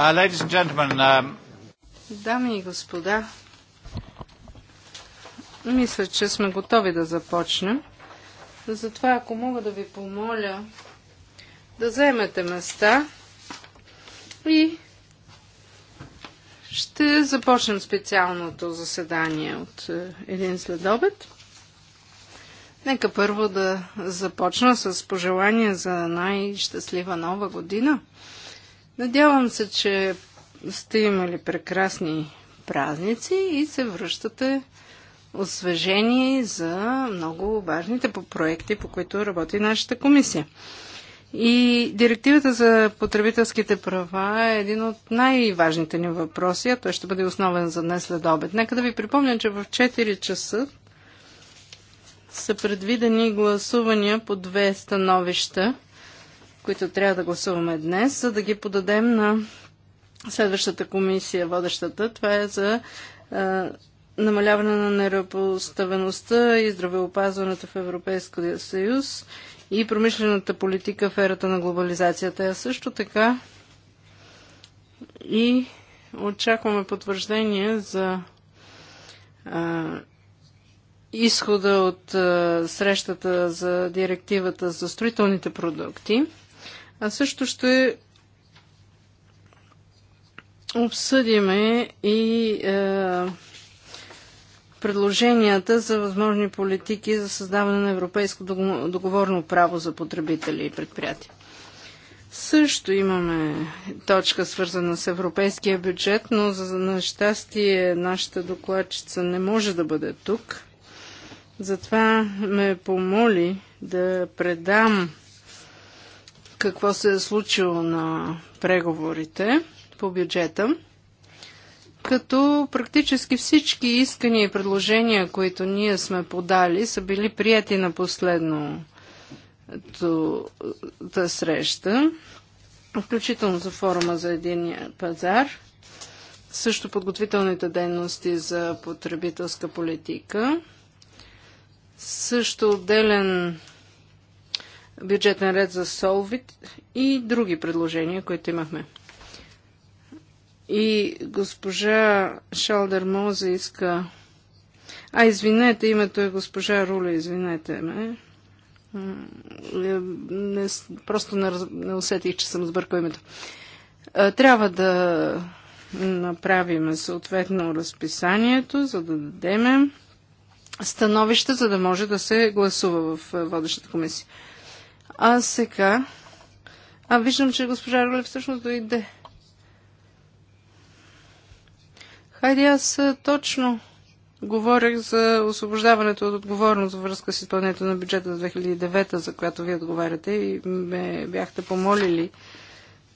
Uh, um, Дами и господа, мисля, че сме готови да започнем. Затова, ако мога да ви помоля да вземете места и ще започнем специалното заседание от е, един следобед. Нека първо да започна с пожелание за най-щастлива нова година – Надявам се, че сте имали прекрасни празници и се връщате освежени за много важните по проекти, по които работи нашата комисия. И директивата за потребителските права е един от най-важните ни въпроси, а той ще бъде основен за днес след обед. Нека да ви припомня, че в 4 часа са предвидени гласувания по две становища които трябва да гласуваме днес, за да ги подадем на следващата комисия, водещата. Това е за намаляване на неравнопоставеността и здравеопазването в Европейския съюз и промишлената политика в ерата на глобализацията. А също така и очакваме потвърждение за а, изхода от а, срещата за директивата за строителните продукти. А също ще обсъдиме и е, предложенията за възможни политики за създаване на европейско договорно право за потребители и предприятия. Също имаме точка свързана с европейския бюджет, но за нещастие нашата докладчица не може да бъде тук. Затова ме помоли да предам какво се е случило на преговорите по бюджета, като практически всички искания и предложения, които ние сме подали, са били прияти на последната среща, включително за форума за единия пазар, също подготвителните дейности за потребителска политика, също отделен бюджетен ред за Солвит и други предложения, които имахме. И госпожа Шалдер Моза иска... А, извинете, името е госпожа Руля, извинете ме. Не, просто не, не усетих, че съм сбъркал името. Трябва да направим съответно разписанието, за да дадем становище, за да може да се гласува в водещата комисия. А сега... А виждам, че госпожа Рулев всъщност дойде. Хайде, аз точно говорех за освобождаването от отговорност във връзка с изпълнението на бюджета за 2009, за която вие отговаряте и ме бяхте помолили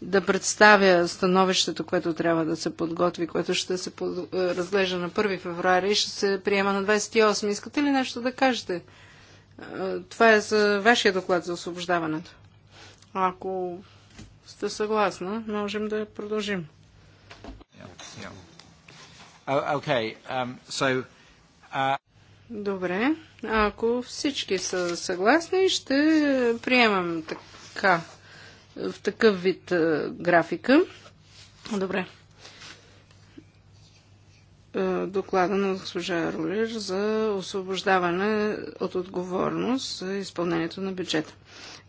да представя становището, което трябва да се подготви, което ще се разглежда на 1 февруари и ще се приема на 28. Искате ли нещо да кажете? Е, това е за вашия доклад за освобождаването. Ако сте съгласна, можем да продължим. Oh, um, uh, Добре. Ако всички са съгласни, ще приемам така, в такъв вид е, графика. Добре. Е, доклада на госпожа Рулер за освобождаване от отговорност за изпълнението на бюджета.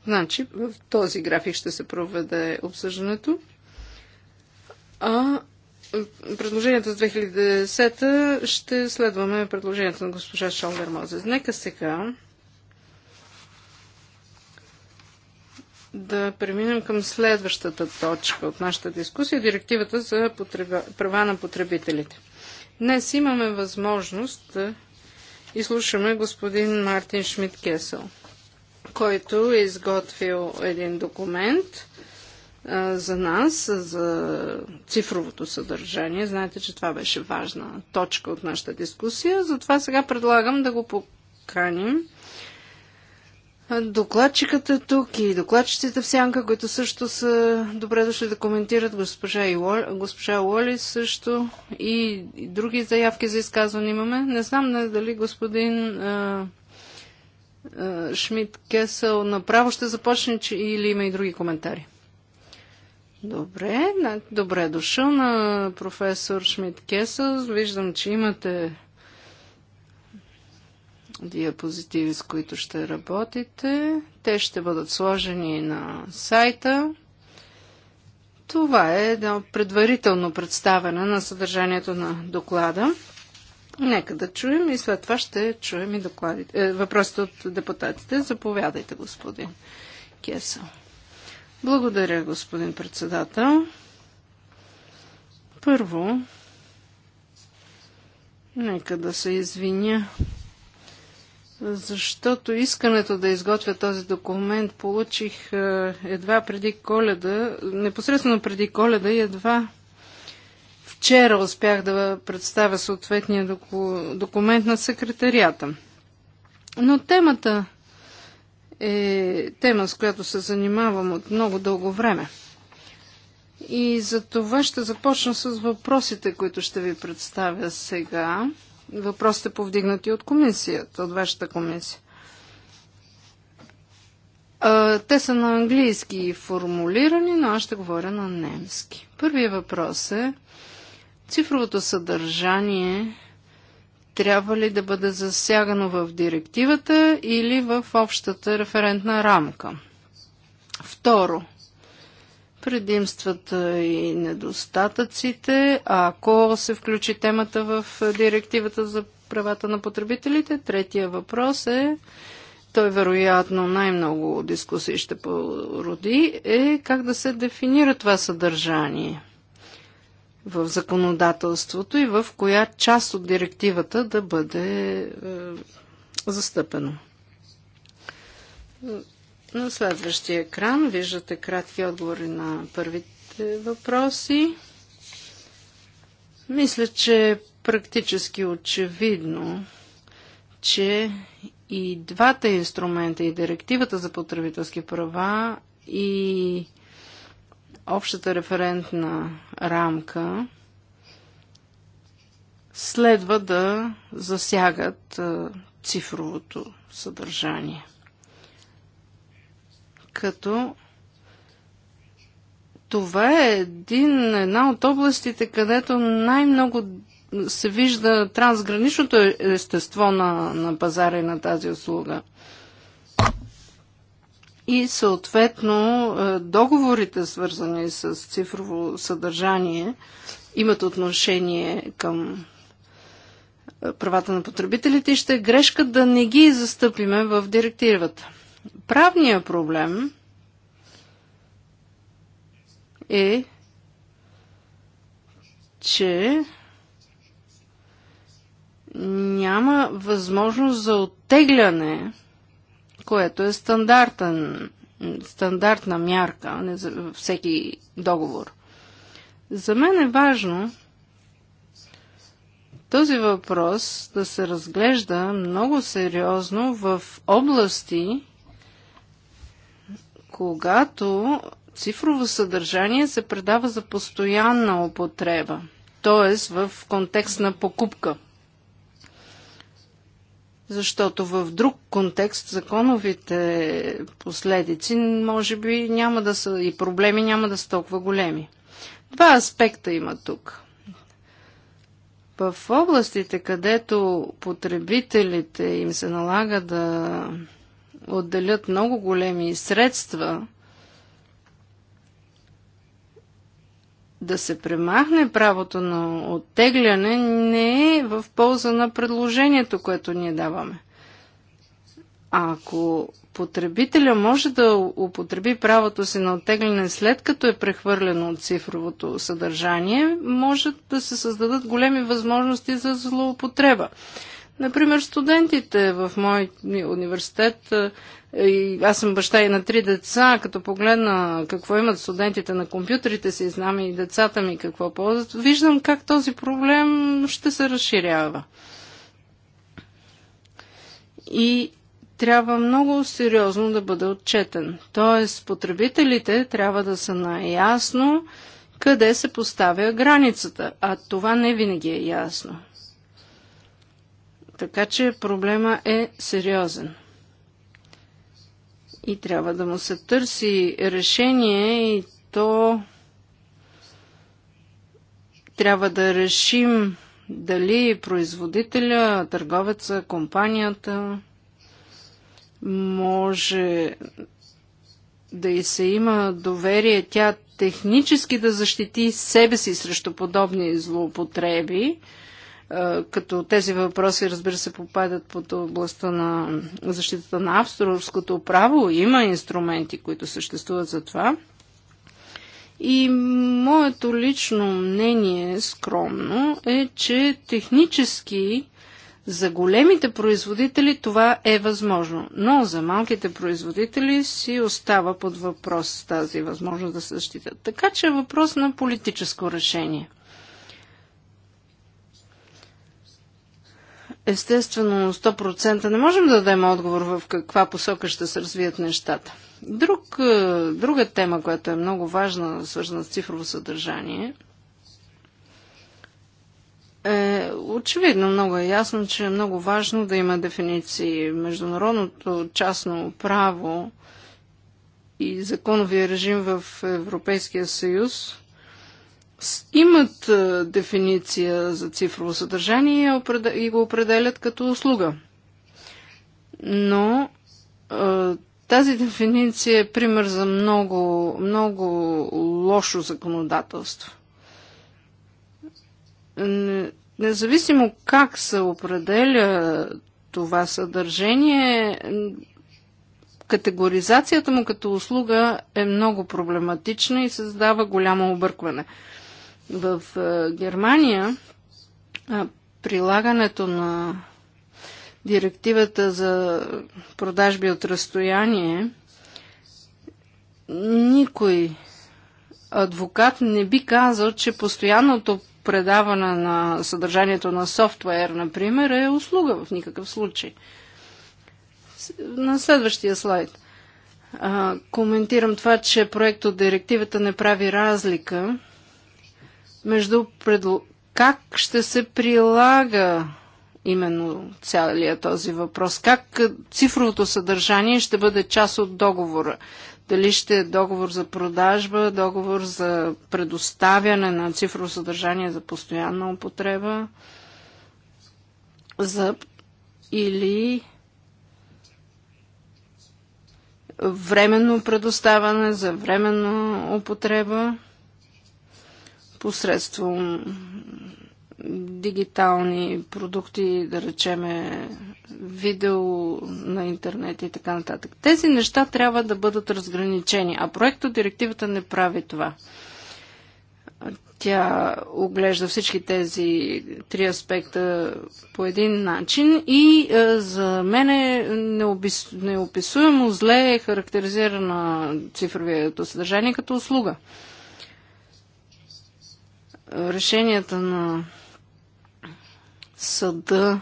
Значи, в този график ще се проведе обсъждането. А е, предложението за 2010 ще следваме предложението на госпожа Шолдер Мозес. Нека сега да преминем към следващата точка от нашата дискусия директивата за потреба, права на потребителите. Днес имаме възможност да изслушаме господин Мартин Шмидт Кесъл, който е изготвил един документ а, за нас, за цифровото съдържание. Знаете, че това беше важна точка от нашата дискусия, затова сега предлагам да го поканим Докладчикът е тук и докладчиците в сянка, които също са добре дошли да коментират госпожа, Иол, госпожа Уоли също и, и други заявки за изказване имаме. Не знам не, дали господин а, а, Шмидт Кесъл направо ще започне че, или има и други коментари. Добре, добре е дошъл на професор Шмидт Кесъл. Виждам, че имате диапозитиви, с които ще работите. Те ще бъдат сложени на сайта. Това е едно предварително представяне на съдържанието на доклада. Нека да чуем и след това ще чуем и докладите, е, въпросите от депутатите. Заповядайте, господин Кеса. Благодаря, господин председател. Първо, нека да се извиня защото искането да изготвя този документ получих е, едва преди коледа, непосредствено преди коледа и едва вчера успях да представя съответния документ на секретарията. Но темата е тема, с която се занимавам от много дълго време. И за това ще започна с въпросите, които ще ви представя сега въпросите повдигнати от комисията, от вашата комисия. Те са на английски формулирани, но аз ще говоря на немски. Първият въпрос е цифровото съдържание трябва ли да бъде засягано в директивата или в общата референтна рамка. Второ – предимствата и недостатъците. А ако се включи темата в е, директивата за правата на потребителите, третия въпрос е, той вероятно най-много дискусии ще породи, е как да се дефинира това съдържание в законодателството и в коя част от директивата да бъде е, застъпено. На следващия екран виждате кратки отговори на първите въпроси. Мисля, че е практически очевидно, че и двата инструмента, и директивата за потребителски права, и общата референтна рамка следва да засягат цифровото съдържание като това е един, една от областите, където най-много се вижда трансграничното естество на, на пазара и на тази услуга. И съответно е, договорите, свързани с цифрово съдържание, имат отношение към е, правата на потребителите и ще е грешка да не ги застъпиме в директивата. Правният проблем е, че няма възможност за оттегляне, което е стандартен, стандартна мярка за всеки договор. За мен е важно този въпрос да се разглежда много сериозно в области, когато цифрово съдържание се предава за постоянна употреба, т.е. в контекст на покупка. Защото в друг контекст законовите последици може би няма да са и проблеми няма да са толкова големи. Два аспекта има тук. В областите, където потребителите им се налага да отделят много големи средства да се премахне правото на оттегляне, не е в полза на предложението, което ние даваме. А ако потребителя може да употреби правото си на оттегляне след като е прехвърлено от цифровото съдържание, може да се създадат големи възможности за злоупотреба. Например, студентите в мой университет, е, аз съм баща и на три деца, като погледна какво имат студентите на компютрите си, знам и децата ми какво ползват, виждам как този проблем ще се разширява. И трябва много сериозно да бъде отчетен. Тоест, потребителите трябва да са наясно къде се поставя границата, а това не винаги е ясно. Така че проблема е сериозен. И трябва да му се търси решение и то трябва да решим дали производителя, търговеца, компанията може да и се има доверие тя технически да защити себе си срещу подобни злоупотреби, като тези въпроси, разбира се, попадат под областта на защитата на авторското право. Има инструменти, които съществуват за това. И моето лично мнение, скромно, е, че технически за големите производители това е възможно, но за малките производители си остава под въпрос тази възможност да се защитят. Така че е въпрос на политическо решение – Естествено, 100% не можем да дадем отговор в каква посока ще се развият нещата. Друг, е, друга тема, която е много важна, свързана с цифрово съдържание, е, очевидно много е ясно, че е много важно да има дефиниции. Международното частно право и законовия режим в Европейския съюз имат е, дефиниция за цифрово съдържание и го определят като услуга. Но е, тази дефиниция е пример за много, много лошо законодателство. Независимо как се определя това съдържание, категоризацията му като услуга е много проблематична и създава голямо объркване. В е, Германия прилагането на директивата за продажби от разстояние никой адвокат не би казал, че постоянното предаване на съдържанието на софтуер, например, е услуга в никакъв случай. На следващия слайд. А, коментирам това, че проект от директивата не прави разлика между предл... как ще се прилага именно целият този въпрос. Как цифровото съдържание ще бъде част от договора? Дали ще е договор за продажба, договор за предоставяне на цифрово съдържание за постоянна употреба за или временно предоставяне, за временно употреба посредством дигитални продукти, да речеме видео на интернет и така нататък. Тези неща трябва да бъдат разграничени, а проекто директивата не прави това. Тя оглежда всички тези три аспекта по един начин и е, за мен е необис... неописуемо зле е характеризирана цифровието съдържание като услуга. Е, решенията на съда,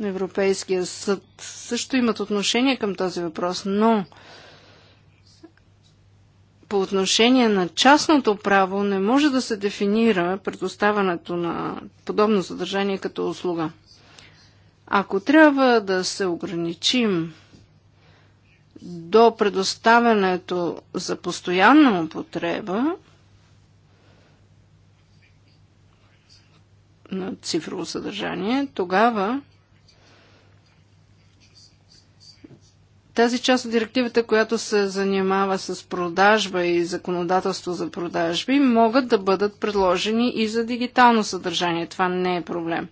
на Европейския съд, също имат отношение към този въпрос, но по отношение на частното право не може да се дефинира предоставането на подобно съдържание като услуга. Ако трябва да се ограничим до предоставянето за постоянна употреба, на цифрово съдържание, тогава тази част от директивата, която се занимава с продажба и законодателство за продажби, могат да бъдат предложени и за дигитално съдържание. Това не е проблем.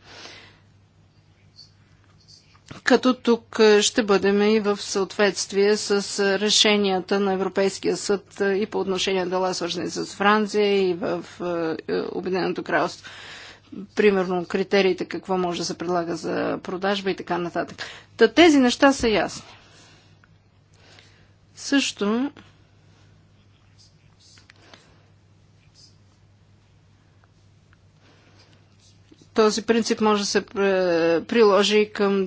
Като тук е, ще бъдем и в съответствие с е, решенията на Европейския съд е, и по отношение на дела, свързани с Франция и в Обединеното кралство примерно критериите, какво може да се предлага за продажба и така нататък. Та тези неща са ясни. Също този принцип може да се приложи към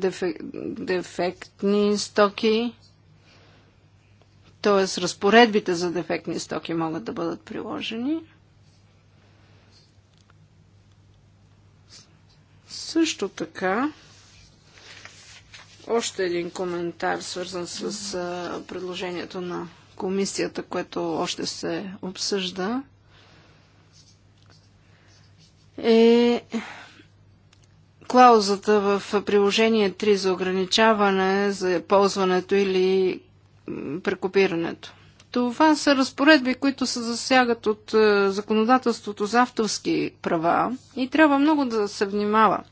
дефектни стоки, т.е. разпоредбите за дефектни стоки могат да бъдат приложени. Също така, още един коментар, свързан с предложението на комисията, което още се обсъжда, е клаузата в приложение 3 за ограничаване за ползването или прекопирането. Това са разпоредби, които се засягат от законодателството за авторски права и трябва много да се внимава.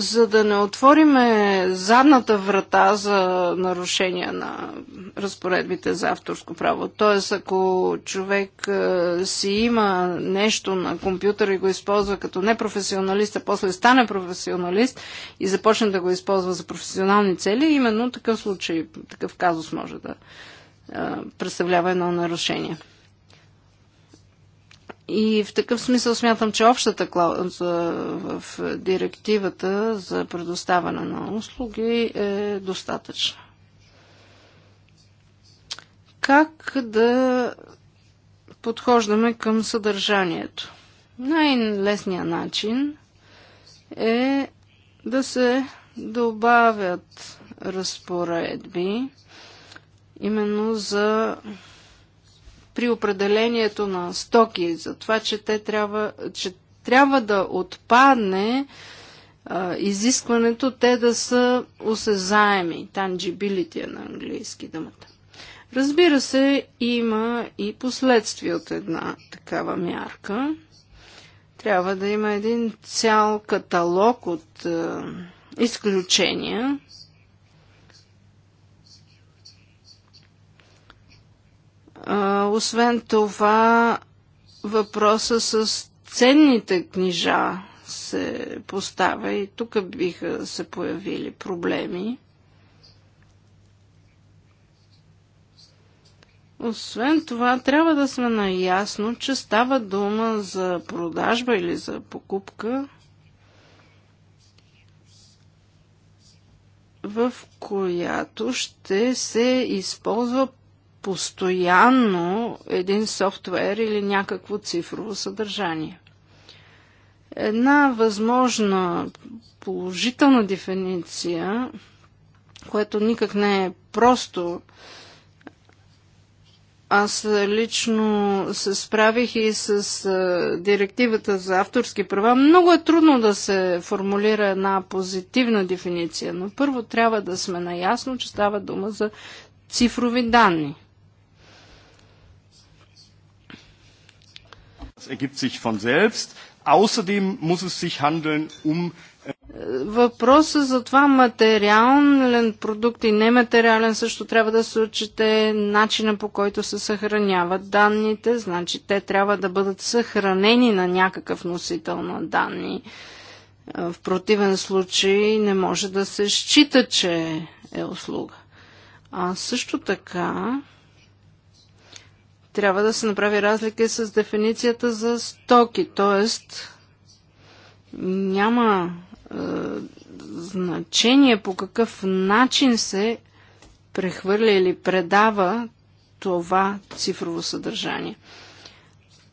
за да не отвориме задната врата за нарушения на разпоредбите за авторско право. Т.е. ако човек е, си има нещо на компютър и го използва като непрофесионалист, а после стане професионалист и започне да го използва за професионални цели, именно такъв случай, такъв казус може да е, представлява едно нарушение. И в такъв смисъл смятам, че общата клауза в директивата за предоставяне на услуги е достатъчна. Как да подхождаме към съдържанието? Най-лесният начин е да се добавят разпоредби именно за при определението на стоки, за това, че те трябва, че трябва да отпадне а, изискването те да са осезаеми, tangibility е на английски думата. Разбира се, има и последствия от една такава мярка. Трябва да има един цял каталог от а, изключения, Освен това, въпроса с ценните книжа се поставя и тук биха се появили проблеми. Освен това, трябва да сме наясно, че става дума за продажба или за покупка, в която ще се използва постоянно един софтуер или някакво цифрово съдържание. Една възможна положителна дефиниция, което никак не е просто, аз лично се справих и с а, директивата за авторски права. Много е трудно да се формулира една позитивна дефиниция, но първо трябва да сме наясно, че става дума за цифрови данни. Das ergibt sich von selbst. Außerdem muss es sich handeln um äh, Въпросът за това материален продукт и нематериален също трябва да се отчете начина по който се съхраняват данните. Значи те трябва да бъдат съхранени на някакъв носител на данни. Е, в противен случай не може да се счита, че е услуга. А също така трябва да се направи разлика с дефиницията за стоки, т.е. няма е, значение по какъв начин се прехвърля или предава това цифрово съдържание.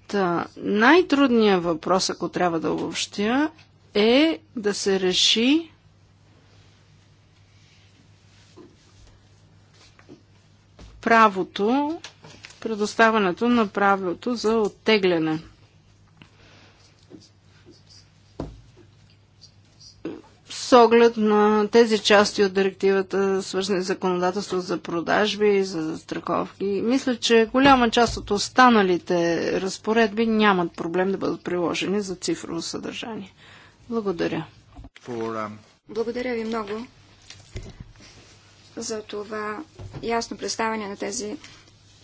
Та, най-трудният въпрос, ако трябва да обобщя, е да се реши правото Предоставянето на правилото за оттегляне. С оглед на тези части от директивата, свързани с законодателство за продажби и за застраховки, мисля, че голяма част от останалите разпоредби нямат проблем да бъдат приложени за цифрово съдържание. Благодаря. Um, Благодаря ви много за това ясно представяне на тези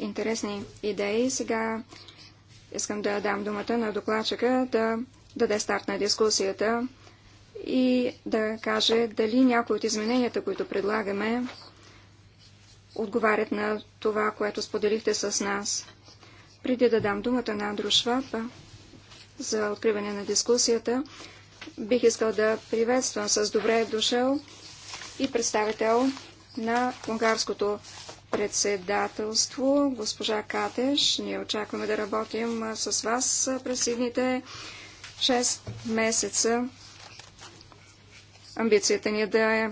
интересни идеи. Сега искам да дам думата на докладчика да даде старт на дискусията и да каже дали някои от измененията, които предлагаме, отговарят на това, което споделихте с нас. Преди да дам думата на Андрю Шваб за откриване на дискусията, бих искал да приветствам с добре е дошъл и представител на Унгарското председателство, госпожа Катеш. Ние очакваме да работим с вас през едните 6 месеца. Амбицията ни е да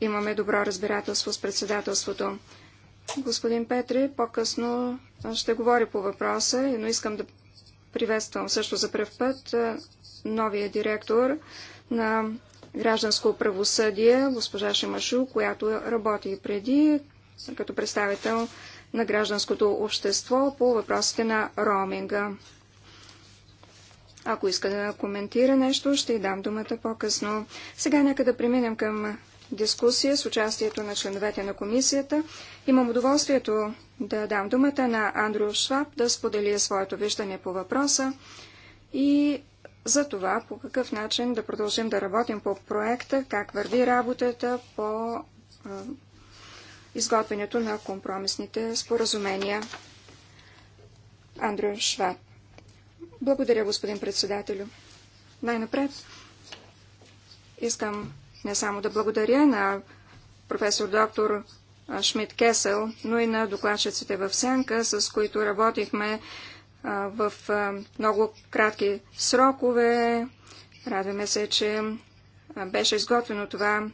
имаме добро разбирателство с председателството. Господин Петри по-късно ще говори по въпроса, но искам да приветствам също за пръв път новия директор на гражданско правосъдие, госпожа Шемашу, която работи преди като представител на гражданското общество по въпросите на роуминга. Ако иска да коментира нещо, ще й дам думата по-късно. Сега нека да преминем към дискусия с участието на членовете на комисията. Имам удоволствието да дам думата на Андрю Шваб да сподели своето виждане по въпроса и за това по какъв начин да продължим да работим по проекта, как върви работата по изготвянето на компромисните споразумения. Андрю Шваб. Благодаря, господин председателю. Най-напред искам не само да благодаря на професор доктор Шмидт Кесел, но и на докладчиците в Сянка, с които работихме в много кратки срокове. Радваме се, че беше изготвено това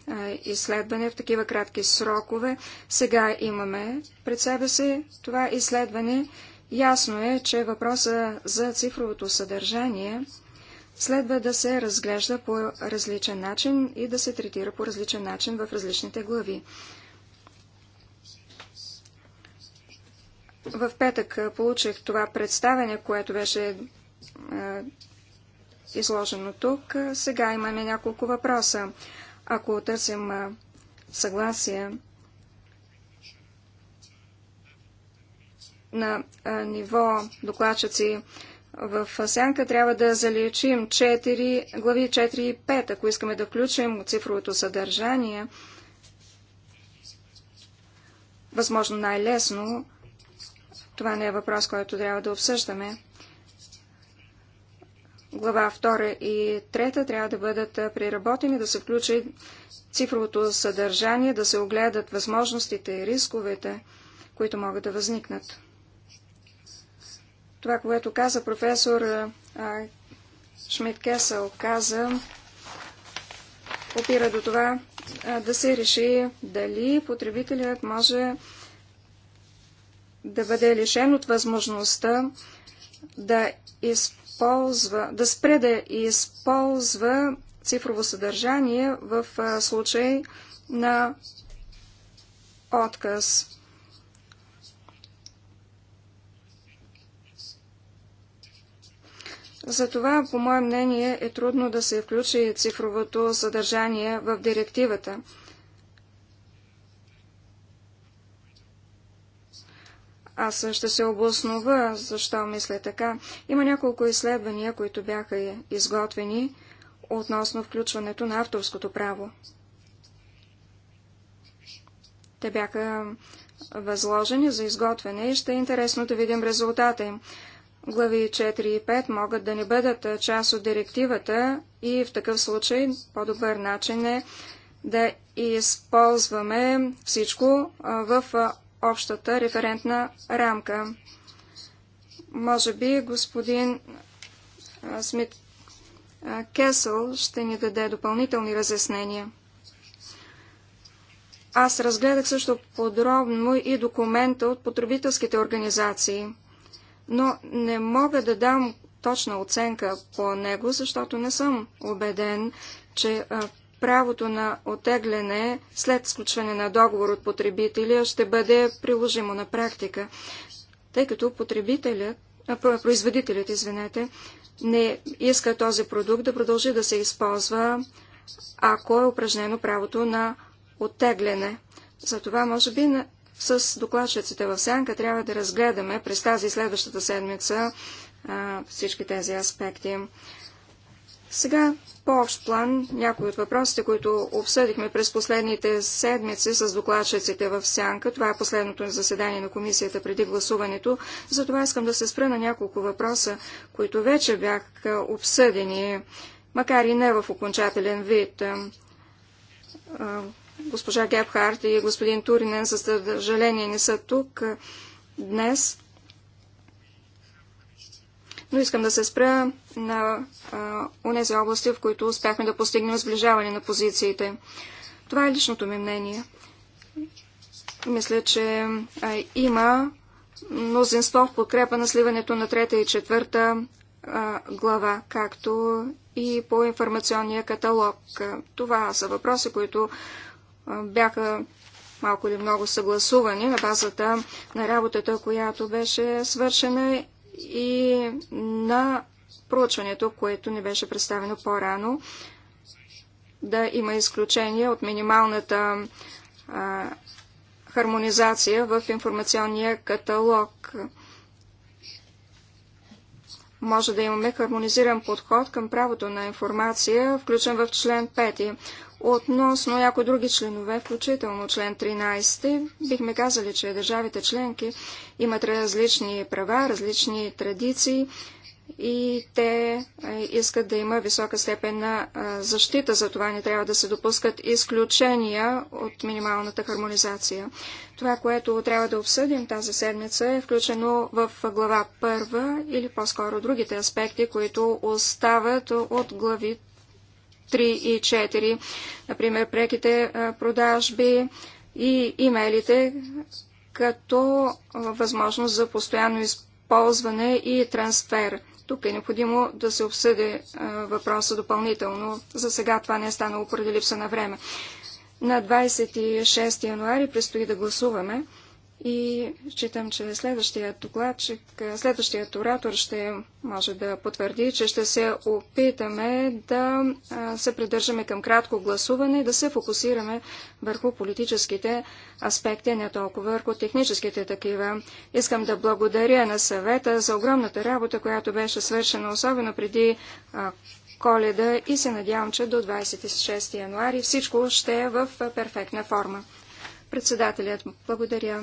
изследване в такива кратки срокове. Сега имаме пред себе си това изследване. Ясно е, че въпроса за цифровото съдържание следва да се разглежда по различен начин и да се третира по различен начин в различните глави. В петък получих това представене, което беше изложено тук. Сега имаме няколко въпроса. Ако търсим съгласие на ниво докладчици в сянка, трябва да заличим 4, глави 4 и 5, ако искаме да включим цифровото съдържание. Възможно най-лесно. Това не е въпрос, който трябва да обсъждаме. Глава 2 и 3 трябва да бъдат преработени, да се включи цифровото съдържание, да се огледат възможностите и рисковете, които могат да възникнат. Това, което каза професор Шмидт Кесъл, каза, опира до това да се реши дали потребителят може да бъде лишен от възможността да използва използва, да спре да използва цифрово съдържание в случай на отказ. Затова, по мое мнение, е трудно да се включи цифровото съдържание в директивата. Аз ще се обоснова, защо мисля така. Има няколко изследвания, които бяха изготвени относно включването на авторското право. Те бяха възложени за изготвяне и ще е интересно да видим резултата им. Глави 4 и 5 могат да не бъдат част от директивата и в такъв случай по-добър начин е да използваме всичко в общата референтна рамка. Може би господин Смит Кесъл ще ни даде допълнителни разяснения. Аз разгледах също подробно и документа от потребителските организации, но не мога да дам точна оценка по него, защото не съм убеден, че правото на отегляне след сключване на договор от потребителя ще бъде приложимо на практика, тъй като потребителят, а, производителят извинете, не иска този продукт да продължи да се използва, ако е упражнено правото на оттегляне. Затова, може би, на... с докладчиците в сянка трябва да разгледаме през тази следващата седмица а, всички тези аспекти. Сега по-общ план някои от въпросите, които обсъдихме през последните седмици с докладчиците в Сянка. Това е последното заседание на комисията преди гласуването. Затова искам да се спра на няколко въпроса, които вече бяха обсъдени, макар и не в окончателен вид. Госпожа Гепхарт и господин Туринен, за съжаление, не са тук днес но искам да се спра на тези области, в които успяхме да постигнем сближаване на позициите. Това е личното ми мнение. Мисля, че а, има мнозинство в подкрепа на сливането на трета и четвърта а, глава, както и по информационния каталог. Това са въпроси, които а, бяха малко или много съгласувани на базата на работата, която беше свършена и на проучването, което ни беше представено по-рано, да има изключение от минималната а, хармонизация в информационния каталог може да имаме хармонизиран подход към правото на информация, включен в член 5. Относно някои други членове, включително член 13, бихме казали, че държавите членки имат различни права, различни традиции, и те е, искат да има висока степен на е, защита, за това не трябва да се допускат изключения от минималната хармонизация. Това, което трябва да обсъдим тази седмица е включено в глава първа или по-скоро другите аспекти, които остават от глави 3 и 4, например преките е, продажби и имейлите, като възможност за постоянно използване и трансфер. Тук е необходимо да се обсъди е, въпроса допълнително. За сега това не е станало поради липса на време. На 26 януари предстои да гласуваме и считам, че следващият докладчик, следващият оратор ще може да потвърди, че ще се опитаме да се придържаме към кратко гласуване и да се фокусираме върху политическите аспекти, не толкова върху техническите такива. Искам да благодаря на съвета за огромната работа, която беше свършена, особено преди коледа и се надявам, че до 26 януари всичко ще е в перфектна форма. Председателят, благодаря.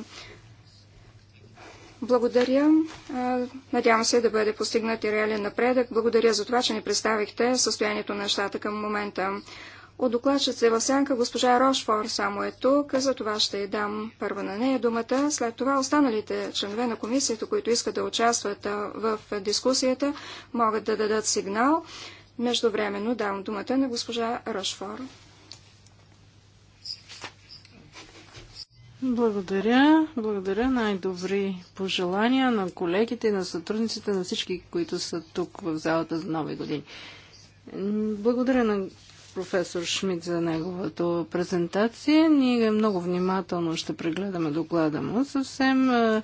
Благодаря. Надявам се да бъде постигнат и реален напредък. Благодаря за това, че ни представихте състоянието на нещата към момента. От докладчица в сянка госпожа Рошфор само е тук, за това ще й дам първа на нея думата. След това останалите членове на комисията, които искат да участват в дискусията, могат да дадат сигнал. Междувременно давам думата на госпожа Рошфор. Благодаря. Благодаря най-добри пожелания на колегите, на сътрудниците, на всички, които са тук в залата за нови години. Благодаря на професор Шмидт за неговата презентация. Ние много внимателно ще прегледаме доклада му. Съвсем е,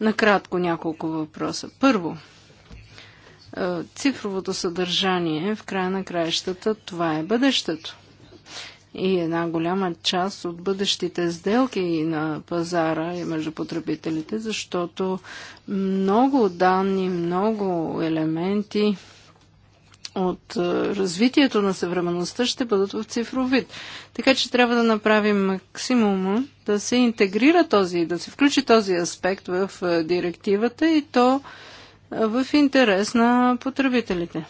накратко няколко въпроса. Първо, е, цифровото съдържание в края на краищата, това е бъдещето и една голяма част от бъдещите сделки на пазара и между потребителите, защото много данни, много елементи от е, развитието на съвременността ще бъдат в цифров вид. Така че трябва да направим максимума да се интегрира този, да се включи този аспект в е, директивата и то е, в интерес на потребителите.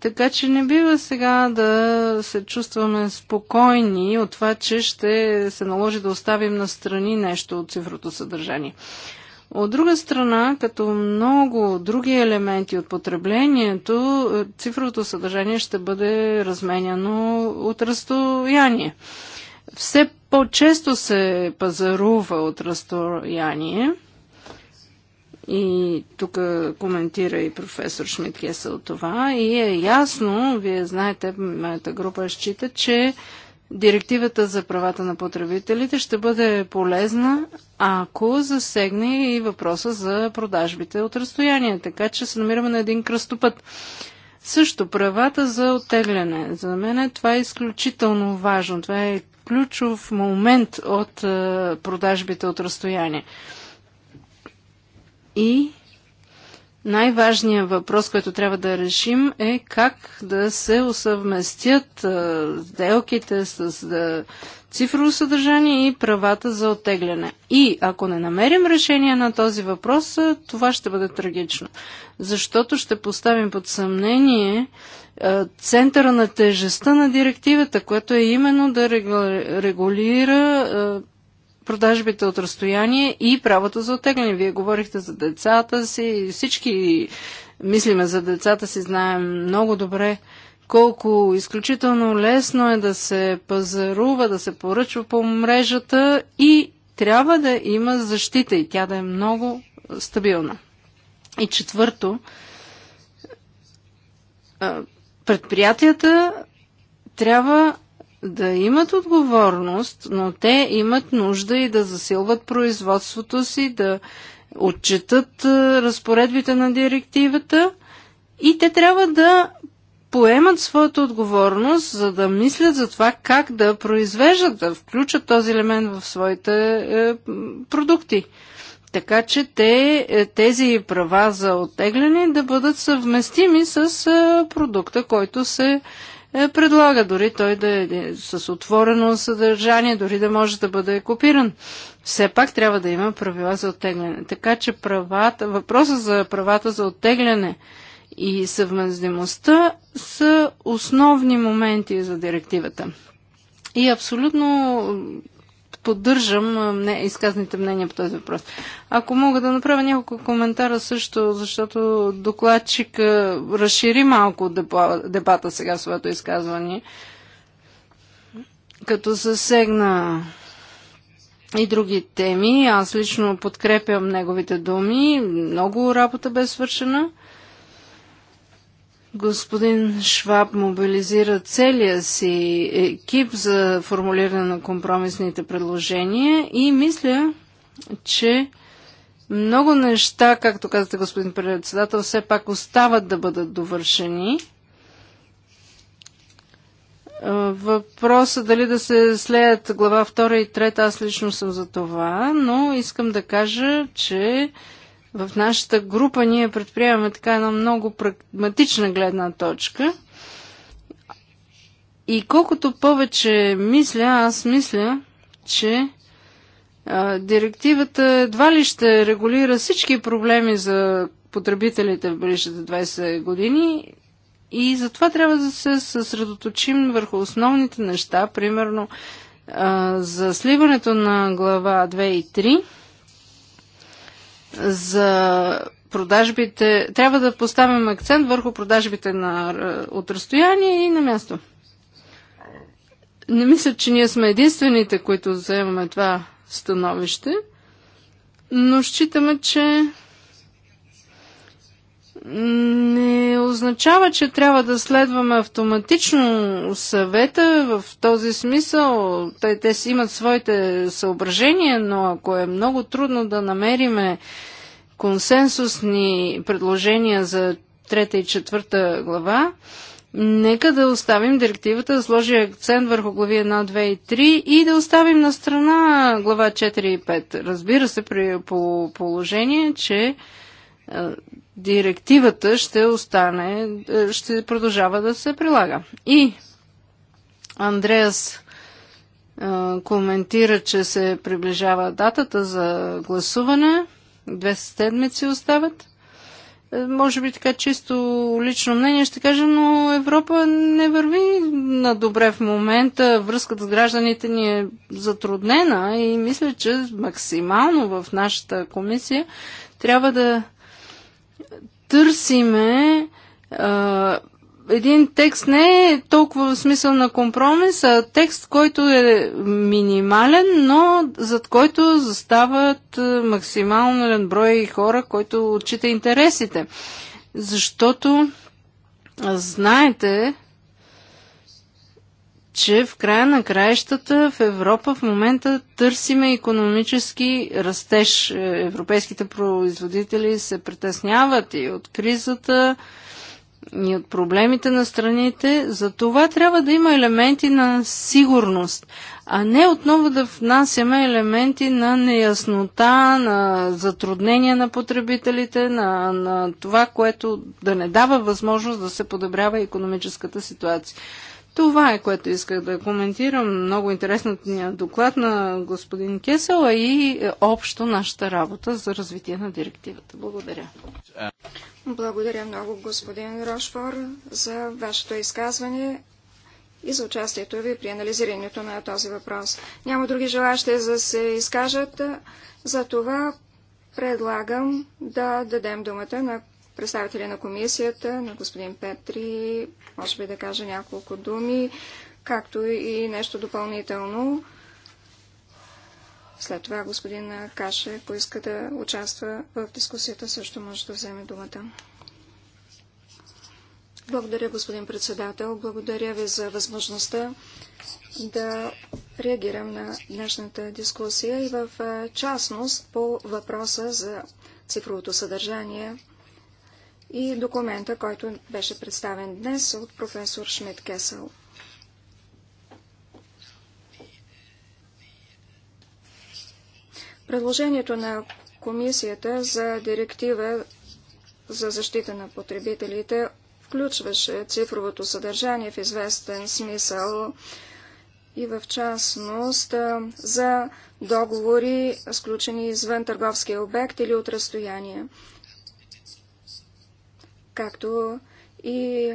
Така че не бива сега да се чувстваме спокойни от това, че ще се наложи да оставим на страни нещо от цифрото съдържание. От друга страна, като много други елементи от потреблението, цифровото съдържание ще бъде разменяно от разстояние. Все по-често се пазарува от разстояние и тук коментира и професор Шмидт Кесъл това. И е ясно, вие знаете, моята група счита, че директивата за правата на потребителите ще бъде полезна, ако засегне и въпроса за продажбите от разстояние. Така че се намираме на един кръстопът. Също правата за оттегляне. За мен това е изключително важно. Това е ключов момент от е, продажбите от разстояние. И най-важният въпрос, който трябва да решим е как да се усъвместят сделките с цифрово съдържание и правата за оттегляне. И ако не намерим решение на този въпрос, това ще бъде трагично. Защото ще поставим под съмнение центъра на тежестта на директивата, което е именно да регулира продажбите от разстояние и правото за отегляне. Вие говорихте за децата си, всички мислиме за децата си, знаем много добре колко изключително лесно е да се пазарува, да се поръчва по мрежата и трябва да има защита и тя да е много стабилна. И четвърто, предприятията трябва да имат отговорност, но те имат нужда и да засилват производството си, да отчитат разпоредбите на директивата и те трябва да поемат своята отговорност, за да мислят за това как да произвеждат, да включат този елемент в своите е, продукти. Така че те, е, тези права за оттегляне да бъдат съвместими с е, продукта, който се е, е, предлага дори той да е, е с отворено съдържание, дори да може да бъде копиран. Все пак трябва да има правила за оттегляне. Така че правата, въпроса за правата за оттегляне и съвместимостта са основни моменти за директивата. И абсолютно поддържам не, изказаните мнения по този въпрос. Ако мога да направя няколко коментара също, защото докладчик разшири малко дебата сега в своето изказване, като засегна и други теми. Аз лично подкрепям неговите думи. Много работа бе свършена. Господин Шваб мобилизира целия си екип за формулиране на компромисните предложения и мисля, че много неща, както казате, господин председател, все пак остават да бъдат довършени. Въпросът дали да се слеят глава 2 и 3, аз лично съм за това, но искам да кажа, че в нашата група ние предприемаме така една много прагматична гледна точка. И колкото повече мисля, аз мисля, че а, директивата едва ли ще регулира всички проблеми за потребителите в ближите 20 години и затова трябва да се съсредоточим върху основните неща, примерно а, за сливането на глава 2 и 3 за продажбите, трябва да поставим акцент върху продажбите на, е, от разстояние и на място. Не мисля, че ние сме единствените, които заемаме това становище, но считаме, че не означава, че трябва да следваме автоматично съвета в този смисъл. Те, те си имат своите съображения, но ако е много трудно да намериме консенсусни предложения за трета и четвърта глава, нека да оставим директивата, да сложи акцент върху глави 1, 2 и 3 и да оставим на страна глава 4 и 5. Разбира се, при положение, че директивата ще остане, е, ще продължава да се прилага. И Андреас е, коментира, че се приближава датата за гласуване. Две седмици остават. Е, може би така чисто лично мнение ще кажа, но Европа не върви на добре в момента. Връзката с гражданите ни е затруднена и мисля, че максимално в нашата комисия трябва да търсиме а, един текст не е толкова в смисъл на компромис, а текст, който е минимален, но зад който застават максимален брой хора, който отчита интересите. Защото знаете, че в края на краищата в Европа в момента търсиме економически растеж. Е, европейските производители се притесняват и от кризата, и от проблемите на страните. За това трябва да има елементи на сигурност, а не отново да внасяме елементи на неяснота, на затруднения на потребителите, на, на това, което да не дава възможност да се подобрява економическата ситуация. Това е което исках да коментирам. Много интересния доклад на господин Кесел, а и общо нашата работа за развитие на директивата. Благодаря. Благодаря много, господин Рошфор, за вашето изказване и за участието ви при анализирането на този въпрос. Няма други желащи да се изкажат, за това предлагам да дадем думата на Представители на комисията, на господин Петри, може би да каже няколко думи, както и нещо допълнително. След това господин Каше, ако иска да участва в дискусията, също може да вземе думата. Благодаря, господин председател. Благодаря ви за възможността да реагирам на днешната дискусия и в частност по въпроса за цифровото съдържание и документа, който беше представен днес от професор Шмидт Кесъл. Предложението на Комисията за директива за защита на потребителите включваше цифровото съдържание в известен смисъл и в частност за договори, сключени извън търговския обект или от разстояние както и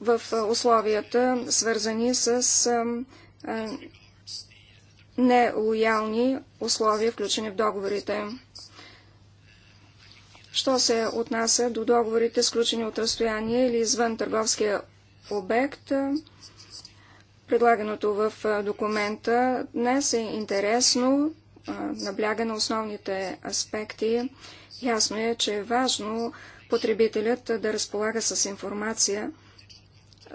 в условията, свързани с нелоялни условия, включени в договорите. Що се отнася до договорите, сключени от разстояние или извън търговския обект, предлаганото в документа днес е интересно, набляга на основните аспекти. Ясно е, че е важно потребителят да разполага с информация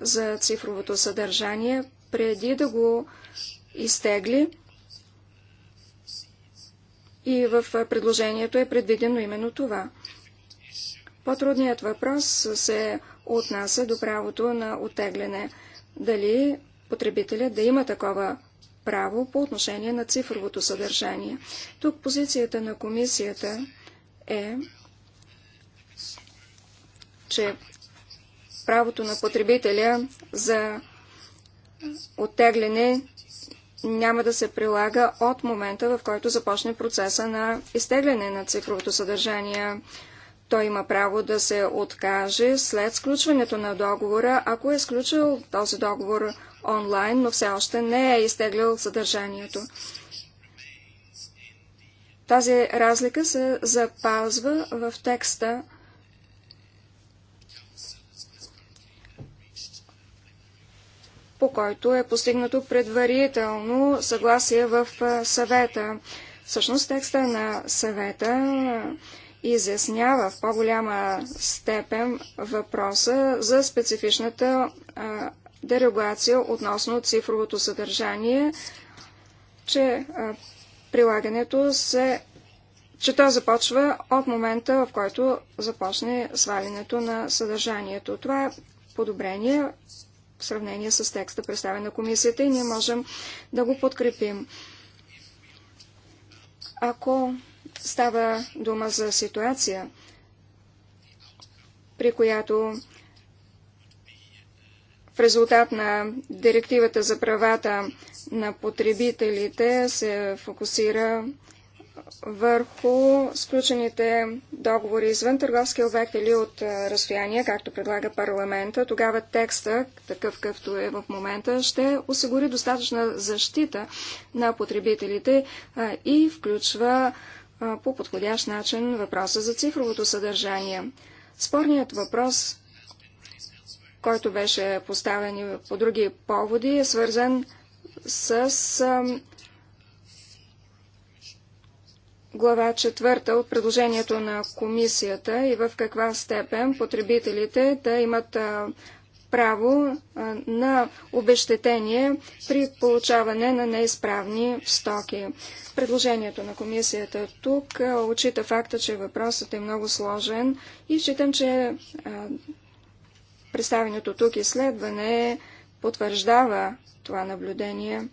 за цифровото съдържание, преди да го изтегли. И в предложението е предвидено именно това. По-трудният въпрос се отнася до правото на отегляне. Дали потребителят да има такова право по отношение на цифровото съдържание. Тук позицията на комисията е, че правото на потребителя за оттегляне няма да се прилага от момента, в който започне процеса на изтегляне на цифровото съдържание. Той има право да се откаже след сключването на договора, ако е сключил този договор онлайн, но все още не е изтеглял съдържанието. Тази разлика се запазва в текста по който е постигнато предварително съгласие в съвета. Всъщност текста на съвета изяснява в по-голяма степен въпроса за специфичната дерогация относно цифровото съдържание, че прилагането се че то започва от момента, в който започне свалянето на съдържанието. Това е подобрение в сравнение с текста, представен на комисията и ние можем да го подкрепим. Ако става дума за ситуация, при която в резултат на директивата за правата на потребителите се фокусира върху сключените договори извън търговски обект или от разстояние, както предлага парламента, тогава текста, такъв какъвто е в момента, ще осигури достатъчна защита на потребителите и включва по подходящ начин въпроса за цифровото съдържание. Спорният въпрос, който беше поставен по други поводи, е свързан с глава четвърта от предложението на комисията и в каква степен потребителите да имат право на обещетение при получаване на неизправни стоки. Предложението на комисията тук очита факта, че въпросът е много сложен и считам, че представеното тук изследване потвърждава това наблюдение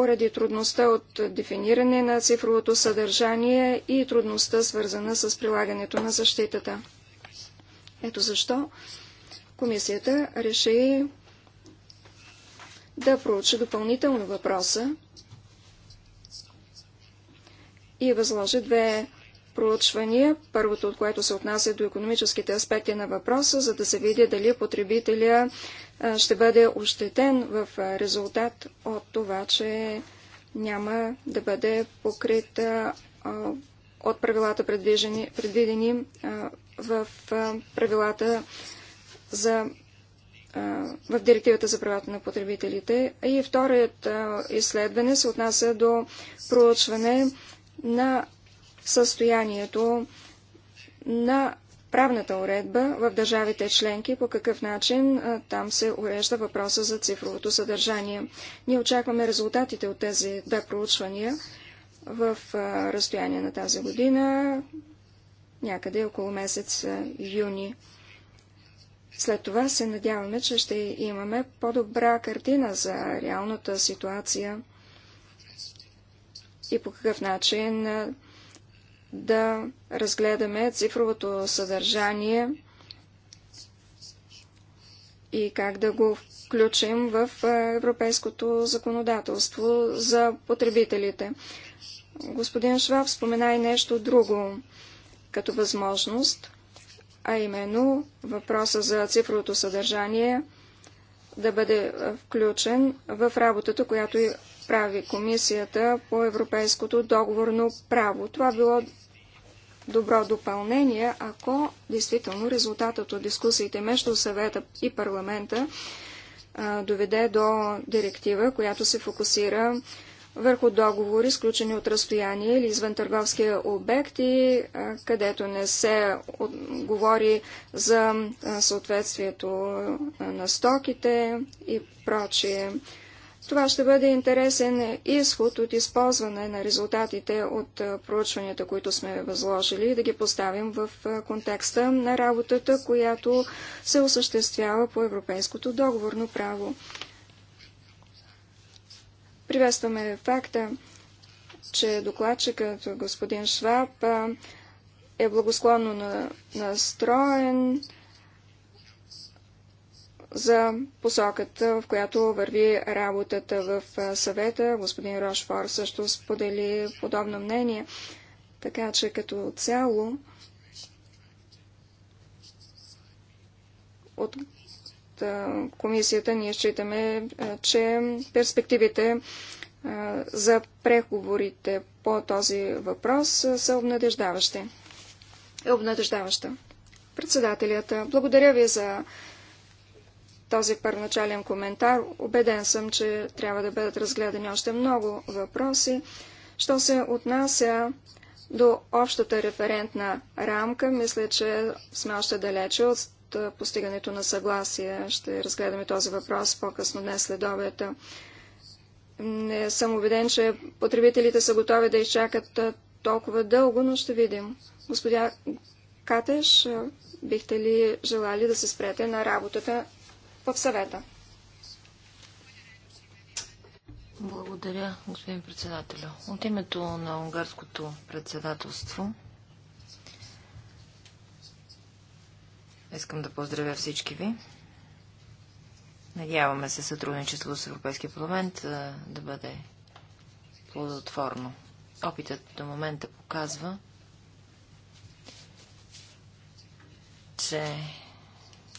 поради трудността от дефиниране на цифровото съдържание и трудността свързана с прилагането на защитата. Ето защо комисията реши да проучи допълнително въпроса и възложи две проучвания, първото от което се отнася до економическите аспекти на въпроса, за да се види дали потребителя ще бъде ощетен в резултат от това, че няма да бъде покрит от правилата предвидени, предвидени в правилата за в директивата за правата на потребителите. И вторият изследване се отнася до проучване на състоянието на правната уредба в държавите членки, по какъв начин там се урежда въпроса за цифровото съдържание. Ние очакваме резултатите от тези две проучвания в разстояние на тази година, някъде около месец юни. След това се надяваме, че ще имаме по-добра картина за реалната ситуация и по какъв начин да разгледаме цифровото съдържание и как да го включим в европейското законодателство за потребителите. Господин Шваб спомена и нещо друго като възможност, а именно въпроса за цифровото съдържание да бъде включен в работата, която прави Комисията по европейското договорно право. Това било добро допълнение, ако действително резултатът от дискусиите между съвета и парламента доведе до директива, която се фокусира върху договори, сключени от разстояние или извън търговския обект и където не се говори за съответствието на стоките и прочие. Това ще бъде интересен изход от използване на резултатите от проучванията, които сме възложили, да ги поставим в контекста на работата, която се осъществява по европейското договорно право. Приветстваме факта, че докладчикът господин Шваб е благосклонно настроен за посоката, в която върви работата в съвета. Господин Рошфор също сподели подобно мнение. Така че като цяло от комисията ние считаме, че перспективите за преговорите по този въпрос са обнадеждаващи. Обнадеждаваща. Председателята, благодаря ви за този първоначален коментар. Обеден съм, че трябва да бъдат разгледани още много въпроси. Що се отнася до общата референтна рамка, мисля, че сме още далече от постигането на съгласие. Ще разгледаме този въпрос по-късно днес след обеда. Не съм убеден, че потребителите са готови да изчакат толкова дълго, но ще видим. Господя Катеш, бихте ли желали да се спрете на работата в съвета. Благодаря, господин председателю. От името на унгарското председателство искам да поздравя всички ви. Надяваме се сътрудничество с Европейския парламент да бъде плодотворно. Опитът до момента показва, че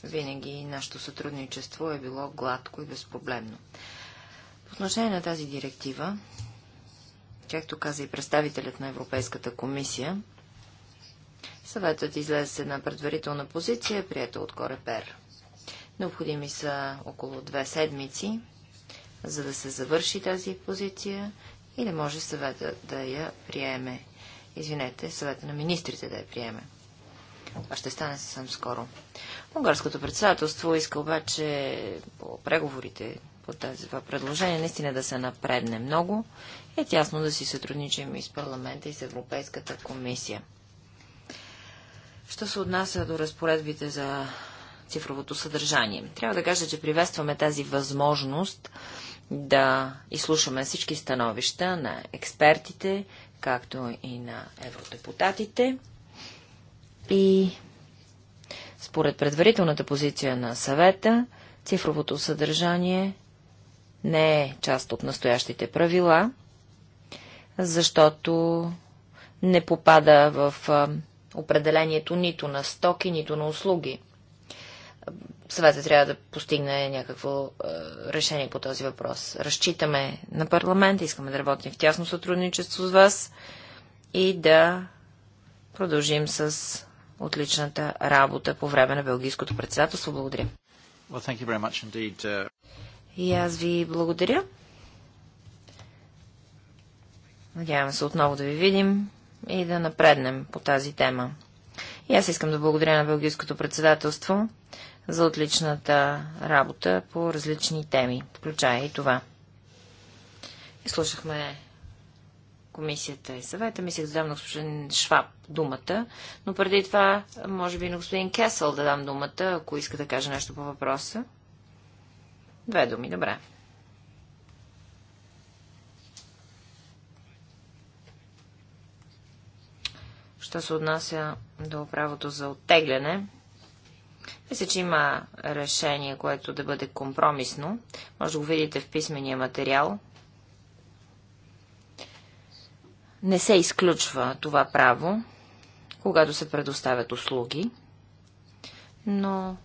винаги нашето сътрудничество е било гладко и безпроблемно. По отношение на тази директива, както каза и представителят на Европейската комисия, съветът излезе с една предварителна позиция, прията от Корепер. Необходими са около две седмици, за да се завърши тази позиция и да може съветът да я приеме. Извинете, съвета на министрите да я приеме. Това ще стане съвсем скоро. Унгарското председателство иска обаче по преговорите по тази това предложение наистина да се напредне много и е тясно да си сътрудничим и с парламента и с Европейската комисия. Що се отнася до разпоредбите за цифровото съдържание? Трябва да кажа, че приветстваме тази възможност да изслушаме всички становища на експертите, както и на евродепутатите. И според предварителната позиция на съвета, цифровото съдържание не е част от настоящите правила, защото не попада в определението нито на стоки, нито на услуги. Съвета трябва да постигне някакво решение по този въпрос. Разчитаме на парламента, искаме да работим в тясно сътрудничество с вас и да продължим с отличната работа по време на Белгийското председателство. Благодаря. Well, uh, И аз ви благодаря. Надявам се отново да ви видим и да напреднем по тази тема. И аз искам да благодаря на Белгийското председателство за отличната работа по различни теми, включая и това. И слушахме комисията и съвета. Мислех да дам на господин Шваб думата, но преди това, може би на господин Кесъл да дам думата, ако иска да каже нещо по въпроса. Две думи, добре. Що се отнася до правото за оттегляне, мисля, че има решение, което да бъде компромисно. Може да го видите в писмения материал – не се изключва това право, когато се предоставят услуги, но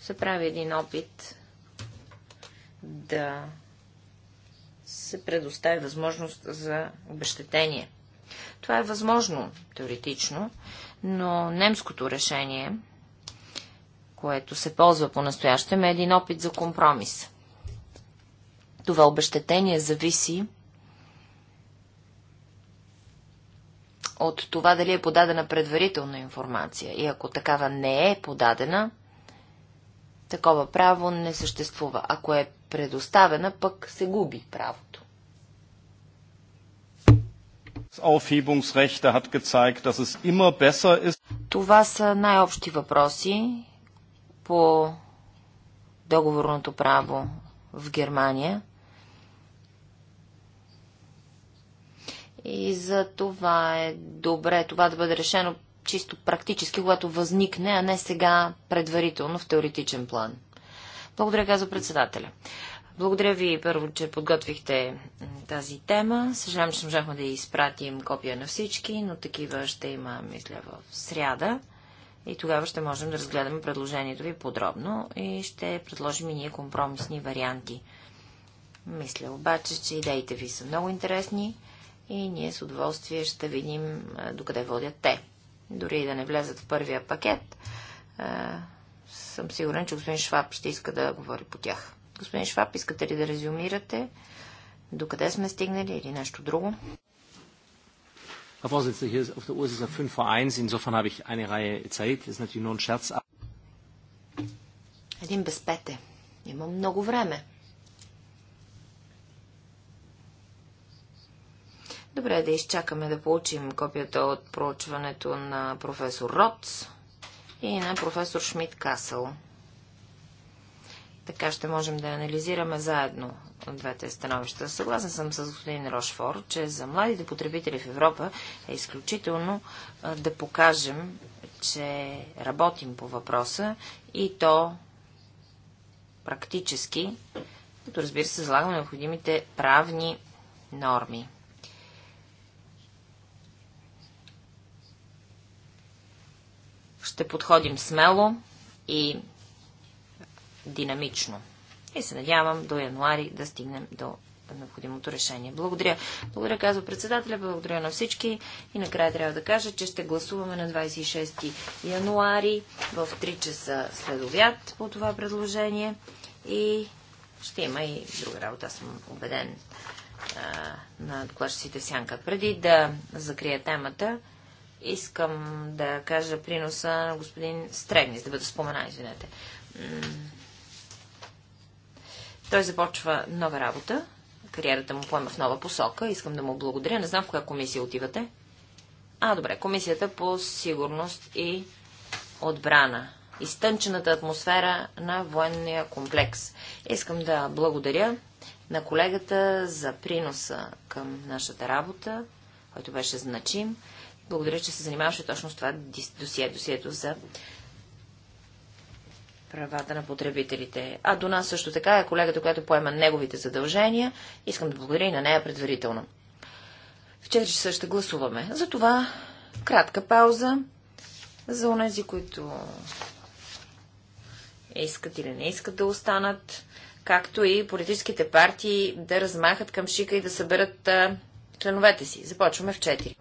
се прави един опит да се предостави възможност за обещетение. Това е възможно теоретично, но немското решение, което се ползва по-настоящем, е един опит за компромис. Това обещетение зависи от това дали е подадена предварителна информация. И ако такава не е подадена, такова право не съществува. Ако е предоставена, пък се губи правото. Това са най-общи въпроси по договорното право в Германия. И за това е добре това да бъде решено чисто практически, когато възникне, а не сега предварително в теоретичен план. Благодаря, каза председателя. Благодаря ви първо, че подготвихте тази тема. Съжалявам, че можахме да изпратим копия на всички, но такива ще има, мисля, в сряда. И тогава ще можем да разгледаме предложението ви подробно и ще предложим и ние компромисни варианти. Мисля обаче, че идеите ви са много интересни и ние с удоволствие ще видим докъде водят те. Дори и да не влезат в първия пакет, съм сигурен, че господин Шваб ще иска да говори по тях. Господин Шваб, искате ли да резюмирате? Докъде сме стигнали или нещо друго? Един без пете. много време. Добре, да изчакаме да получим копията от проучването на професор Роц и на професор Шмидт Касъл. Така ще можем да анализираме заедно двете становища. Съгласен съм с господин Рошфор, че за младите потребители в Европа е изключително да покажем, че работим по въпроса и то практически, като разбира се, залагаме необходимите правни норми. Ще подходим смело и динамично. И се надявам до януари да стигнем до необходимото решение. Благодаря. Благодаря, казва председателя, благодаря на всички. И накрая трябва да кажа, че ще гласуваме на 26 януари в 3 часа след обяд по това предложение. И ще има и друга работа, аз съм убеден на докладчиците сянка. Преди да закрия темата, Искам да кажа приноса на господин Стрегнис, да бъде спомена, извинете. Той започва нова работа. Кариерата му поема в нова посока. Искам да му благодаря. Не знам в коя комисия отивате. А, добре. Комисията по сигурност и отбрана. Изтънчената атмосфера на военния комплекс. Искам да благодаря на колегата за приноса към нашата работа, който беше значим. Благодаря, че се занимаваше точно с това досие, досието за правата на потребителите. А до нас също така е колегата, която поема неговите задължения. Искам да благодаря и на нея предварително. В 4 часа ще гласуваме. това кратка пауза за онези, които искат или не искат да останат, както и политическите партии да размахат към шика и да съберат а, членовете си. Започваме в 4.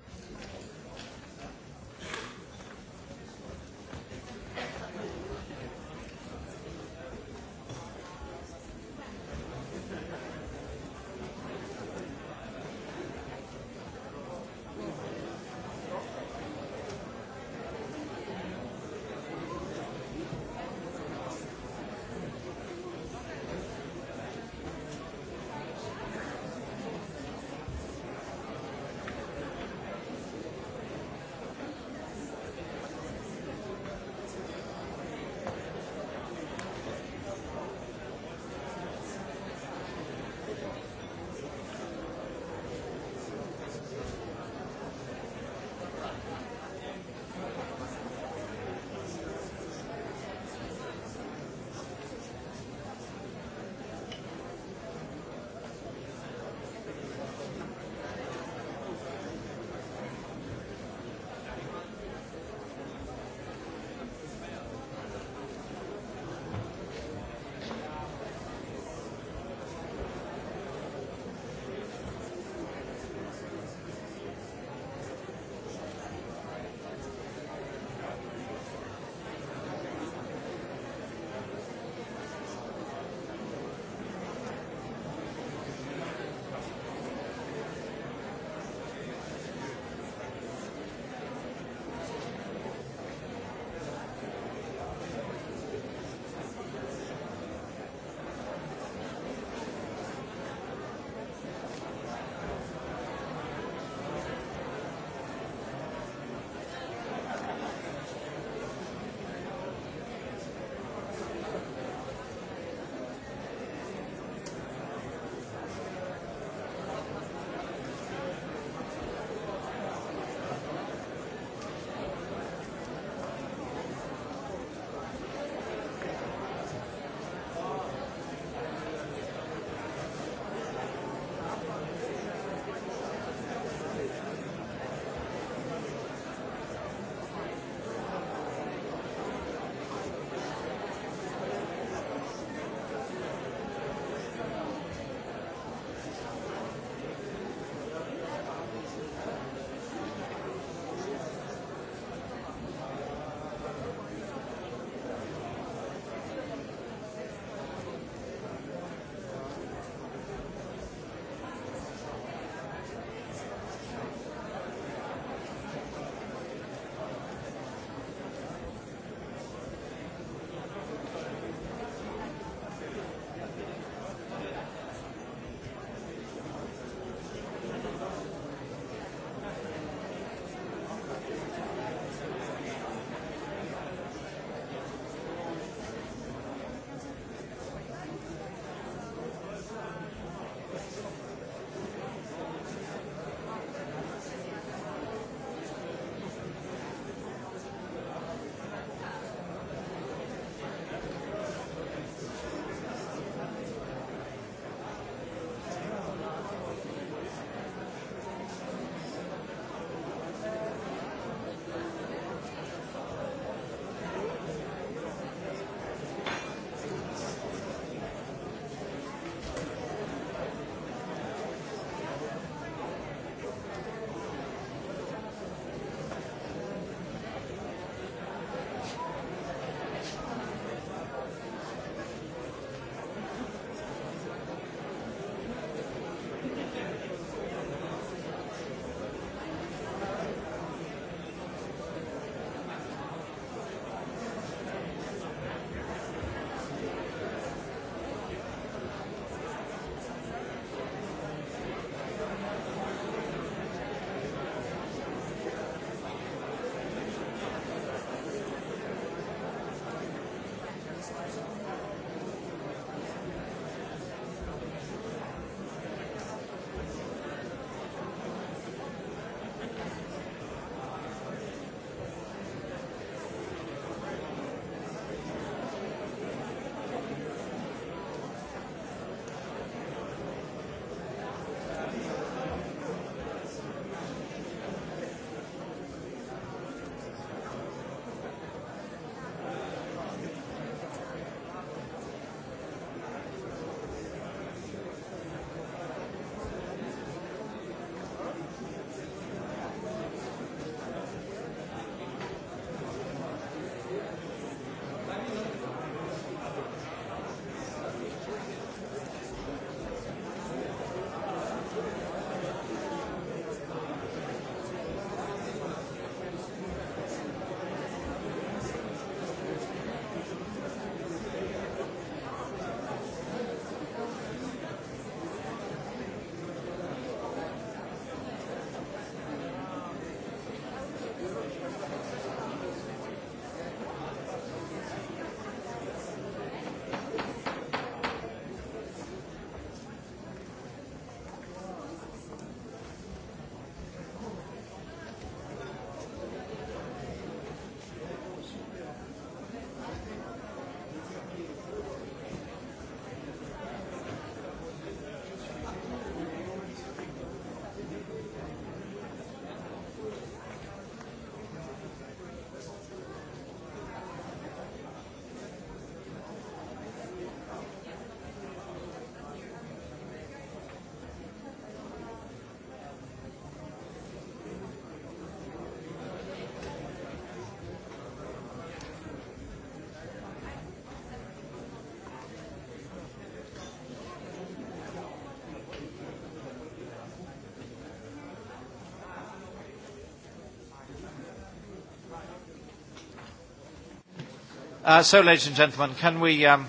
Uh, so, ladies and gentlemen, can we... Um...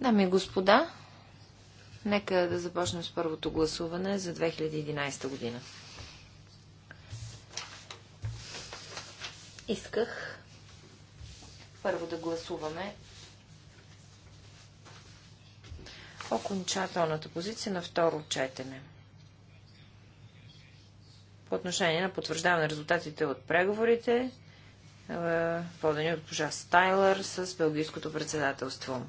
Дами и господа, нека да започнем с първото гласуване за 2011 година. Исках първо да гласуваме окончателната позиция на второ четене. По отношение на потвърждаване на резултатите от преговорите, е, водени от госпожа Стайлър с Белгийското председателство.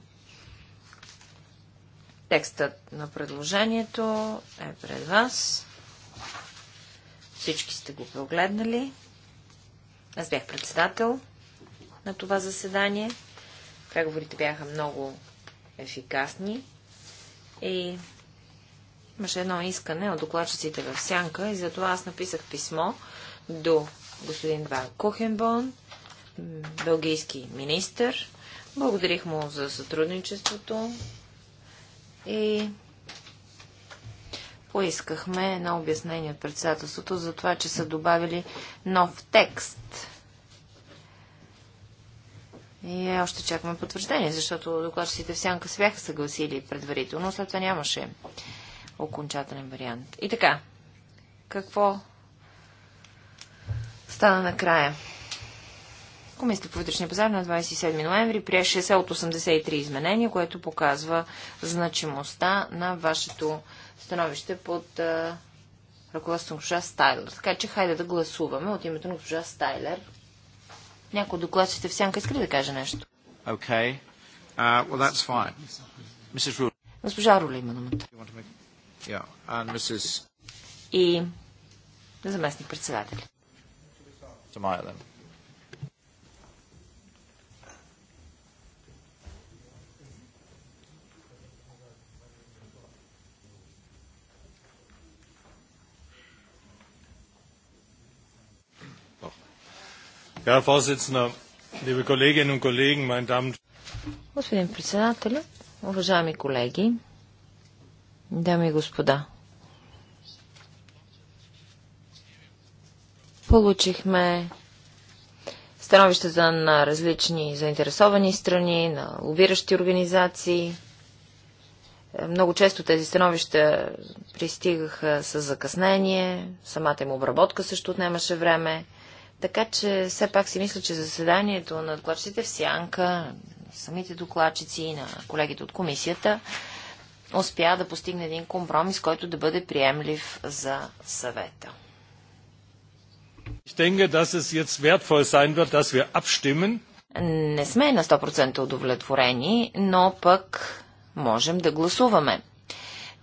Текстът на предложението е пред вас. Всички сте го прогледнали. Аз бях председател на това заседание. Преговорите бяха много ефикасни и имаше едно искане от докладчиците в Сянка и затова аз написах писмо до господин Ван Кухенбон, белгийски министр. Благодарих му за сътрудничеството и поискахме едно обяснение от председателството за това, че са добавили нов текст. И още чакаме потвърждение, защото докладчиците в сянка се бяха съгласили предварително, след това нямаше окончателен вариант. И така, какво стана накрая. Комисията по вътрешния пазар на 27 ноември прие 60 от 83 изменения, което показва значимостта на вашето становище под а, ръководството на госпожа Стайлер. Така че хайде да гласуваме от името на госпожа Стайлер. Някой докладчите в сянка иска да каже нещо? Okay. Uh, well, that's fine. Mrs. Госпожа Рули има думата. Yeah. Mrs... И заместник председателя. Mr. Meyer then. Herr Vorsitzender, liebe Kolleginnen und Kollegen, meine Damen und Господин председателя, уважаеми колеги, дами и господа, Получихме становища на различни заинтересовани страни, на лобиращи организации. Е, много често тези становища пристигаха с закъснение, самата им обработка също отнемаше време. Така че все пак си мисля, че заседанието на докладчиците в Сянка, самите докладчици и на колегите от комисията, успя да постигне един компромис, който да бъде приемлив за съвета. Не сме на 100% удовлетворени, но пък можем да гласуваме.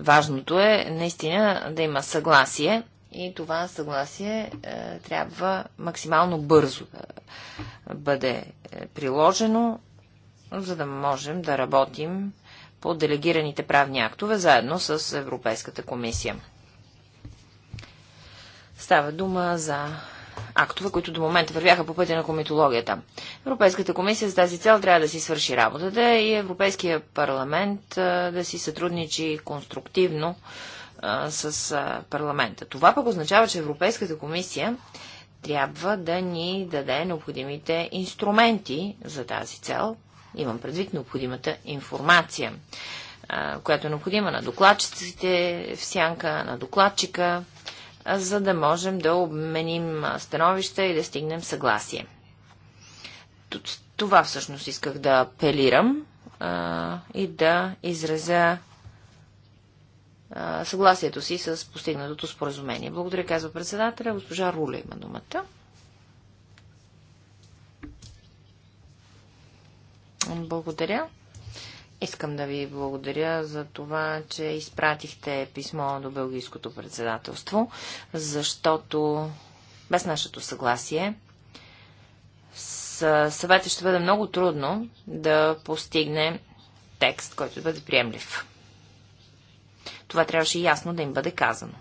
Важното е наистина да има съгласие и това съгласие е, трябва максимално бързо да бъде е, приложено, за да можем да работим по делегираните правни актове заедно с Европейската комисия. Става дума за актове, които до момента вървяха по пътя на комитологията. Европейската комисия за тази цел трябва да си свърши работата и Европейския парламент да си сътрудничи конструктивно с парламента. Това пък означава, че Европейската комисия трябва да ни даде необходимите инструменти за тази цел. Имам предвид необходимата информация, която е необходима на докладчиците в сянка, на докладчика, за да можем да обменим становища и да стигнем съгласие. Това всъщност исках да апелирам а, и да изразя а, съгласието си с постигнатото споразумение. Благодаря, казва председателя. Госпожа Руля има думата. Благодаря. Искам да ви благодаря за това, че изпратихте писмо до Белгийското председателство, защото без нашето съгласие с съвета ще бъде много трудно да постигне текст, който да бъде приемлив. Това трябваше ясно да им бъде казано.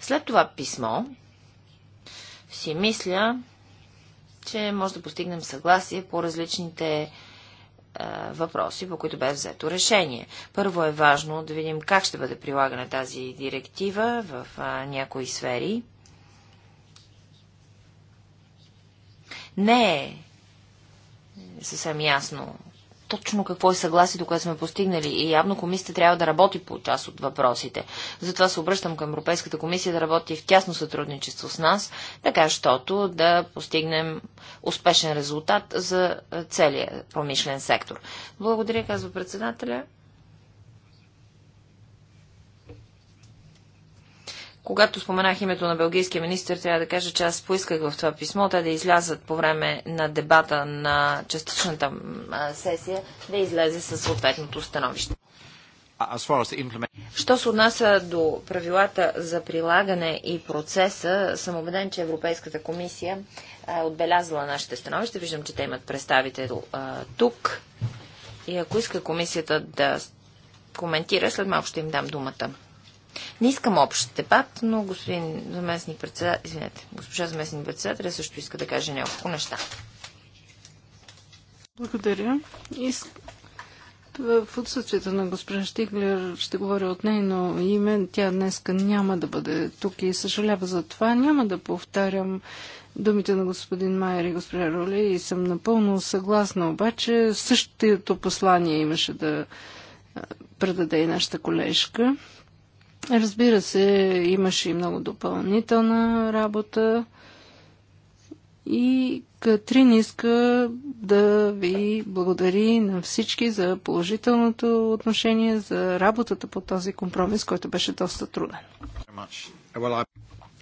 След това писмо си мисля, че може да постигнем съгласие по различните е, въпроси, по които бе взето решение. Първо е важно да видим как ще бъде прилагана тази директива в някои сфери. Не е съвсем ясно точно какво е съгласието, което сме постигнали. И явно комисията трябва да работи по част от въпросите. Затова се обръщам към Европейската комисия да работи в тясно сътрудничество с нас, така щото да постигнем успешен резултат за целия промишлен сектор. Благодаря, казва председателя. Когато споменах името на белгийския министр, трябва да кажа, че аз поисках в това писмо те да излязат по време на дебата на частичната сесия, да излезе със съответното становище. Що се отнася до правилата за прилагане и процеса, съм убеден, че Европейската комисия е отбелязала нашите становища. Виждам, че те имат представител а, тук. И ако иска комисията да коментира, след малко ще им дам думата. Не искам общ дебат, но господин заместник председател, извинете, госпожа заместник председател също иска да каже няколко неща. Благодаря. Иск... Е в отсъствието на госпожа Штиглер ще говоря от нейно име. Тя днеска няма да бъде тук и съжалява за това. Няма да повтарям думите на господин Майер и госпожа Роле и съм напълно съгласна. Обаче същото послание имаше да предаде и нашата колежка. Разбира се, имаше и много допълнителна работа. И Катрин иска да ви благодари на всички за положителното отношение, за работата по този компромис, който беше доста труден.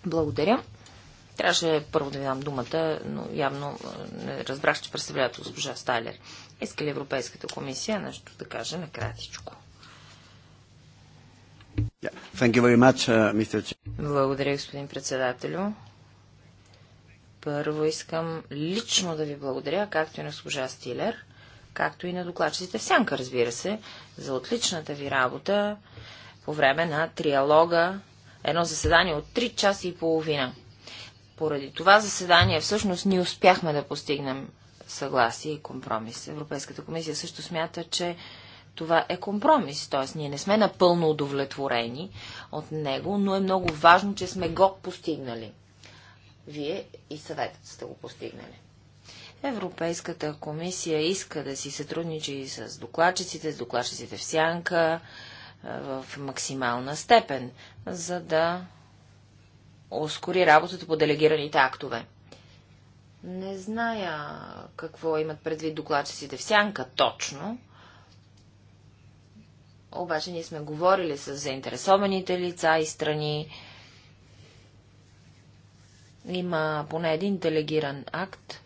Благодаря. Трябваше първо да ви дам думата, но явно не разбрах, че представлявате госпожа Стайлер. Иска ли Европейската комисия нещо да каже накратичко? Uh, благодаря, господин председателю. Първо искам лично да ви благодаря, както и на служа Стилер, както и на докладчиците в Сянка, разбира се, за отличната ви работа по време на триалога, едно заседание от 3 часа и половина. Поради това заседание всъщност ние успяхме да постигнем съгласие и компромис. Европейската комисия също смята, че това е компромис, т.е. ние не сме напълно удовлетворени от него, но е много важно, че сме го постигнали. Вие и съветът сте го постигнали. Европейската комисия иска да си сътрудничи и с докладчиците, с докладчиците в сянка, в максимална степен, за да ускори работата по делегираните актове. Не зная какво имат предвид докладчиците в сянка точно, обаче ние сме говорили с заинтересованите лица и страни. Има поне един делегиран акт,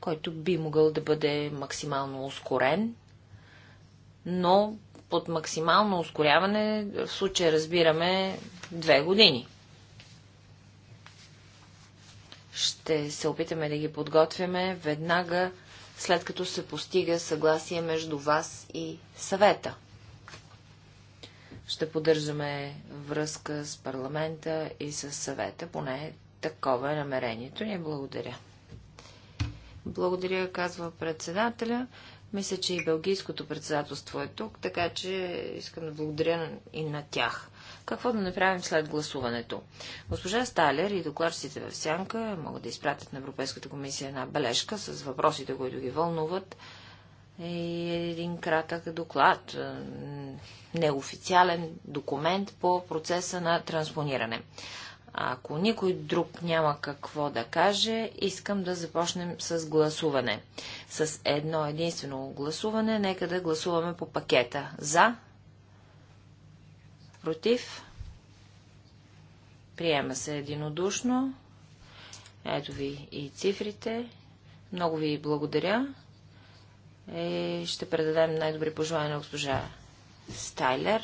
който би могъл да бъде максимално ускорен, но под максимално ускоряване в случая разбираме две години. Ще се опитаме да ги подготвяме веднага след като се постига съгласие между вас и съвета – ще поддържаме връзка с парламента и с съвета, поне такова е намерението ни. Благодаря. Благодаря, казва председателя. Мисля, че и Белгийското председателство е тук, така че искам да благодаря и на тях. Какво да направим след гласуването? Госпожа Сталер и докладчиците в Сянка могат да изпратят на Европейската комисия една бележка с въпросите, които ги вълнуват и е, един кратък доклад, е, неофициален документ по процеса на транспониране. Ако никой друг няма какво да каже, искам да започнем с гласуване. С едно единствено гласуване, нека да гласуваме по пакета. За? Против? Приема се единодушно. Ето ви и цифрите. Много ви благодаря и е, ще предадем най-добри пожелания на госпожа Стайлер.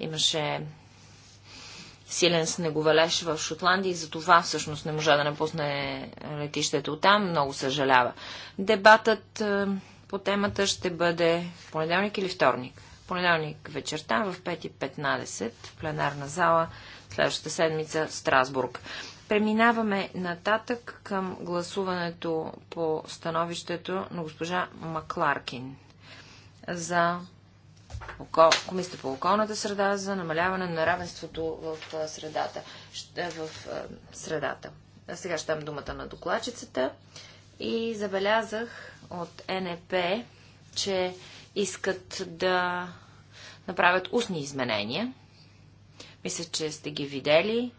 Имаше силен снеговалеж в Шотландия и за това всъщност не можа да напусне летището там. Много съжалява. Дебатът е, по темата ще бъде в понеделник или вторник. Понеделник вечерта в 5.15 в пленарна зала, следващата седмица Страсбург. Преминаваме нататък към гласуването по становището на госпожа Макларкин за Комисията по околната среда за намаляване на равенството в средата. В средата. А сега ще дам думата на докладчицата и забелязах от НЕП, че искат да направят устни изменения. Мисля, че сте ги видели.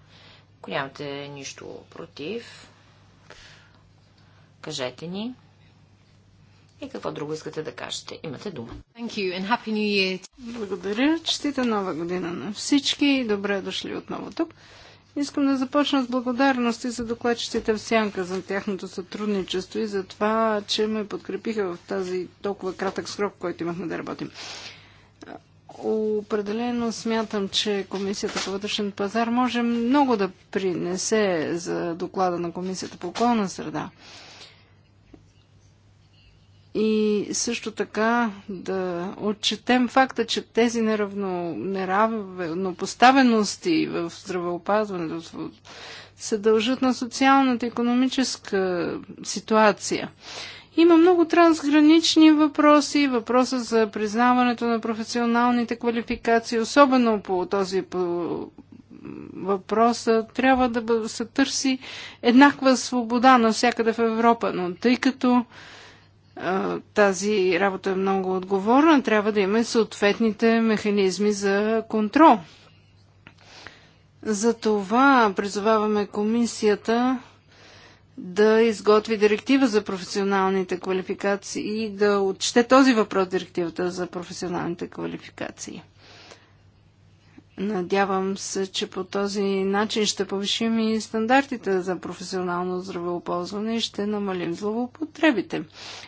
Ако нямате нищо против, кажете ни. И какво друго искате да кажете? Имате дума. Благодаря. Честита нова година на всички. Добре дошли отново тук. Искам да започна с благодарности за докладчиците в Сянка за тяхното сътрудничество и за това, че ме подкрепиха в тази толкова кратък срок, който имахме да работим. Определено смятам, че Комисията по вътрешен пазар може много да принесе за доклада на Комисията по околна среда. И също така да отчетем факта, че тези неравнопоставености в здравеопазването се дължат на социалната и економическа ситуация. Има много трансгранични въпроси, въпроса за признаването на професионалните квалификации, особено по този по въпроса. Трябва да се търси еднаква свобода навсякъде в Европа, но тъй като тази работа е много отговорна, трябва да има съответните механизми за контрол. Затова призоваваме комисията да изготви директива за професионалните квалификации и да отчете този въпрос директивата за професионалните квалификации. Надявам се, че по този начин ще повишим и стандартите за професионално здравеопазване и ще намалим злоупотребите.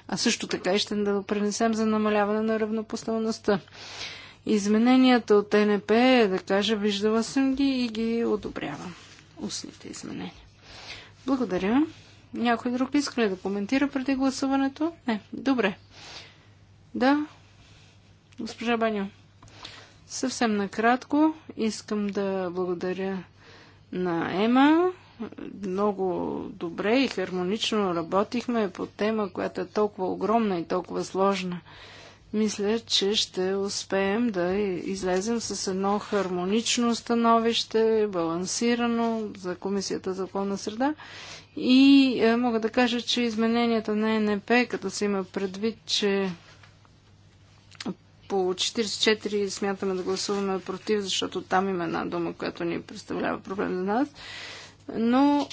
А също така и ще да допринесем за намаляване на равнопоставеността. Измененията от НП, да кажа, виждала съм ги и ги одобрявам. Устните изменения. Благодаря. Някой друг иска ли да коментира преди гласуването? Не. Добре. Да. Госпожа Баню. Съвсем накратко искам да благодаря на Ема. Много добре и хармонично работихме по тема, която е толкова огромна и толкова сложна. Мисля, че ще успеем да излезем с едно хармонично становище, балансирано за Комисията за околна среда. И е, мога да кажа, че измененията на ЕНП, като се има предвид, че по 44 смятаме да гласуваме против, защото там има една дума, която ни представлява проблем за нас. Но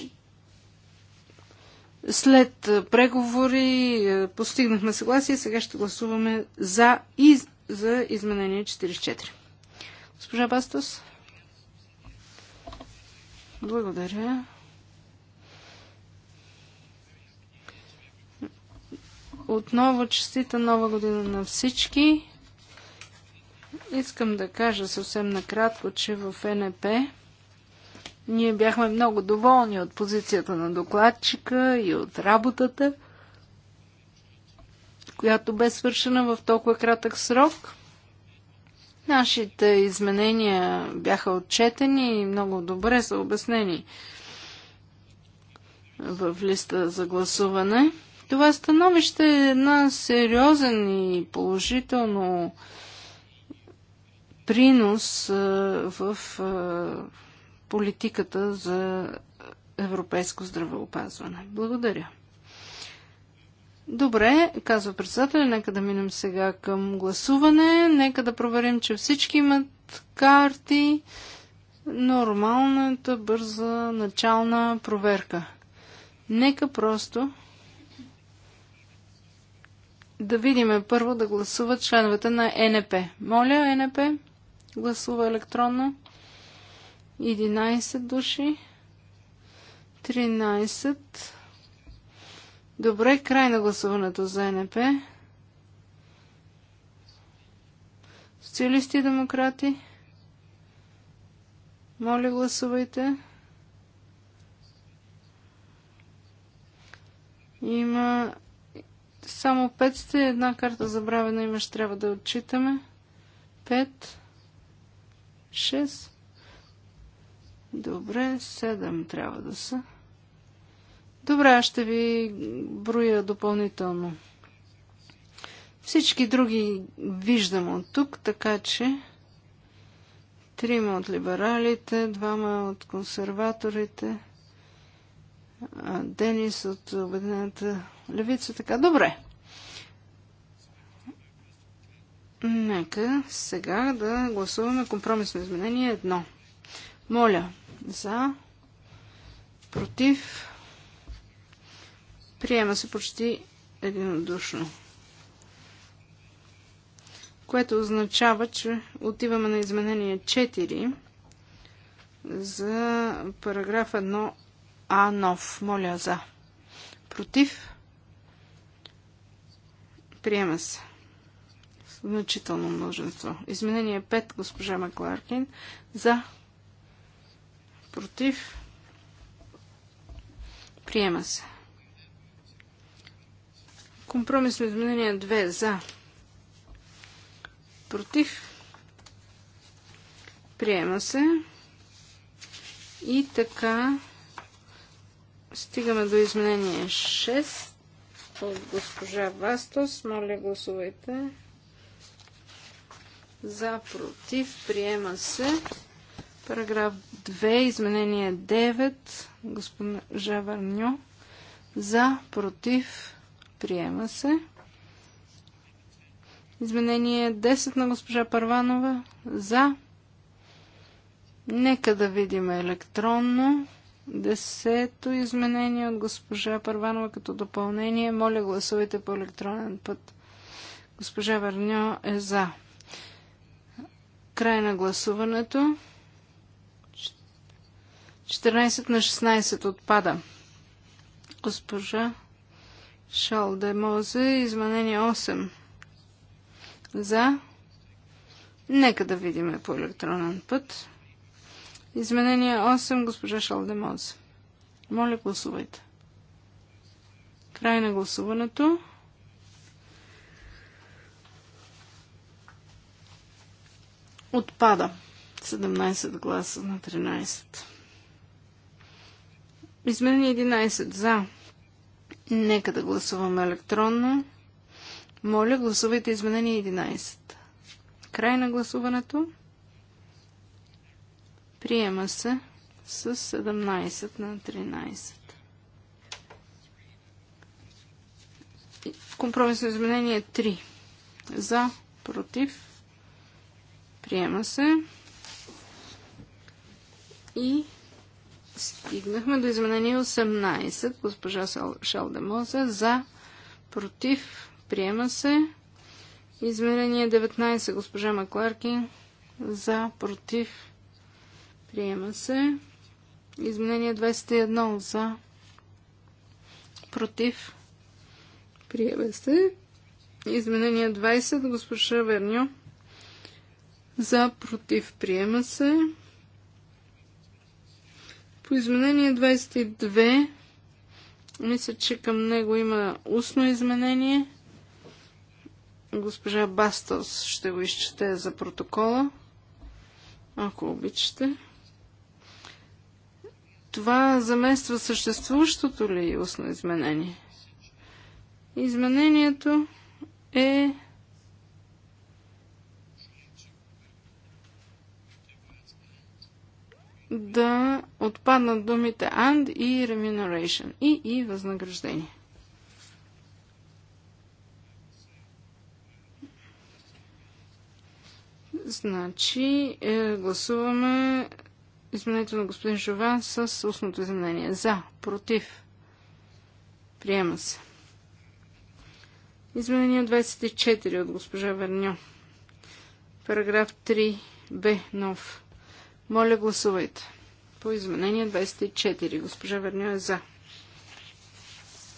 след преговори постигнахме съгласие. Сега ще гласуваме за и за изменение 44. Госпожа Бастос. Благодаря. Отново честита нова година на всички. Искам да кажа съвсем накратко, че в НП ние бяхме много доволни от позицията на докладчика и от работата, която бе свършена в толкова кратък срок. Нашите изменения бяха отчетени и много добре са обяснени в листа за гласуване. Това становище е една сериозен и положително принос в политиката за европейско здравеопазване. Благодаря. Добре, казва председателя, нека да минем сега към гласуване. Нека да проверим, че всички имат карти. Нормалната е бърза начална проверка. Нека просто да видим първо да гласуват членовете на НП. Моля, НП, гласува електронно. 11 души, 13. Добре, край на гласуването за НП. Социалисти и демократи, моля гласувайте. Има само 5 сте, една карта забравена имаш, трябва да отчитаме. 5, 6, Добре, седем трябва да са. Добре, аз ще ви броя допълнително. Всички други виждам от тук, така че трима от либералите, двама от консерваторите, Денис от Обединената левица, така. Добре. Нека сега да гласуваме компромисно изменение едно. Моля, за. Против. Приема се почти единодушно. Което означава, че отиваме на изменение 4 за параграф 1а нов. Моля за. Против. Приема се. Значително множество. Изменение 5, госпожа Макларкин. За. Против. Приема се. Компромисно изменение 2 за. Против. Приема се. И така стигаме до изменение 6 от госпожа Вастос. Моля, гласувайте. За, против, приема се. Параграф 2, изменение 9, госпожа Жаварньо, за, против, приема се. Изменение 10 на госпожа Парванова, за. Нека да видим електронно. Десето изменение от госпожа Парванова като допълнение. Моля, гласувайте по електронен път. Госпожа Варньо е за. Край на гласуването. 14 на 16 отпада. Госпожа Шал де Мозе, изменение 8. За. Нека да видим по електронен път. Изменение 8, госпожа Шал де Мозе. Моля, гласувайте. Край на гласуването. Отпада. 17 гласа на 13. Изменение 11 за. Нека да гласуваме електронно. Моля, гласувайте изменение 11. Край на гласуването. Приема се с 17 на 13. Компромисно изменение 3. За, против. Приема се. И Стигнахме до изменение 18. Госпожа Шалдемоза за, против, приема се. Изменение 19. Госпожа Макларки, за, против, приема се. Изменение 21 за, против, приема се. Изменение 20. Госпожа Верньо за, против, приема се. По изменение 22, мисля, че към него има устно изменение. Госпожа Бастос ще го изчете за протокола, ако обичате. Това замества съществуващото ли устно изменение? Изменението е да отпаднат думите and и remuneration и, и възнаграждение. Значи е, гласуваме изменението на господин Жован с устното изменение. За, против. Приема се. Изменение 24 от госпожа Верньо. Параграф 3 Б нов. Моля, гласувайте. По изменение 24. Госпожа Верньо е за.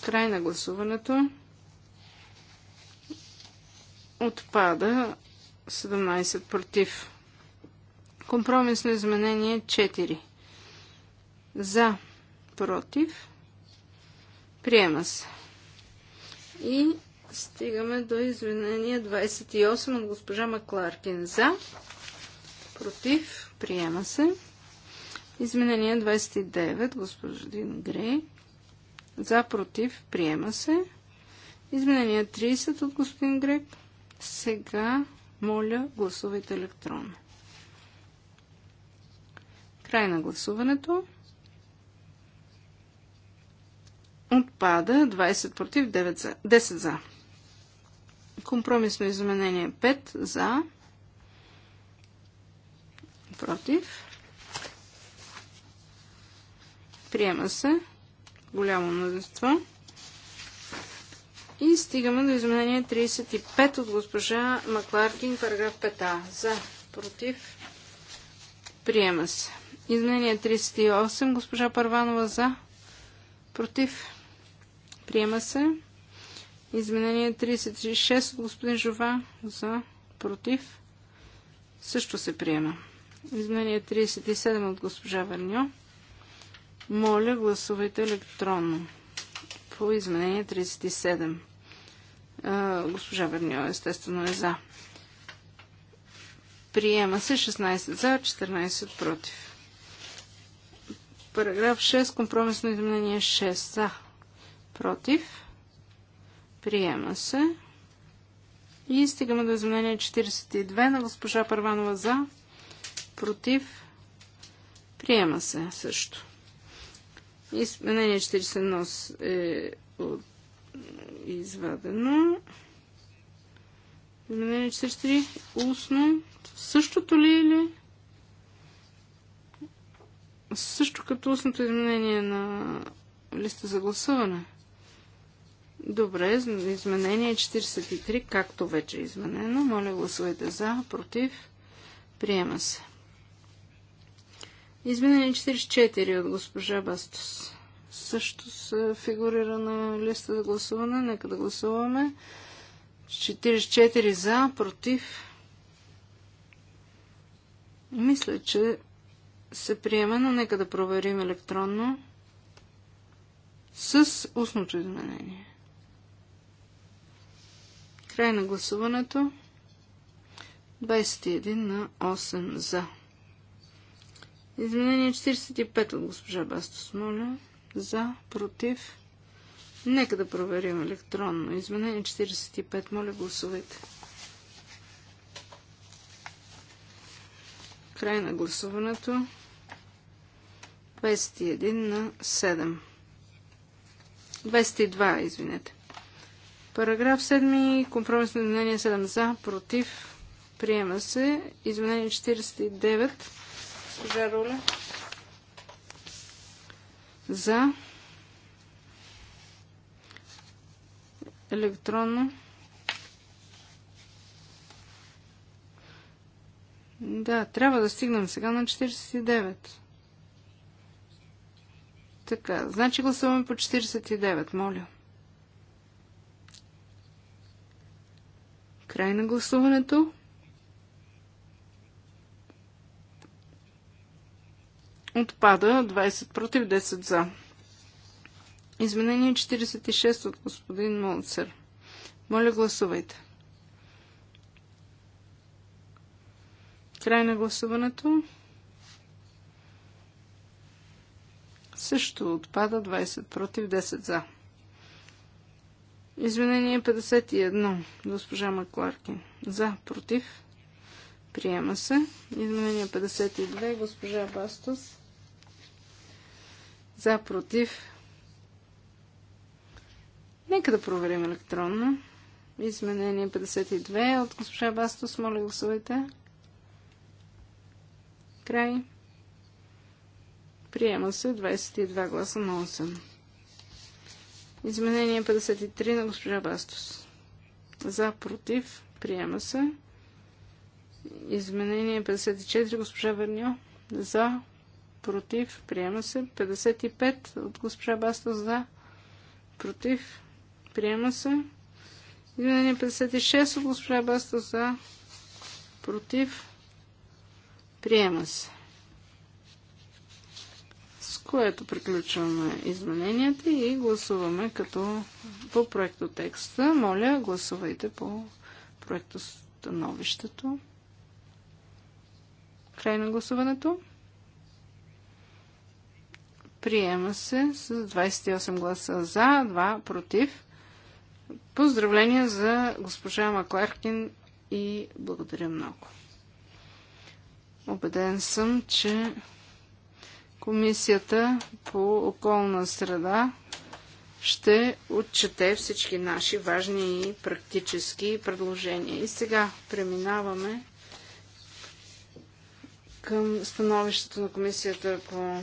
Край на гласуването. Отпада 17 против. Компромисно изменение 4. За. Против. Приема се. И стигаме до изменение 28 от госпожа Макларкин. За против, приема се. Изменение 29, господин Грей, за, против, приема се. Изменение 30 от господин Грек. Сега, моля, гласувайте електронно. Край на гласуването. Отпада 20 против 9 за, 10 за. Компромисно изменение 5 за, Против. Приема се. Голямо множество. И стигаме до изменение 35 от госпожа Макларкин, параграф 5. За. Против. Приема се. Изменение 38. Госпожа Парванова за. Против. Приема се. Изменение 36 от господин Жова за. Против. Също се приема. Изменение 37 от госпожа Верньо. Моля, гласувайте електронно. По изменение 37. госпожа Верньо, естествено, е за. Приема се 16 за, 14 против. Параграф 6. Компромисно изменение 6 за. Против. Приема се. И стигаме до изменение 42 на госпожа Първанова за против, приема се също. Изменение 41 е от... извадено. Изменение 43 устно. Същото ли или? Е също като устното изменение на листа за гласуване. Добре, изменение 43, както вече е изменено. Моля гласувайте за, против. Приема се. Изменение 44 от госпожа Бастус. Също се фигурира на листа за гласуване. Нека да гласуваме. 44 за, против. Мисля, че се приема, но нека да проверим електронно с устното изменение. Край на гласуването. 21 на 8 за. Изменение 45 от госпожа Бастос, моля. За, против. Нека да проверим електронно. Изменение 45, моля гласувайте. Край на гласуването. 21 на 7. 22, извинете. Параграф 7. Компромисно изменение 7 за, против. Приема се. Изменение 49 за роля За. Електронно. Да, трябва да стигнем сега на 49. Така, значи гласуваме по 49, моля. Край на гласуването. Отпада 20 против 10 за. Изменение 46 от господин Молцер. Моля, гласувайте. Край на гласуването. Също отпада 20 против 10 за. Изменение 51. Госпожа Макларки, За, против. Приема се. Изменение 52. Госпожа Бастос. За, против. Нека да проверим електронно. Изменение 52 от госпожа Бастос. Моля, гласувайте. Край. Приема се 22 гласа на 8. Изменение 53 на госпожа Бастос. За, против. Приема се. Изменение 54 госпожа Верньо. За, против, приема се. 55 от госпожа Баста за, против, приема се. Изменение 56 от госпожа Баста за, против, приема се. С което приключваме измененията и гласуваме като по проекто текста. Моля, гласувайте по проекто становището. Край на гласуването. Приема се с 28 гласа за, 2 против. Поздравления за госпожа Маклеркин и благодаря много. Обеден съм, че Комисията по околна среда ще отчете всички наши важни и практически предложения. И сега преминаваме към становището на Комисията по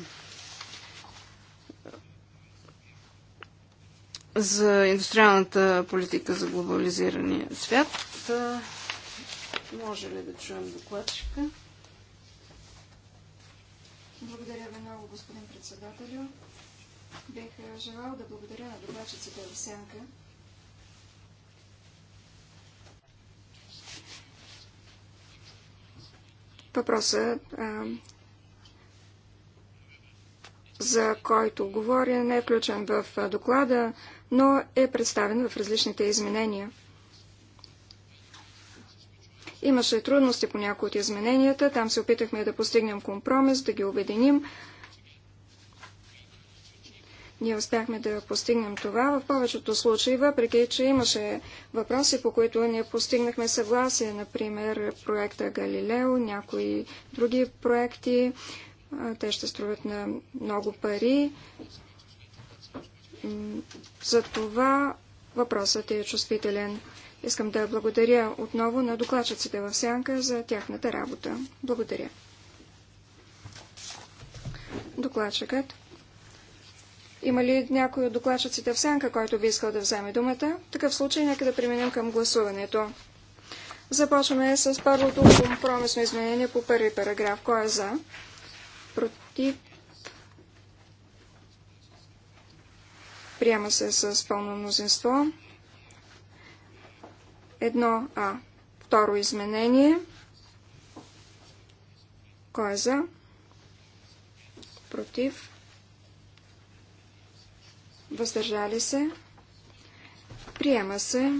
за индустриалната политика за глобализирания свят. Може ли да чуем докладчика? Благодаря ви много, господин председателю. Бих е, желал да благодаря на докладчиците в Сянка. Въпросът е, за който говоря, не е включен в доклада, но е представен в различните изменения. Имаше трудности по някои от измененията, там се опитахме да постигнем компромис, да ги обединим. Ние успяхме да постигнем това в повечето случаи, въпреки че имаше въпроси, по които ние постигнахме съгласие, например проекта Галилео, някои други проекти, те ще струват на много пари. За това. въпросът е чувствителен. Искам да благодаря отново на докладчиците в Сянка за тяхната работа. Благодаря. Докладчикът. Има ли някой от докладчиците в Сянка, който би искал да вземе думата? В такъв случай нека да преминем към гласуването. Започваме с първото компромисно изменение по първи параграф. Кой е за? против. Приема се с пълно мнозинство. Едно А. Второ изменение. Кой е за? Против. Въздържали се. Приема се.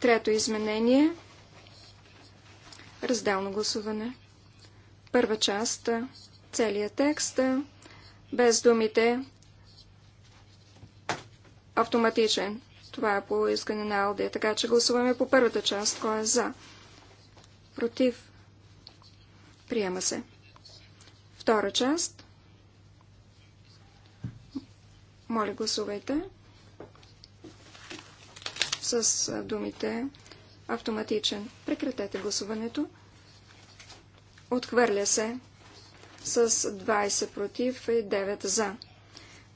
Трето изменение. Разделно гласуване. Първа част, целият текст, без думите автоматичен. Това е по искане на Алде. Така че гласуваме по първата част. Кой е за? Против? Приема се. Втора част. Моля, гласувайте. С думите автоматичен. Прекратете гласуването. Отхвърля се с 20 против и 9 за.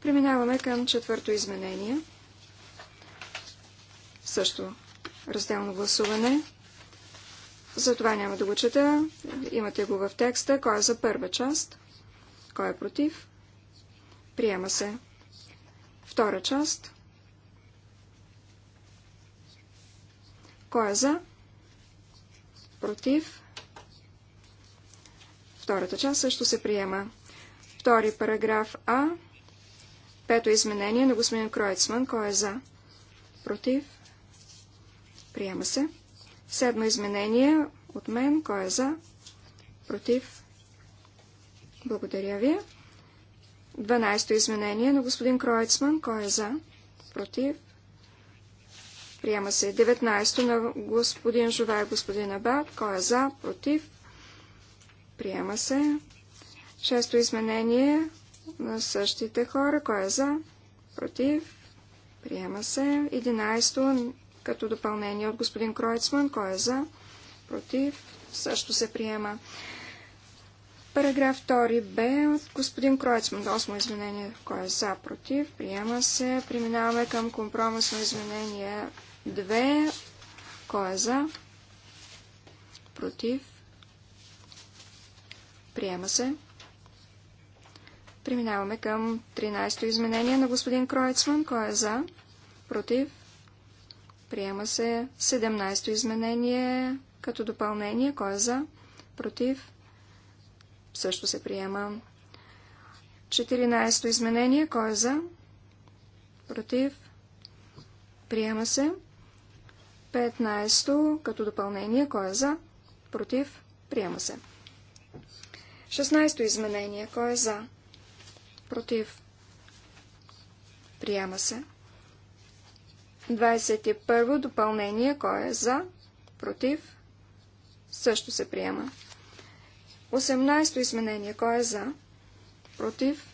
Преминаваме към четвърто изменение. Също разделно гласуване. Затова няма да го чета. Имате го в текста. Кой е за първа част? Кой е против? Приема се. Втора част. Кой е за? Против? Втората част също се приема. Втори параграф А. Пето изменение на господин Кройцман. Кой е за? Против? Приема се. Седмо изменение от мен. Кой е за? Против? Благодаря ви. 12 изменение на господин Кройцман. Кой е за? Против? Приема се. 19-то на господин Жувай, господин Абат. Кой е за? Против? Приема се. Шесто изменение на същите хора. Кой е за? Против. Приема се. Единайсто като допълнение от господин Кройцман. Кой е за? Против. Също се приема. Параграф 2 Б от господин Кройцман. Осмо изменение. Кой е за? Против. Приема се. Преминаваме към компромисно изменение 2. Кой е за? Против. Приема се. Преминаваме към 13-то изменение на господин Кройцман. Кой е за? Против? Приема се 17-то изменение като допълнение. Кой е за? Против? Също се приема. 14-то изменение. Кой е за? Против? Приема се. 15-то като допълнение. Кой е за? Против? Приема се. 16 изменение. Кой е за? Против. Приема се. 21-во допълнение. Кой е за? Против. Също се приема. 18-то изменение. Кой е за? Против.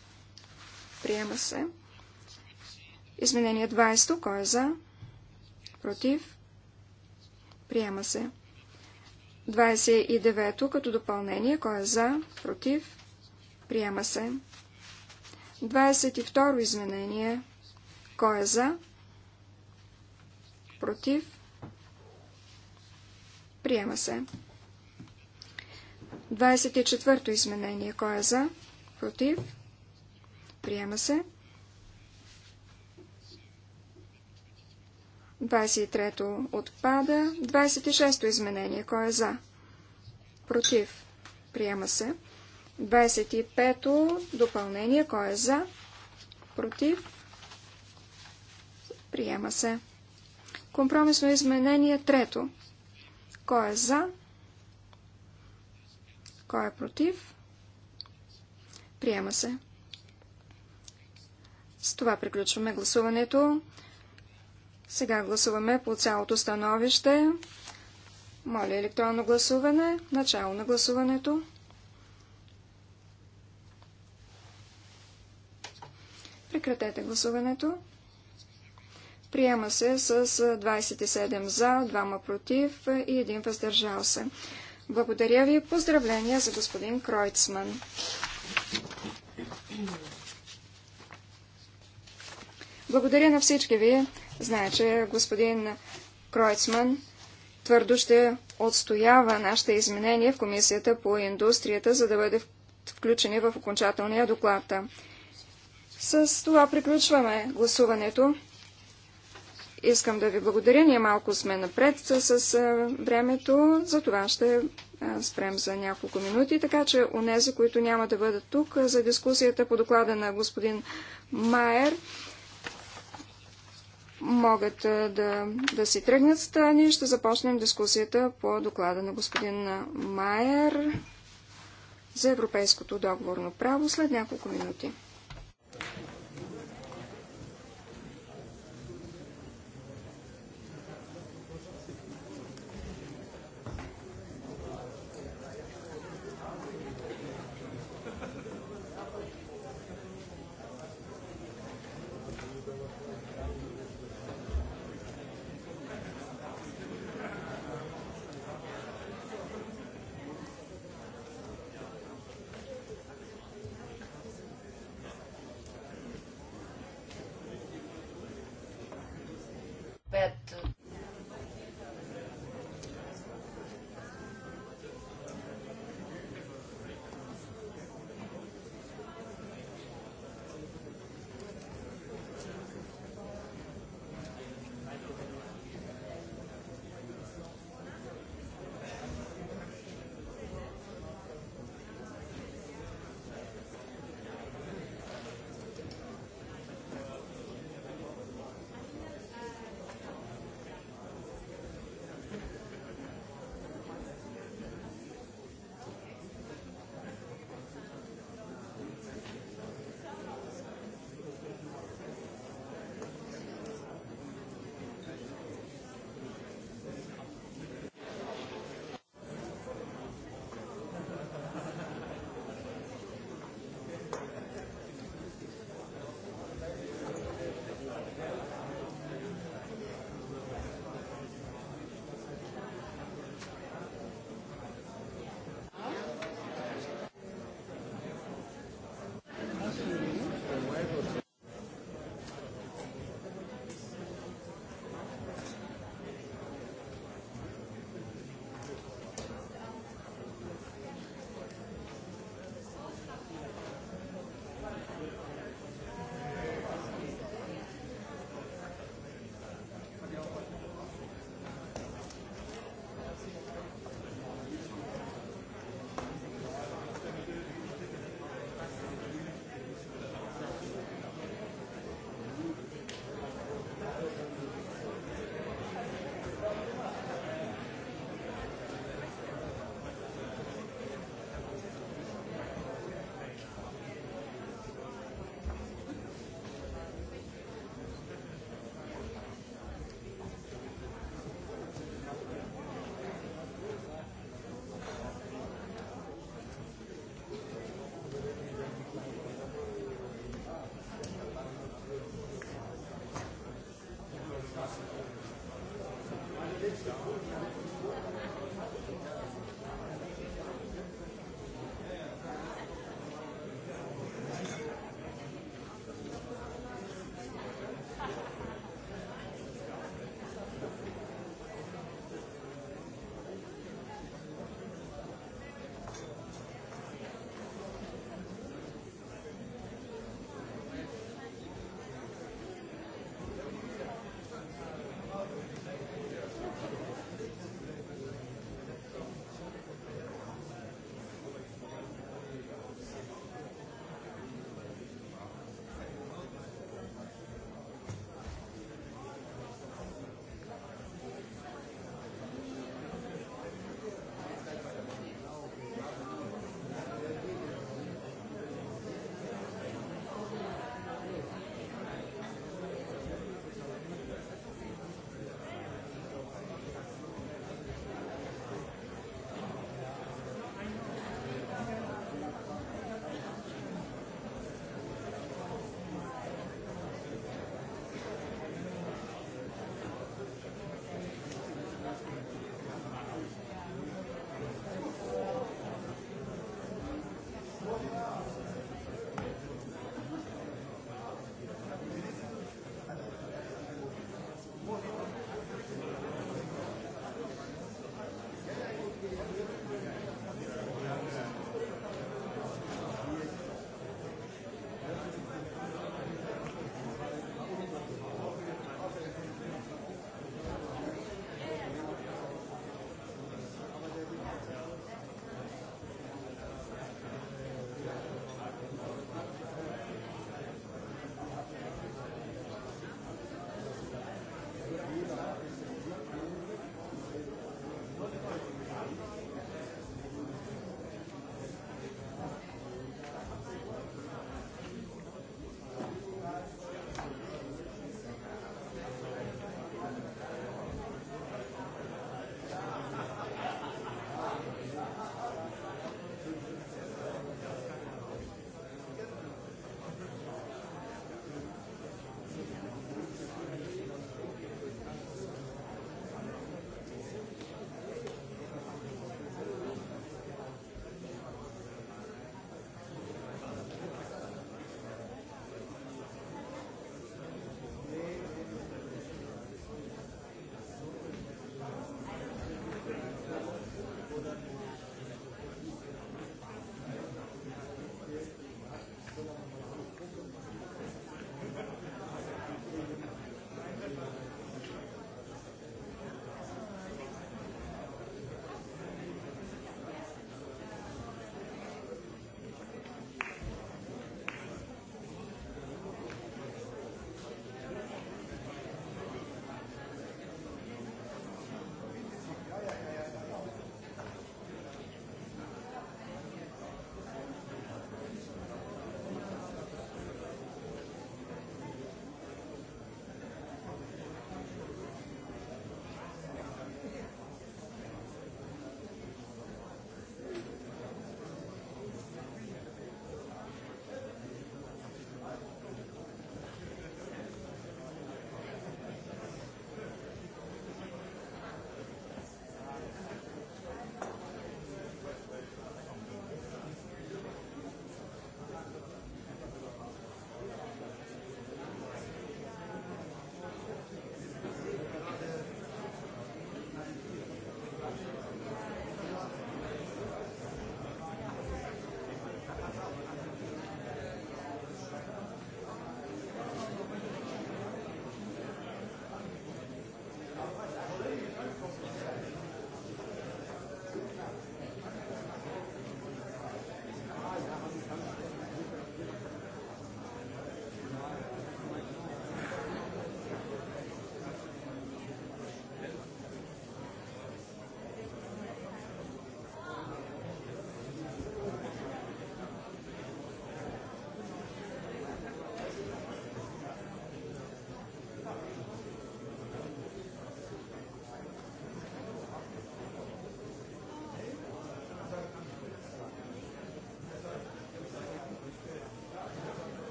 Приема се. Изменение 20. Кой е за? Против. Приема се. 29 като допълнение. Кой е за? Против? Приема се. 22 изменение. Кой е за? Против? Приема се. 24 изменение. Кой е за? Против? Приема се. 23-то отпада. 26-то изменение. Кой е за? Против. Приема се. 25-то допълнение. Кой е за? Против. Приема се. Компромисно изменение. Трето. Кой е за? Кой е против? Приема се. С това приключваме гласуването. Сега гласуваме по цялото становище. Моля електронно гласуване. Начало на гласуването. Прекратете гласуването. Приема се с 27 за, 2 против и 1 въздържал се. Благодаря ви. Поздравления за господин Кройцман. Благодаря на всички ви Знае, че господин Кройцман твърдо ще отстоява нашите изменения в Комисията по индустрията, за да бъде включени в окончателния доклад. С това приключваме гласуването. Искам да ви благодаря. Ние малко сме напред с времето, за това ще спрем за няколко минути, така че нези, които няма да бъдат тук за дискусията по доклада на господин Майер, могат да, да си тръгнат страни. Ще започнем дискусията по доклада на господин Майер за европейското договорно право след няколко минути.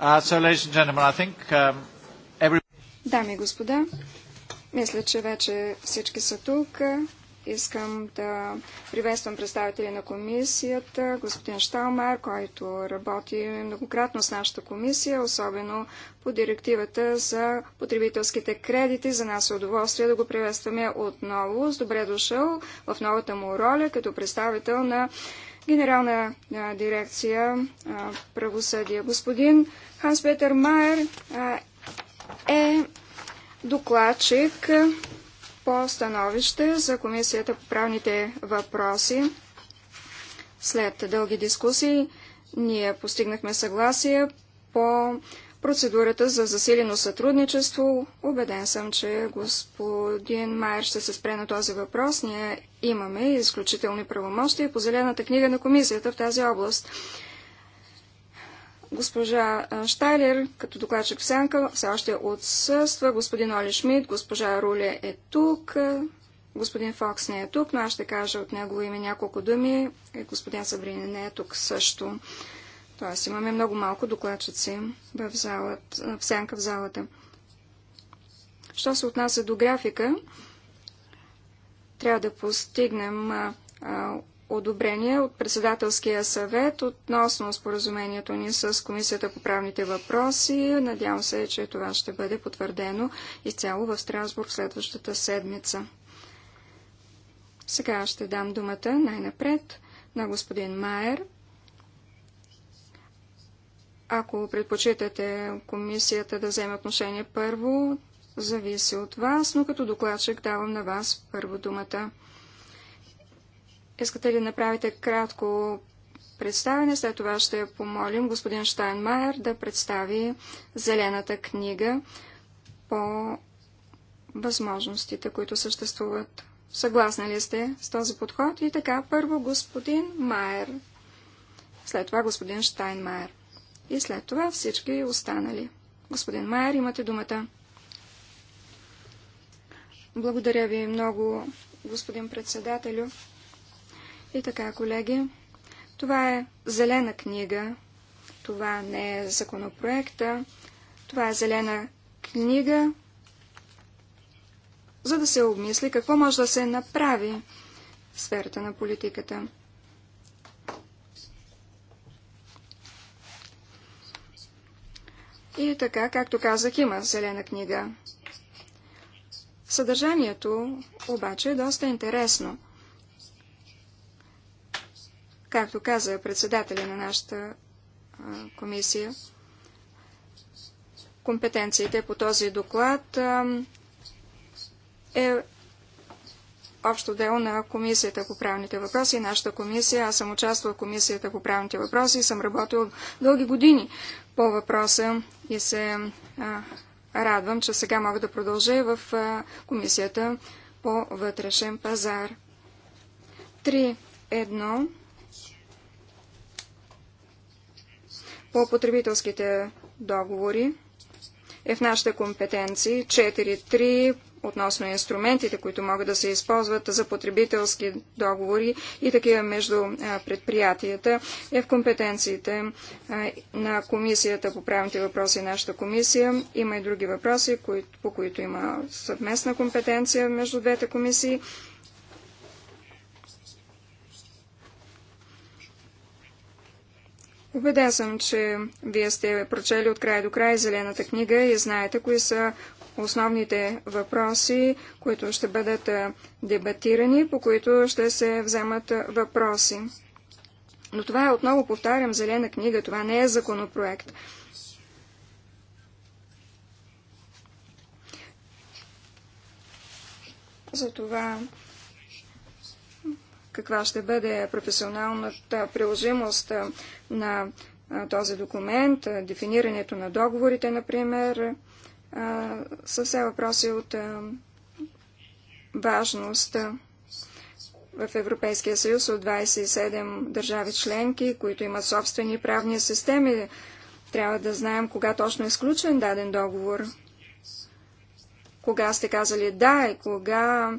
Uh, um, Дами и господа, мисля, че вече всички са тук. Искам да приветствам представители на комисията, господин Шталмар, който работи многократно с нашата комисия, особено по директивата за потребителските кредити. За нас е удоволствие да го приветстваме отново. С добре дошъл в новата му роля като представител на Генерална дирекция правосъдие. Господин Ханс Петър Майер е докладчик по становище за Комисията по правните въпроси. След дълги дискусии ние постигнахме съгласие по процедурата за засилено сътрудничество. Убеден съм, че господин Майер ще се спре на този въпрос. Ние имаме изключителни правомощия по зелената книга на комисията в тази област. Госпожа Штайлер, като докладчик в Сянка, все още отсъства. Господин Оли Шмидт, госпожа Руле е тук. Господин Фокс не е тук, но аз ще кажа от него име няколко думи. Е, господин Сабрини не е тук също. Тоест имаме много малко докладчици в, залата, в сянка в залата. Що се отнася до графика, трябва да постигнем а, а, одобрение от председателския съвет относно споразумението ни с Комисията по правните въпроси. Надявам се, че това ще бъде потвърдено изцяло в Страсбург следващата седмица. Сега ще дам думата най-напред на господин Майер ако предпочитате комисията да вземе отношение първо, зависи от вас, но като докладчик давам на вас първо думата. Искате ли да направите кратко представяне? След това ще помолим господин Штайнмайер да представи зелената книга по възможностите, които съществуват. Съгласни ли сте с този подход? И така, първо господин Майер, след това господин Штайнмайер и след това всички останали. Господин Майер, имате думата. Благодаря ви много, господин председателю. И така, колеги, това е зелена книга, това не е законопроекта, това е зелена книга, за да се обмисли какво може да се направи в сферата на политиката. И така, както казах, има зелена книга. Съдържанието обаче е доста интересно. Както каза председателя на нашата комисия, компетенциите по този доклад е общо дело на Комисията по правните въпроси нашата комисия. Аз съм участвал в Комисията по правните въпроси и съм работил дълги години по въпроса и се а, радвам, че сега мога да продължа в а, Комисията по вътрешен пазар. 3.1 по потребителските договори е в нашите компетенции. 4.3 относно инструментите, които могат да се използват за потребителски договори и такива между предприятията, е в компетенциите на Комисията по правните въпроси и нашата комисия. Има и други въпроси, по които има съвместна компетенция между двете комисии. Убеден съм, че вие сте прочели от край до край Зелената книга и знаете кои са основните въпроси, които ще бъдат дебатирани, по които ще се вземат въпроси. Но това е отново, повтарям, зелена книга, това не е законопроект. За това каква ще бъде професионалната приложимост на този документ, дефинирането на договорите, например, са все въпроси от важност в Европейския съюз от 27 държави членки, които имат собствени правни системи. Трябва да знаем кога точно е сключен даден договор. Кога сте казали да и кога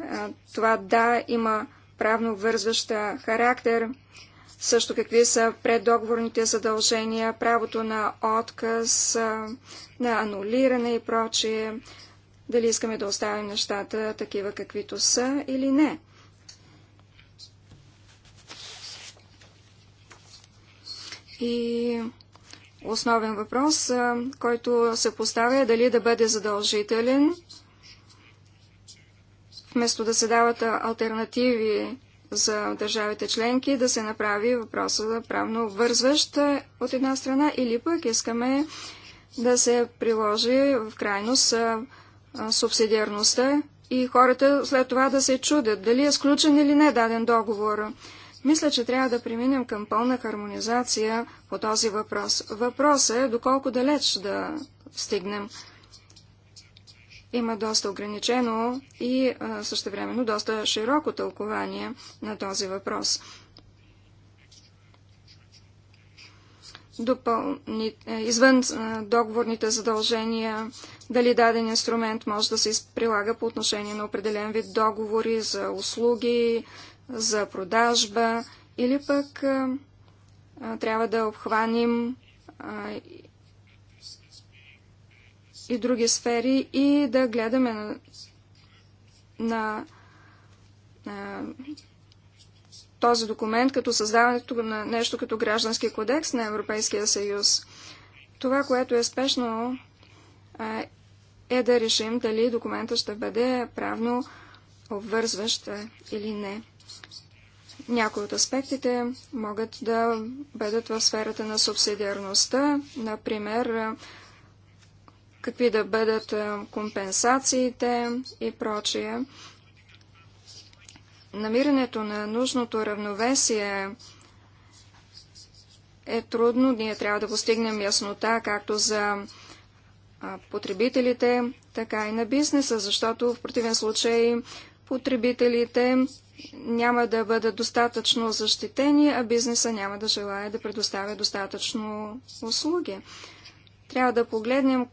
а, това да има правно вързваща характер също какви са преддоговорните задължения, правото на отказ, на анулиране и прочие, дали искаме да оставим нещата такива каквито са или не. И основен въпрос, който се поставя е дали да бъде задължителен, вместо да се дават альтернативи за държавите членки да се направи въпроса за правно вързващ е, от една страна или пък искаме да се приложи в крайност е, е, субсидиарността и хората след това да се чудят дали е сключен или не даден договор. Мисля, че трябва да преминем към пълна хармонизация по този въпрос. Въпросът е доколко далеч да стигнем има доста ограничено и също времено доста широко тълкование на този въпрос. Допълни, е, извън договорните задължения, дали даден инструмент може да се прилага по отношение на определен вид договори за услуги, за продажба или пък трябва да обхваним и други сфери и да гледаме на, на, на този документ като създаването на нещо като граждански кодекс на Европейския съюз. Това, което е спешно, е да решим дали документа ще бъде правно обвързващ или не. Някои от аспектите могат да бъдат в сферата на субсидиарността, например какви да бъдат е, компенсациите и прочие. Намирането на нужното равновесие е трудно. Ние трябва да постигнем яснота както за потребителите, така и на бизнеса, защото в противен случай потребителите няма да бъдат достатъчно защитени, а бизнеса няма да желая да предоставя достатъчно услуги. Трябва да погледнем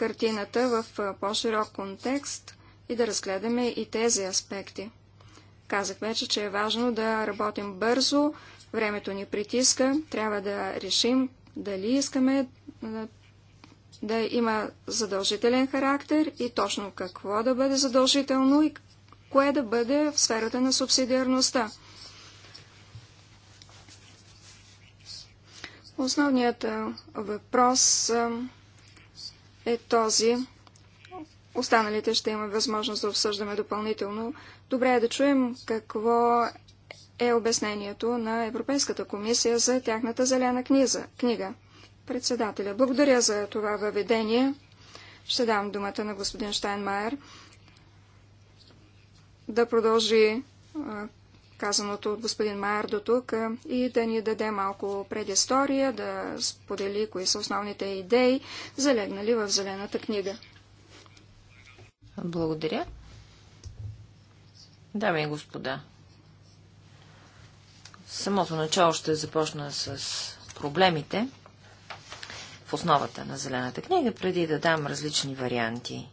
картината в по-широк контекст и да разгледаме и тези аспекти. Казах вече, че е важно да работим бързо, времето ни притиска, трябва да решим дали искаме да има задължителен характер и точно какво да бъде задължително и кое да бъде в сферата на субсидиарността. Основният въпрос е този. Останалите ще имаме възможност да обсъждаме допълнително. Добре е да чуем какво е обяснението на Европейската комисия за тяхната зелена книза, книга. Председателя, благодаря за това въведение. Ще дам думата на господин Штайнмайер да продължи казаното от господин Майер до тук и да ни даде малко предистория, да сподели кои са основните идеи, залегнали в Зелената книга. Благодаря. Дами и господа, самото начало ще започна с проблемите в основата на Зелената книга, преди да дам различни варианти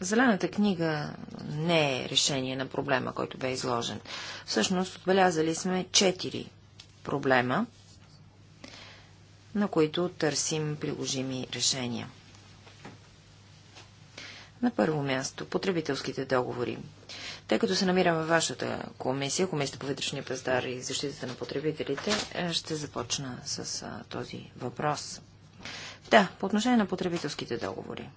Зелената книга не е решение на проблема, който бе изложен. Всъщност отбелязали сме четири проблема, на които търсим приложими решения. На първо място, потребителските договори. Тъй като се намираме в вашата комисия, Комисията по вътрешния пазар и защитата на потребителите, е, ще започна с този въпрос. Да, по отношение на потребителските договори.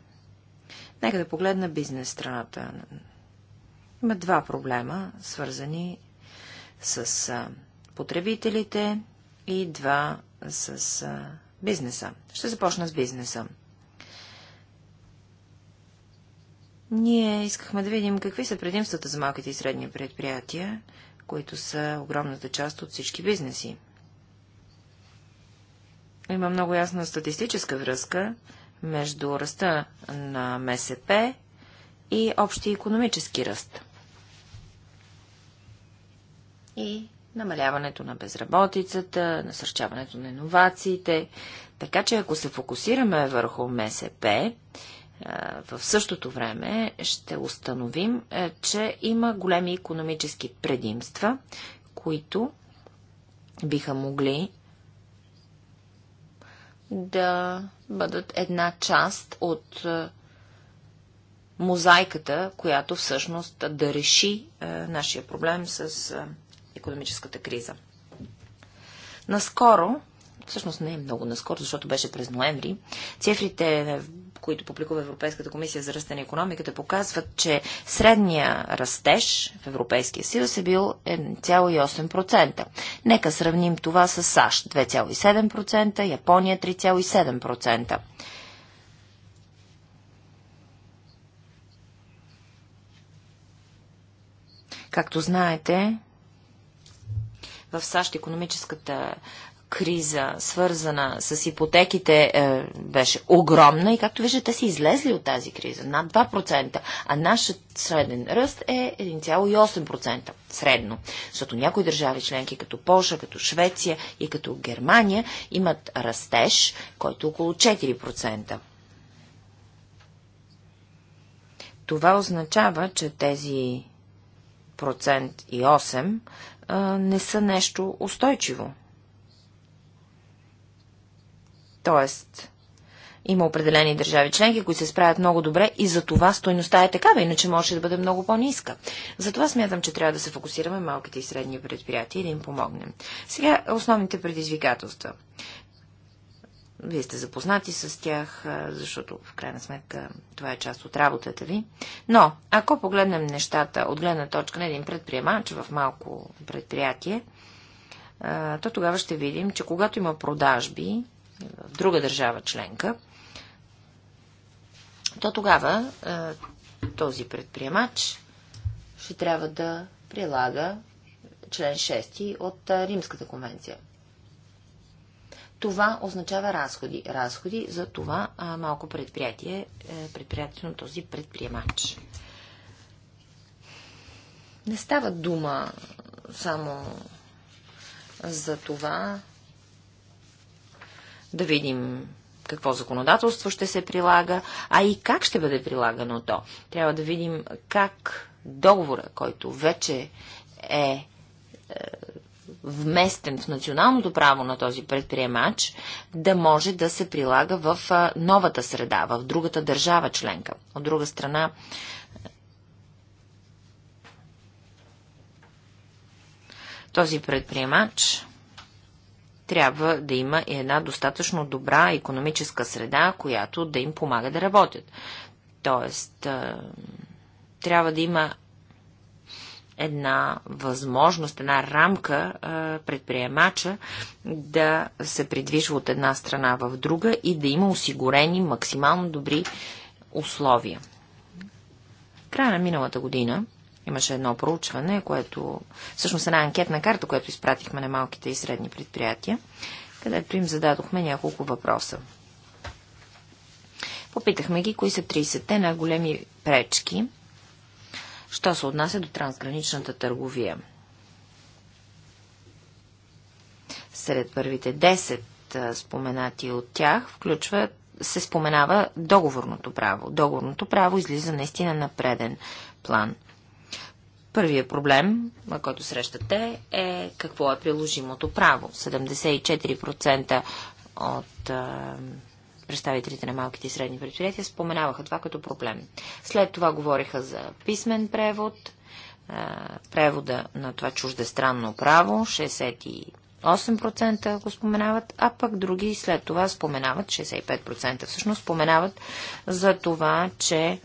Нека да погледна бизнес страната. Има два проблема, свързани с потребителите и два с бизнеса. Ще започна с бизнеса. Ние искахме да видим какви са предимствата за малките и средни предприятия, които са огромната част от всички бизнеси. Има много ясна статистическа връзка между ръста на МСП и общия економически ръст. И намаляването на безработицата, насърчаването на иновациите. Така че ако се фокусираме върху МСП, в същото време ще установим, че има големи економически предимства, които биха могли да бъдат една част от е, мозайката, която всъщност да реши е, нашия проблем с е, економическата криза. Наскоро, всъщност не е много наскоро, защото беше през ноември, цифрите които публикува Европейската комисия за ръста на економиката, показват, че средния растеж в Европейския съюз е бил 1,8%. Нека сравним това с САЩ 2,7%, Япония 3,7%. Както знаете, в САЩ економическата криза, свързана с ипотеките, е, беше огромна и както виждате, те са излезли от тази криза над 2%, а нашият среден ръст е 1,8% средно. Защото някои държави членки, като Польша, като Швеция и като Германия, имат растеж, който е около 4%. Това означава, че тези процент и 8 не са нещо устойчиво. Тоест, има определени държави членки, които се справят много добре и за това стойността е такава, иначе може да бъде много по-ниска. Затова смятам, че трябва да се фокусираме малките и средни предприятия и да им помогнем. Сега основните предизвикателства. Вие сте запознати с тях, защото в крайна сметка това е част от работата ви. Но, ако погледнем нещата от гледна точка на един предприемач в малко предприятие, то тогава ще видим, че когато има продажби, в друга държава членка, то тогава е, този предприемач ще трябва да прилага член 6 от е, Римската конвенция. Това означава разходи. Разходи за това е, малко предприятие, предприятието на този предприемач. Не става дума само за това да видим какво законодателство ще се прилага, а и как ще бъде прилагано то. Трябва да видим как договора, който вече е, е вместен в националното право на този предприемач, да може да се прилага в новата среда, в другата държава членка. От друга страна, този предприемач трябва да има и една достатъчно добра економическа среда, която да им помага да работят. Тоест, трябва да има една възможност, една рамка предприемача да се придвижва от една страна в друга и да има осигурени максимално добри условия. В края на миналата година Имаше едно проучване, което всъщност една анкетна карта, която изпратихме на малките и средни предприятия, където им зададохме няколко въпроса. Попитахме ги, кои са 30-те най-големи пречки, що се отнася до трансграничната търговия. Сред първите 10 споменати от тях включват се споменава договорното право. Договорното право излиза наистина на преден план – Първият проблем, на който срещате, е какво е приложимото право. 74% от а, представителите на малките и средни предприятия споменаваха това като проблем. След това говориха за писмен превод, а, превода на това чуждестранно право, 68% го споменават, а пък други след това споменават, 65% всъщност споменават за това, че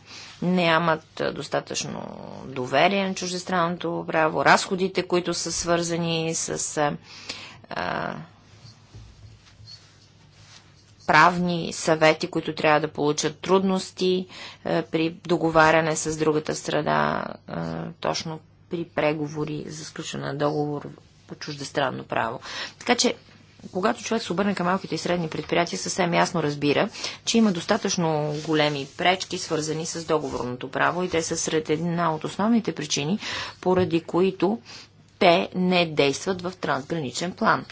нямат достатъчно доверие на чуждестранното право, разходите, които са свързани с а, правни съвети, които трябва да получат трудности а, при договаряне с другата страна, а, точно при преговори за сключване на договор по чуждестранно право. Така че когато човек се обърне към малките и средни предприятия, съвсем ясно разбира, че има достатъчно големи пречки, свързани с договорното право и те са сред една от основните причини, поради които те не действат в трансграничен план.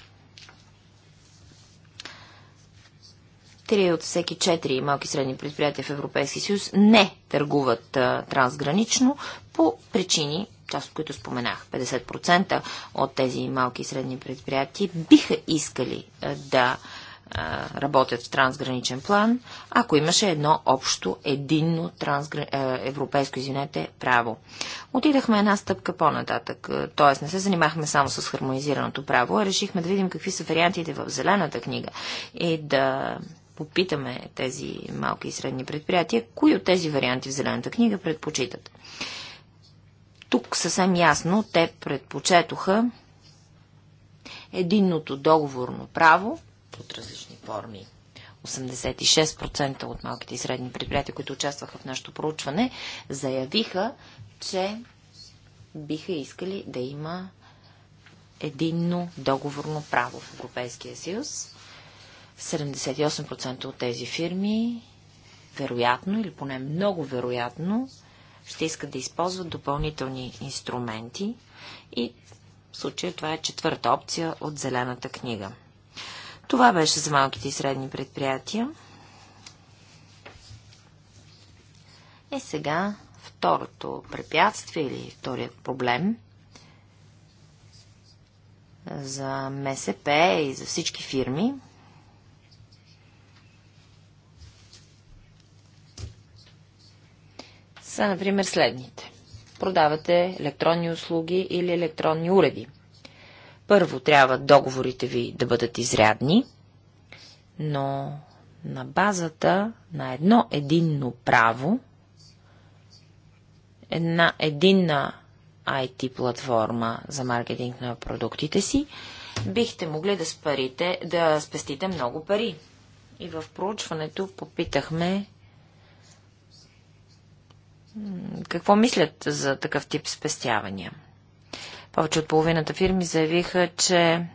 Три от всеки четири малки и средни предприятия в Европейския съюз не търгуват а, трансгранично по причини, част от които споменах, 50% от тези малки и средни предприятия биха искали да работят в трансграничен план, ако имаше едно общо, единно трансгр... европейско извинете, право. Отидахме една стъпка по-нататък, т.е. не се занимахме само с хармонизираното право, а решихме да видим какви са вариантите в зелената книга и да попитаме тези малки и средни предприятия, кои от тези варианти в зелената книга предпочитат. Тук съвсем ясно те предпочетоха единното договорно право под различни форми. 86% от малките и средни предприятия, които участваха в нашето проучване, заявиха, че биха искали да има единно договорно право в Европейския съюз. 78% от тези фирми вероятно или поне много вероятно ще искат да използват допълнителни инструменти и в случая това е четвърта опция от Зелената книга. Това беше за малките и средни предприятия. И сега второто препятствие или вторият проблем за МСП и за всички фирми – са, например, следните. Продавате електронни услуги или електронни уреди. Първо трябва договорите ви да бъдат изрядни, но на базата на едно единно право, една единна IT платформа за маркетинг на продуктите си, бихте могли да спарите, да спестите много пари. И в проучването попитахме какво мислят за такъв тип спестявания? Повече от половината фирми заявиха, че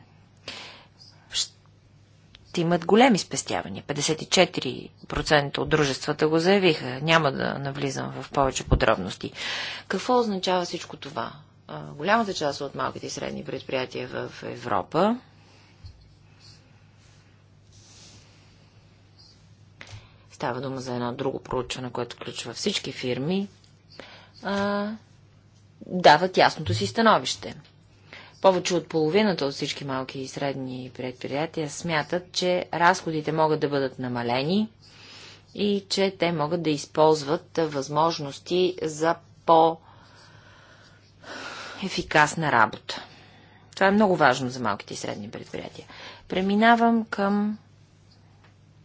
ще имат големи спестявания. 54% от дружествата го заявиха. Няма да навлизам в повече подробности. Какво означава всичко това? Голямата част от малките и средни предприятия в Европа Става дума за едно друго проучване, което включва всички фирми. А, дават ясното си становище. Повече от половината от всички малки и средни предприятия смятат, че разходите могат да бъдат намалени и че те могат да използват възможности за по-ефикасна работа. Това е много важно за малките и средни предприятия. Преминавам към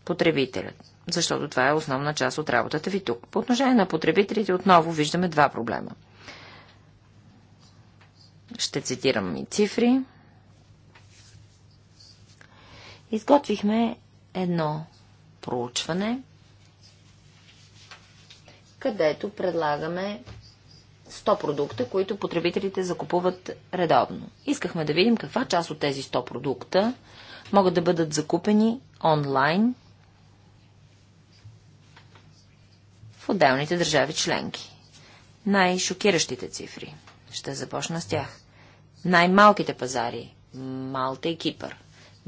потребителят защото това е основна част от работата ви тук. По отношение на потребителите отново виждаме два проблема. Ще цитирам и цифри. Изготвихме едно проучване, където предлагаме 100 продукта, които потребителите закупуват редовно. Искахме да видим каква част от тези 100 продукта могат да бъдат закупени онлайн в отделните държави членки. Най-шокиращите цифри. Ще започна с тях. Най-малките пазари. Малта и Кипър.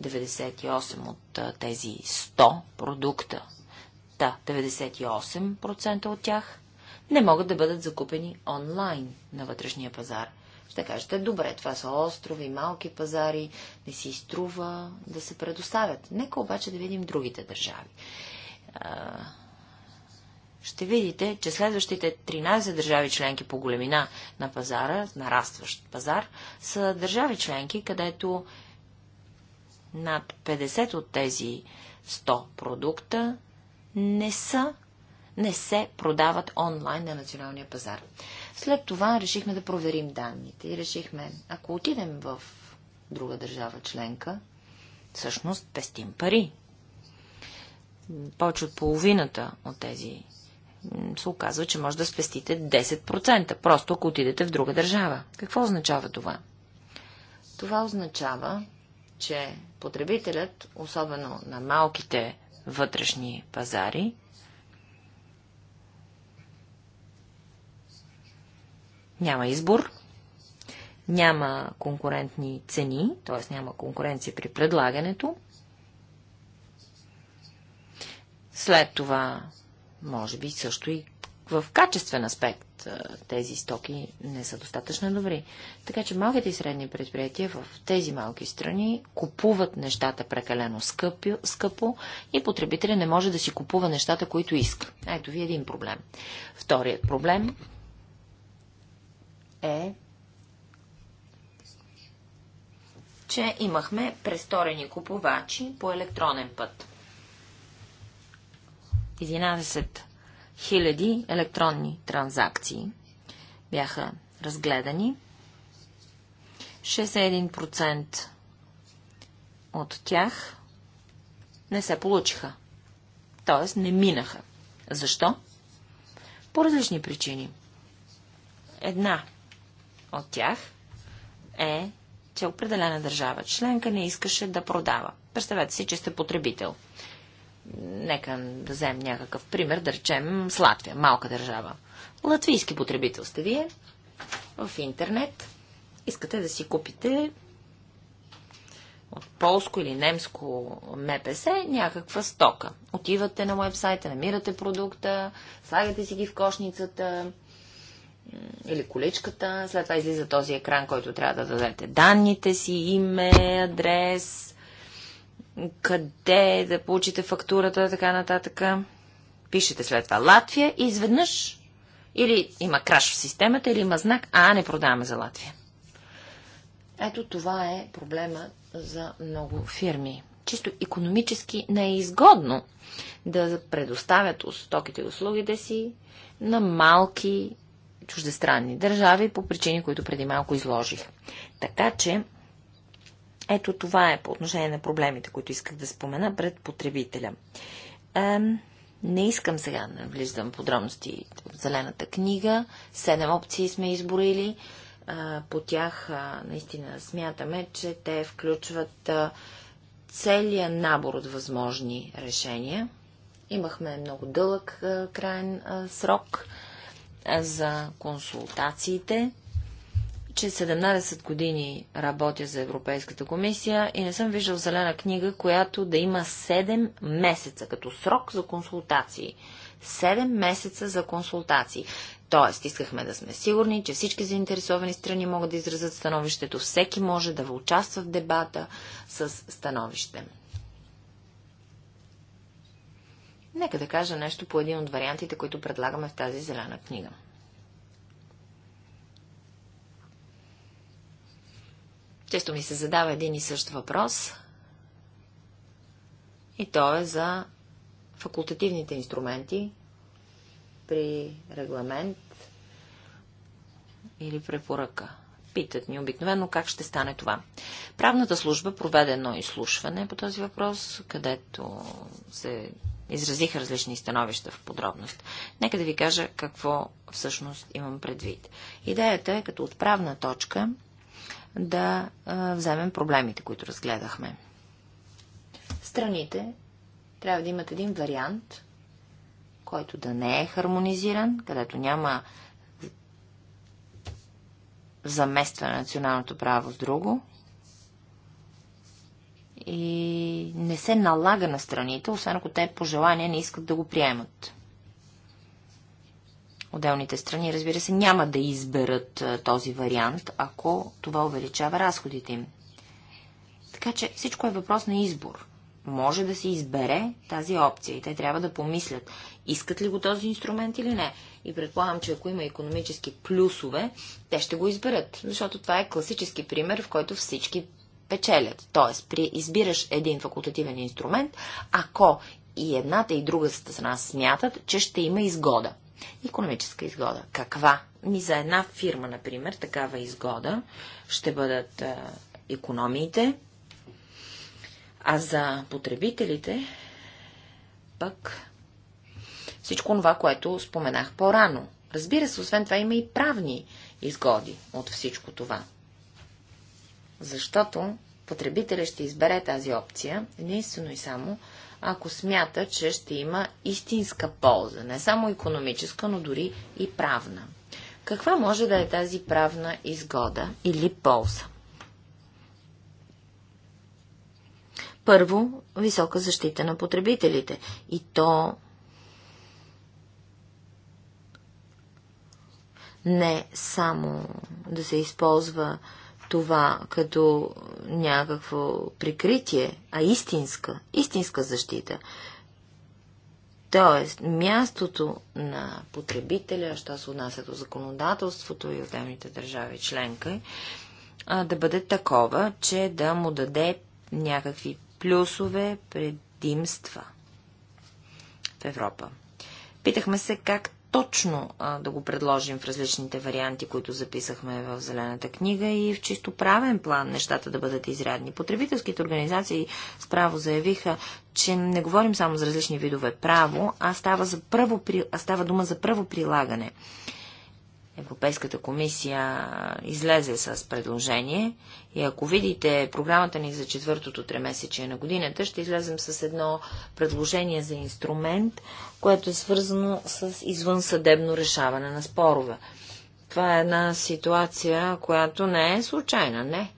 98 от тези 100 продукта. Да, 98% от тях не могат да бъдат закупени онлайн на вътрешния пазар. Ще кажете, добре, това са острови, малки пазари, не си изтрува да се предоставят. Нека обаче да видим другите държави ще видите, че следващите 13 държави членки по големина на пазара, нарастващ пазар, са държави членки, където над 50 от тези 100 продукта не са, не се продават онлайн на националния пазар. След това решихме да проверим данните и решихме, ако отидем в друга държава членка, всъщност пестим пари. Повече от половината от тези се оказва, че може да спестите 10%, просто ако отидете в друга държава. Какво означава това? Това означава, че потребителят, особено на малките вътрешни пазари, няма избор, няма конкурентни цени, т.е. няма конкуренция при предлагането. След това може би също и в качествен аспект тези стоки не са достатъчно добри. Така че малките и средни предприятия в тези малки страни купуват нещата прекалено скъпи, скъпо и потребителя не може да си купува нещата, които иска. Ето ви един проблем. Вторият проблем е че имахме престорени купувачи по електронен път. 11 000 електронни транзакции бяха разгледани. 61% от тях не се получиха. Т.е. не минаха. Защо? По различни причини. Една от тях е, че определена държава членка не искаше да продава. Представете си, че сте потребител. Нека да вземем някакъв пример, да речем с Латвия, малка държава. Латвийски потребител сте вие в интернет. Искате да си купите от полско или немско МПС някаква стока. Отивате на уебсайта, намирате продукта, слагате си ги в кошницата или количката, след това излиза този екран, който трябва да дадете данните си, име, адрес, къде да получите фактурата, така нататък. Пишете след това Латвия и изведнъж или има краш в системата, или има знак, а не продаваме за Латвия. Ето това е проблема за много фирми. Чисто економически не е изгодно да предоставят стоките и услугите си на малки чуждестранни държави по причини, които преди малко изложих. Така че ето това е по отношение на проблемите, които исках да спомена пред потребителя. Ем, не искам сега да влизам подробности в зелената книга. Седем опции сме изборили. По тях наистина смятаме, че те включват целият набор от възможни решения. Имахме много дълъг крайен срок за консултациите че 17 години работя за Европейската комисия и не съм виждал зелена книга, която да има 7 месеца като срок за консултации. 7 месеца за консултации. Тоест, искахме да сме сигурни, че всички заинтересовани страни могат да изразят становището, всеки може да участва в дебата с становище. Нека да кажа нещо по един от вариантите, които предлагаме в тази зелена книга – Често ми се задава един и същ въпрос. И то е за факултативните инструменти при регламент или препоръка. Питат ни обикновено как ще стане това. Правната служба проведе едно изслушване по този въпрос, където се изразиха различни становища в подробност. Нека да ви кажа какво всъщност имам предвид. Идеята е като отправна точка да вземем проблемите, които разгледахме. Страните трябва да имат един вариант, който да не е хармонизиран, където няма замества на националното право с друго и не се налага на страните, освен ако те по желание не искат да го приемат. Отделните страни, разбира се, няма да изберат този вариант, ако това увеличава разходите им. Така че всичко е въпрос на избор. Може да се избере тази опция и те трябва да помислят, искат ли го този инструмент или не. И предполагам, че ако има економически плюсове, те ще го изберат, защото това е класически пример, в който всички печелят. Тоест, при избираш един факултативен инструмент, ако и едната и другата страна смятат, че ще има изгода. Економическа изгода. Каква? Ми за една фирма, например, такава изгода ще бъдат а, економиите, а за потребителите пък всичко това, което споменах по-рано. Разбира се, освен това има и правни изгоди от всичко това. Защото потребителя ще избере тази опция единствено и само, ако смята, че ще има истинска полза, не само економическа, но дори и правна. Каква може да е тази правна изгода или полза? Първо, висока защита на потребителите. И то не само да се използва това като някакво прикритие, а истинска, истинска защита. Тоест, мястото на потребителя, що се отнася до законодателството и отделните държави членка, да бъде такова, че да му даде някакви плюсове, предимства в Европа. Питахме се как точно а, да го предложим в различните варианти, които записахме в Зелената книга и в чисто правен план нещата да бъдат изрядни. Потребителските организации справо заявиха, че не говорим само за различни видове право, а става, за първо, а става дума за първо прилагане. Европейската комисия излезе с предложение и ако видите програмата ни за четвъртото тримесечие на годината, ще излезем с едно предложение за инструмент, което е свързано с извънсъдебно решаване на спорове. Това е една ситуация, която не е случайна, не.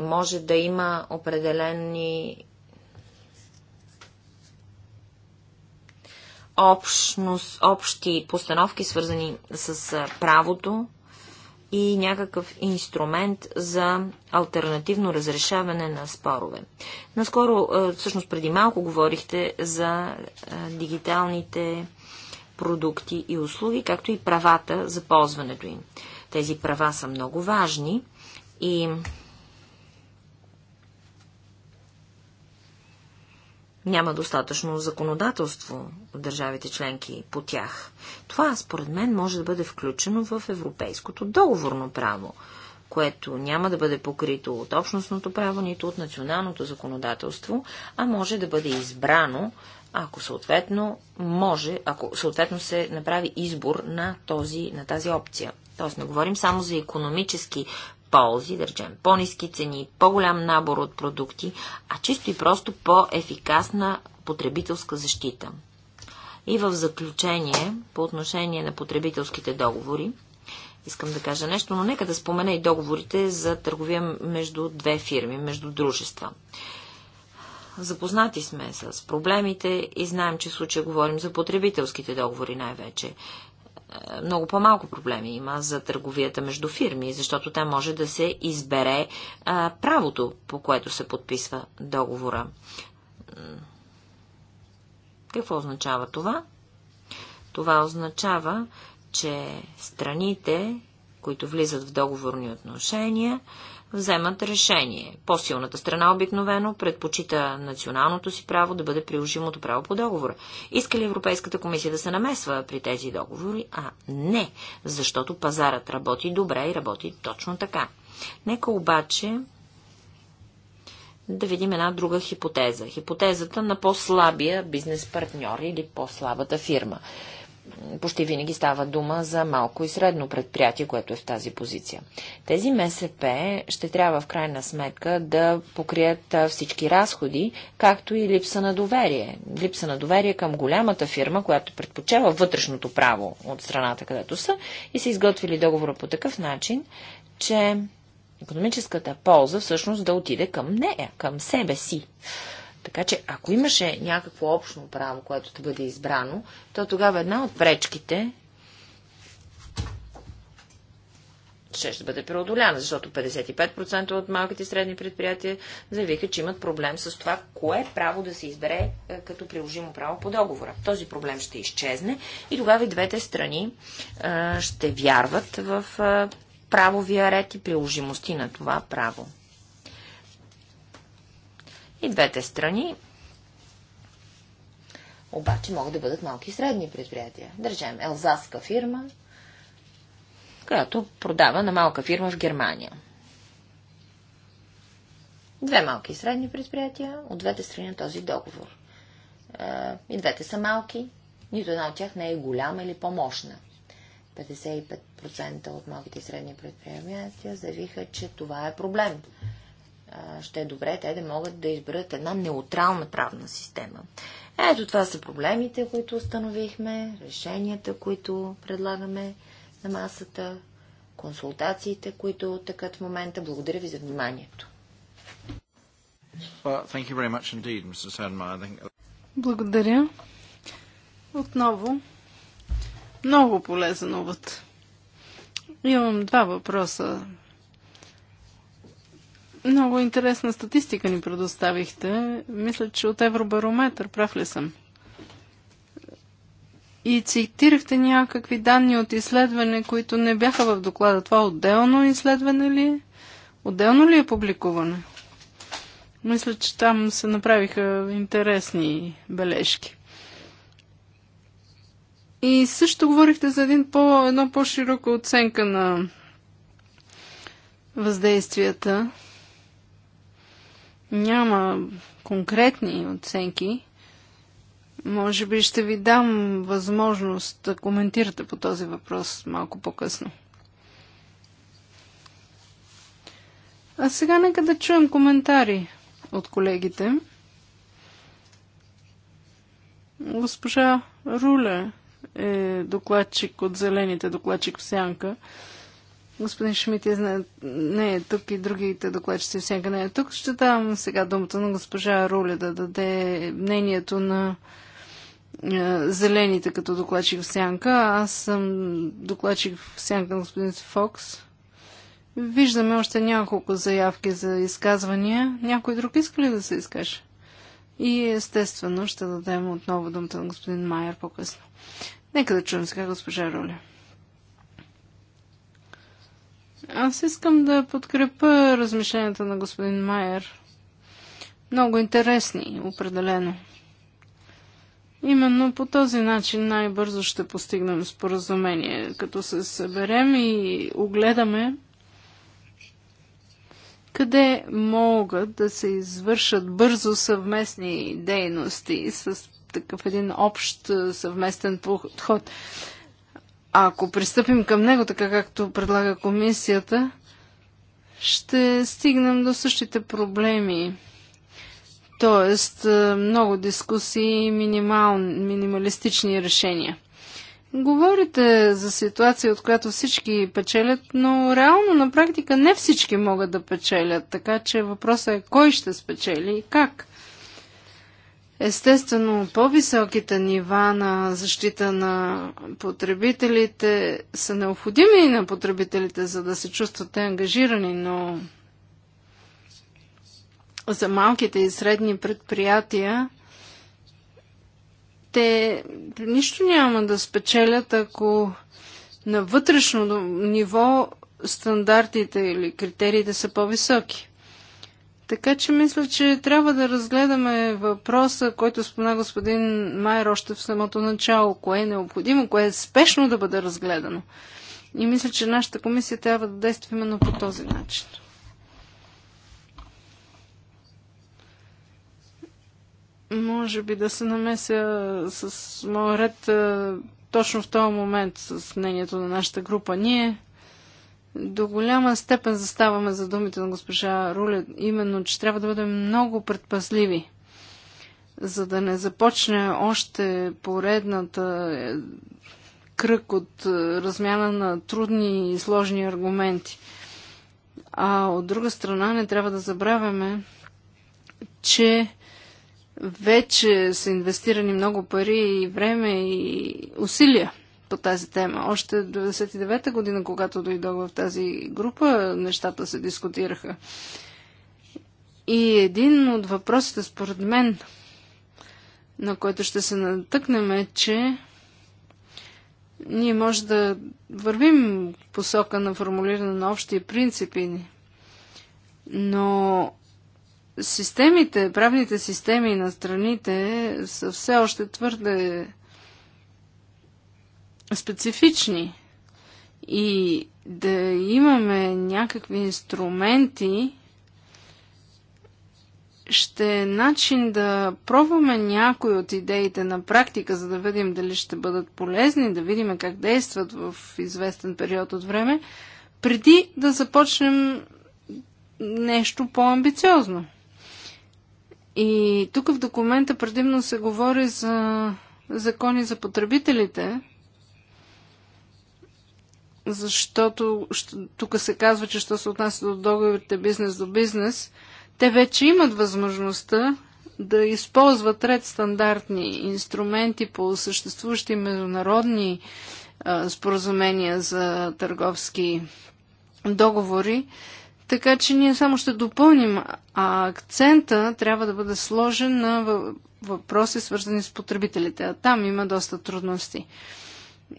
Може да има определени общност, общи постановки, свързани с правото и някакъв инструмент за альтернативно разрешаване на спорове. Наскоро, всъщност преди малко, говорихте за дигиталните продукти и услуги, както и правата за ползването им. Тези права са много важни и Няма достатъчно законодателство от държавите членки по тях. Това, според мен, може да бъде включено в европейското договорно право, което няма да бъде покрито от общностното право, нито от националното законодателство, а може да бъде избрано, ако съответно може, ако съответно се направи избор на, този, на тази опция. Тоест не говорим само за економически ползи, да речем по-низки цени, по-голям набор от продукти, а чисто и просто по-ефикасна потребителска защита. И в заключение, по отношение на потребителските договори, искам да кажа нещо, но нека да спомена и договорите за търговия между две фирми, между дружества. Запознати сме с проблемите и знаем, че в случая говорим за потребителските договори най-вече. Е, много по-малко проблеми има за търговията между фирми, защото там може да се избере е, правото, по което се подписва договора. Какво означава това? Това означава, че страните, които влизат в договорни отношения, вземат решение. По-силната страна обикновено предпочита националното си право да бъде приложимото право по договора. Иска ли Европейската комисия да се намесва при тези договори? А не, защото пазарът работи добре и работи точно така. Нека обаче да видим една друга хипотеза. Хипотезата на по-слабия бизнес партньор или по-слабата фирма почти винаги става дума за малко и средно предприятие, което е в тази позиция. Тези МСП ще трябва в крайна сметка да покрият всички разходи, както и липса на доверие. Липса на доверие към голямата фирма, която предпочева вътрешното право от страната, където са, и са изготвили договора по такъв начин, че економическата полза всъщност да отиде към нея, към себе си. Така че, ако имаше някакво общо право, което да бъде избрано, то тогава една от пречките ще ще бъде преодоляна, защото 55% от малките и средни предприятия заявиха, че имат проблем с това, кое право да се избере е, като приложимо право по договора. Този проблем ще изчезне и тогава и двете страни е, ще вярват в е, правовия ред и приложимости на това право. И двете страни обаче могат да бъдат малки и средни предприятия. Да елзаска фирма, която продава на малка фирма в Германия. Две малки и средни предприятия от двете страни на този договор. И двете са малки, нито една от тях не е голяма или по-мощна. 55% от малките и средни предприятия заявиха, че това е проблем ще е добре те да могат да изберат една неутрална правна система. Ето това са проблемите, които установихме, решенията, които предлагаме на масата, консултациите, които такът в момента. Благодаря ви за вниманието. Благодаря. Отново, много полезен увод. Имам два въпроса много интересна статистика ни предоставихте. Мисля, че от Евробарометър, прав ли съм? И цитирахте някакви данни от изследване, които не бяха в доклада. Това отделно изследване ли е? Отделно ли е публикуване? Мисля, че там се направиха интересни бележки. И също говорихте за един по, едно по-широка оценка на въздействията. Няма конкретни оценки. Може би ще ви дам възможност да коментирате по този въпрос малко по-късно. А сега нека да чуем коментари от колегите. Госпожа Руле е докладчик от Зелените, докладчик в Сянка. Господин Шмидт е не е тук и другите докладчици всяка не е тук. Ще дам сега думата на госпожа Руля да даде мнението на е, зелените като докладчик в сянка. Аз съм докладчик в сянка на господин Фокс. Виждаме още няколко заявки за изказвания. Някой друг иска ли да се изкаже? И естествено ще дадем отново думата на господин Майер по-късно. Нека да чуем сега госпожа Руля. Аз искам да подкрепа размишленията на господин Майер. Много интересни, определено. Именно по този начин най-бързо ще постигнем споразумение, като се съберем и огледаме къде могат да се извършат бързо съвместни дейности с такъв един общ съвместен подход ако пристъпим към него, така както предлага комисията, ще стигнем до същите проблеми. Тоест, е, много дискусии и минимал, минималистични решения. Говорите за ситуация, от която всички печелят, но реално на практика не всички могат да печелят, така че въпросът е кой ще спечели и как. Естествено, по-високите нива на защита на потребителите са необходими и на потребителите, за да се чувстват те ангажирани, но за малките и средни предприятия те нищо няма да спечелят, ако на вътрешно ниво стандартите или критериите са по-високи. Така че мисля, че трябва да разгледаме въпроса, който спомена господин Майер още в самото начало, кое е необходимо, кое е спешно да бъде разгледано. И мисля, че нашата комисия трябва да действа именно по този начин. Може би да се намеся с моят ред точно в този момент с мнението на нашата група. Ние до голяма степен заставаме за думите на госпожа Руле, именно, че трябва да бъдем много предпазливи, за да не започне още поредната е, кръг от е, размяна на трудни и сложни аргументи. А от друга страна не трябва да забравяме, че вече са инвестирани много пари и време и усилия по тази тема. Още 99-та година, когато дойдох в тази група, нещата се дискутираха. И един от въпросите, според мен, на който ще се натъкнем е, че ние може да вървим посока на формулиране на общи принципи, но системите, правните системи на страните са все още твърде специфични и да имаме някакви инструменти, ще е начин да пробваме някои от идеите на практика, за да видим дали ще бъдат полезни, да видим как действат в известен период от време, преди да започнем нещо по-амбициозно. И тук в документа предимно се говори за закони за потребителите – защото тук се казва, че що се отнася до договорите бизнес до бизнес, те вече имат възможността да използват ред стандартни инструменти по съществуващи международни споразумения за търговски договори, така че ние само ще допълним, а акцента трябва да бъде сложен на въпроси, свързани с потребителите, а там има доста трудности.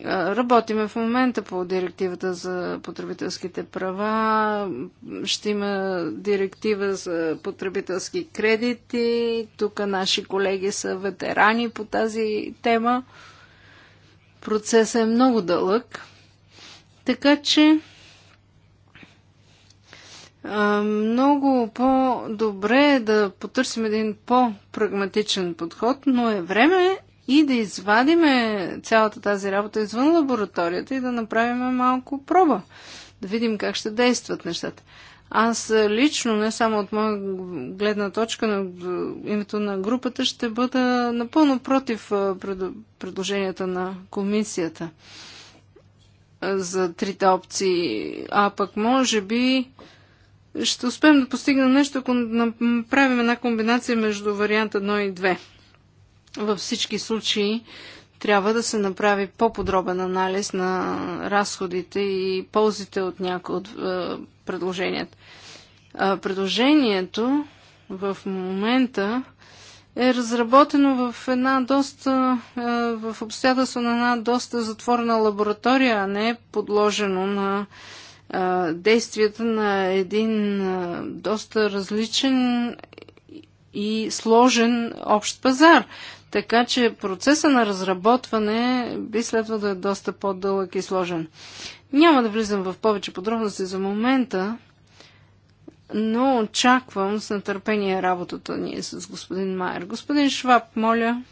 Работиме в момента по директивата за потребителските права. Ще има директива за потребителски кредити. Тук наши колеги са ветерани по тази тема. Процесът е много дълъг. Така че много по-добре е да потърсим един по-прагматичен подход, но е време и да извадиме цялата тази работа извън лабораторията и да направим малко проба, да видим как ще действат нещата. Аз лично, не само от моя гледна точка но името на групата, ще бъда напълно против предложенията на комисията за трите опции. А пък може би ще успеем да постигнем нещо, ако направим една комбинация между вариант 1 и във всички случаи трябва да се направи по-подробен анализ на разходите и ползите от някои от е, предложенията. Е, предложението в момента е разработено в една доста, е, в обстоятелство на една доста затворена лаборатория, а не е подложено на е, действията на един е, доста различен и сложен общ пазар. Така че процеса на разработване би следвало да е доста по-дълъг и сложен. Няма да влизам в повече подробности за момента, но очаквам с нетърпение работата ни с господин Майер. Господин Шваб, моля,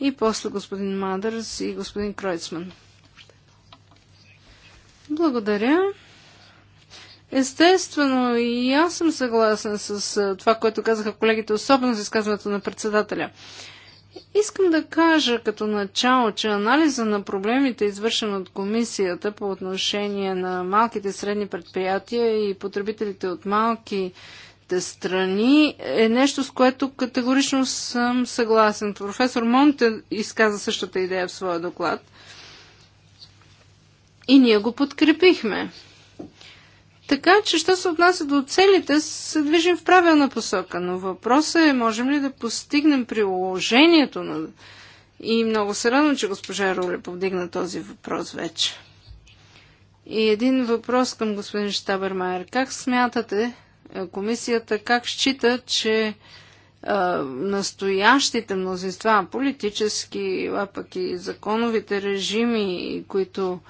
и после господин Мадърс и господин Кройцман. Благодаря. Естествено, и аз съм съгласен с това, което казаха колегите, особено с изказването на председателя. Искам да кажа като начало, че анализа на проблемите, извършен от комисията по отношение на малките средни предприятия и потребителите от малки страни е нещо, с което категорично съм съгласен. Професор Монте изказа същата идея в своя доклад. И ние го подкрепихме. Така че, що се отнася до целите, се движим в правилна посока, но въпросът е, можем ли да постигнем приложението на... И много се радвам, че госпожа Руле повдигна този въпрос вече. И един въпрос към господин Штабермайер. Как смятате, е, комисията как счита, че а, е, настоящите мнозинства, политически, а пък и законовите режими, които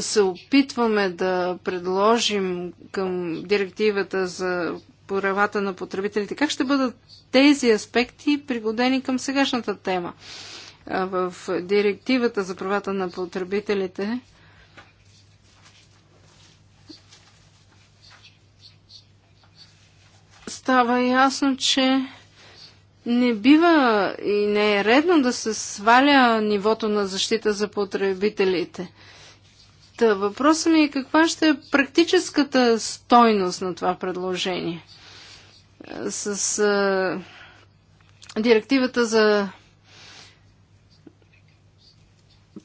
се опитваме да предложим към директивата за правата на потребителите, как ще бъдат тези аспекти пригодени към сегашната тема? В директивата за правата на потребителите става ясно, че не бива и не е редно да се сваля нивото на защита за потребителите – Та въпросът ми е каква ще е практическата стойност на това предложение. С а, директивата за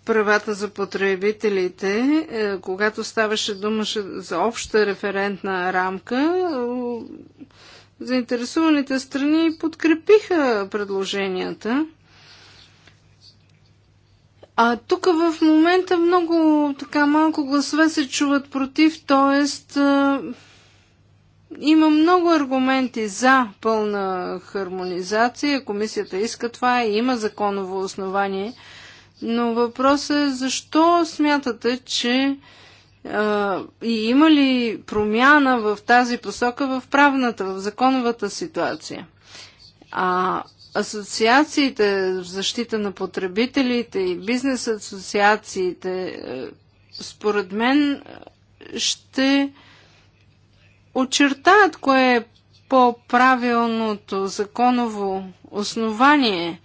правата за потребителите, е, когато ставаше дума за обща референтна рамка, е, заинтересуваните страни подкрепиха предложенията. А тук в момента много така малко гласове се чуват против, т.е. има много аргументи за пълна хармонизация. Комисията иска това и има законово основание. Но въпросът е защо смятате, че а, и има ли промяна в тази посока в правната, в законовата ситуация? А асоциациите в защита на потребителите и бизнес асоциациите, е, според мен, е, ще очертаят кое е по-правилното законово основание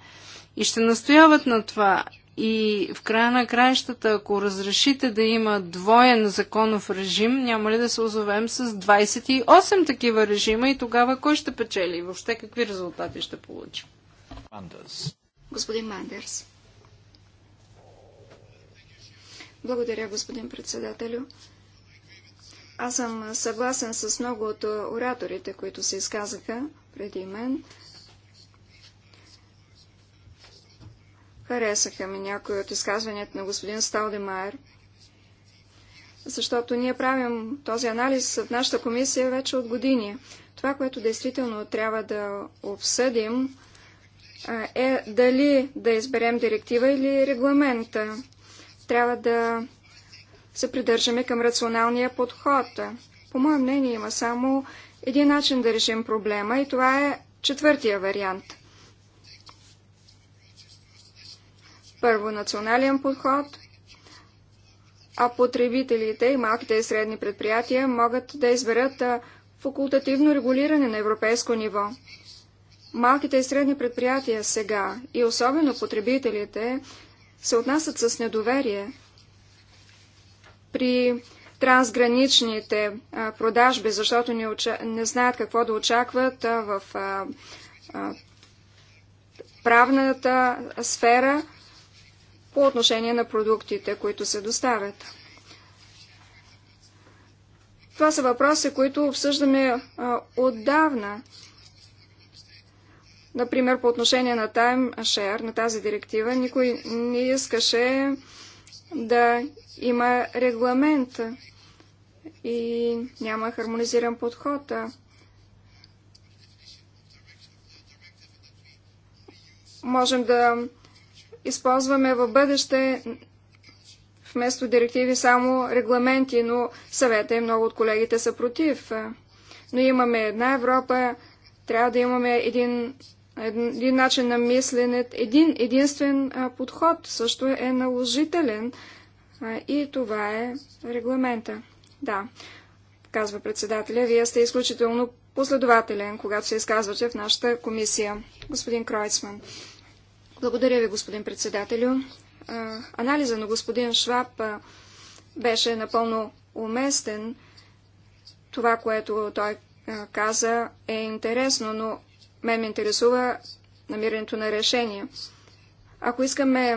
и ще настояват на това. И в края на краищата, ако разрешите да има двоен законов режим, няма ли да се озовем с 28 такива режима и тогава кой ще печели и въобще какви резултати ще получим? Мандерс. Господин Мандерс. Благодаря, господин председателю. Аз съм съгласен с много от ораторите, които се изказаха преди мен. Харесаха ми някои от изказванията на господин Сталдемайер, защото ние правим този анализ в нашата комисия вече от години. Това, което действително трябва да обсъдим, е дали да изберем директива или регламента. Трябва да се придържаме към рационалния подход. По мое мнение има само един начин да решим проблема и това е четвъртия вариант. Първо национален подход, а потребителите и малките и средни предприятия могат да изберат факултативно регулиране на европейско ниво малките и средни предприятия сега и особено потребителите се отнасят с недоверие при трансграничните продажби, защото не, уча... не знаят какво да очакват в правната сфера по отношение на продуктите, които се доставят. Това са въпроси, които обсъждаме отдавна. Например, по отношение на Time Share на тази директива, никой не искаше да има регламент и няма хармонизиран подход. Можем да използваме в бъдеще вместо директиви само регламенти, но съвета и много от колегите са против. Но имаме една Европа, трябва да имаме един един начин на мислене, един единствен подход също е наложителен и това е регламента. Да, казва председателя, вие сте изключително последователен, когато се изказвате в нашата комисия. Господин Кройцман. Благодаря ви, господин председателю. Анализа на господин Шваб беше напълно уместен. Това, което той каза, е интересно, но мен ме интересува намирането на решение. Ако искаме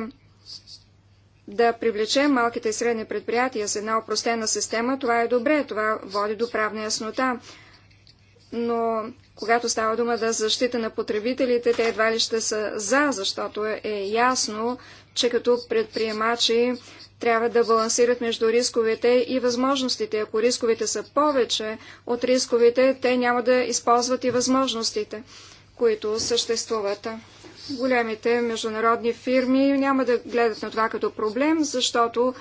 да привлечем малките и средни предприятия с една опростена система, това е добре, това води до правна яснота. Но когато става дума да защита на потребителите, те едва ли ще са за, защото е ясно, че като предприемачи трябва да балансират между рисковете и възможностите. Ако рисковете са повече от рисковете, те няма да използват и възможностите които съществуват. Големите международни фирми няма да гледат на това като проблем, защото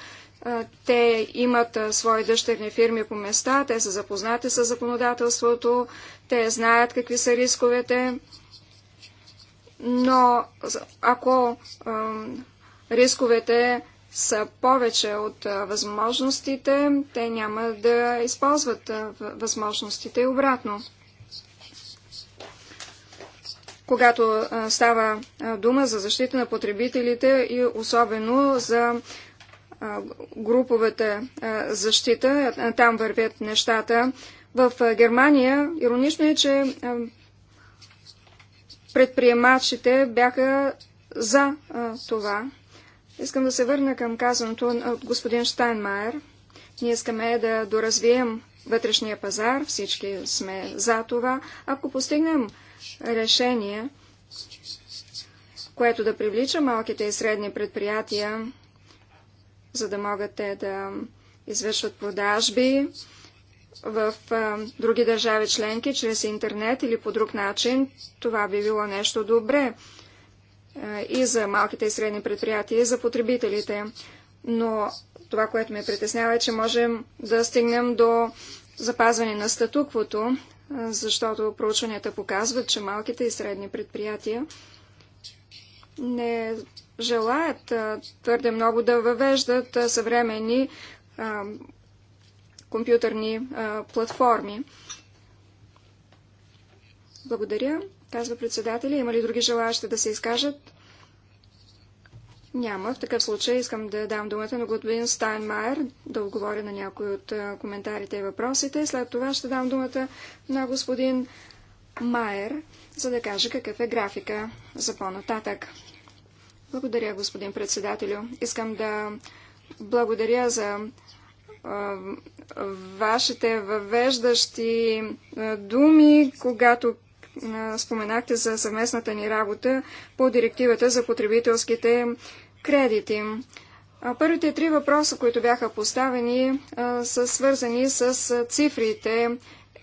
те имат свои дъщерни фирми по места, те са запознати с законодателството, те знаят какви са рисковете, но ако рисковете са повече от възможностите, те няма да използват възможностите и обратно когато става дума за защита на потребителите и особено за груповата защита. Там вървят нещата. В Германия иронично е, че предприемачите бяха за това. Искам да се върна към казаното от господин Штайнмайер. Ние искаме да доразвием вътрешния пазар, всички сме за това. Ако постигнем решение, което да привлича малките и средни предприятия, за да могат те да извършват продажби в а, други държави членки, чрез интернет или по друг начин, това би било нещо добре а, и за малките и средни предприятия, и за потребителите. Но това, което ме притеснява е, че можем да стигнем до запазване на статуквото, защото проучванията показват, че малките и средни предприятия не желаят твърде много да въвеждат съвременни компютърни платформи. Благодаря, казва председателя. Има ли други желаящи да се изкажат? Няма. В такъв случай искам да дам думата на господин Стайнмайер да отговори на някои от коментарите и въпросите. След това ще дам думата на господин Майер, за да каже какъв е графика за по-нататък. Благодаря, господин председателю. Искам да благодаря за вашите въвеждащи думи, когато споменахте за съвместната ни работа по директивата за потребителските кредити. Първите три въпроса, които бяха поставени, са свързани с цифрите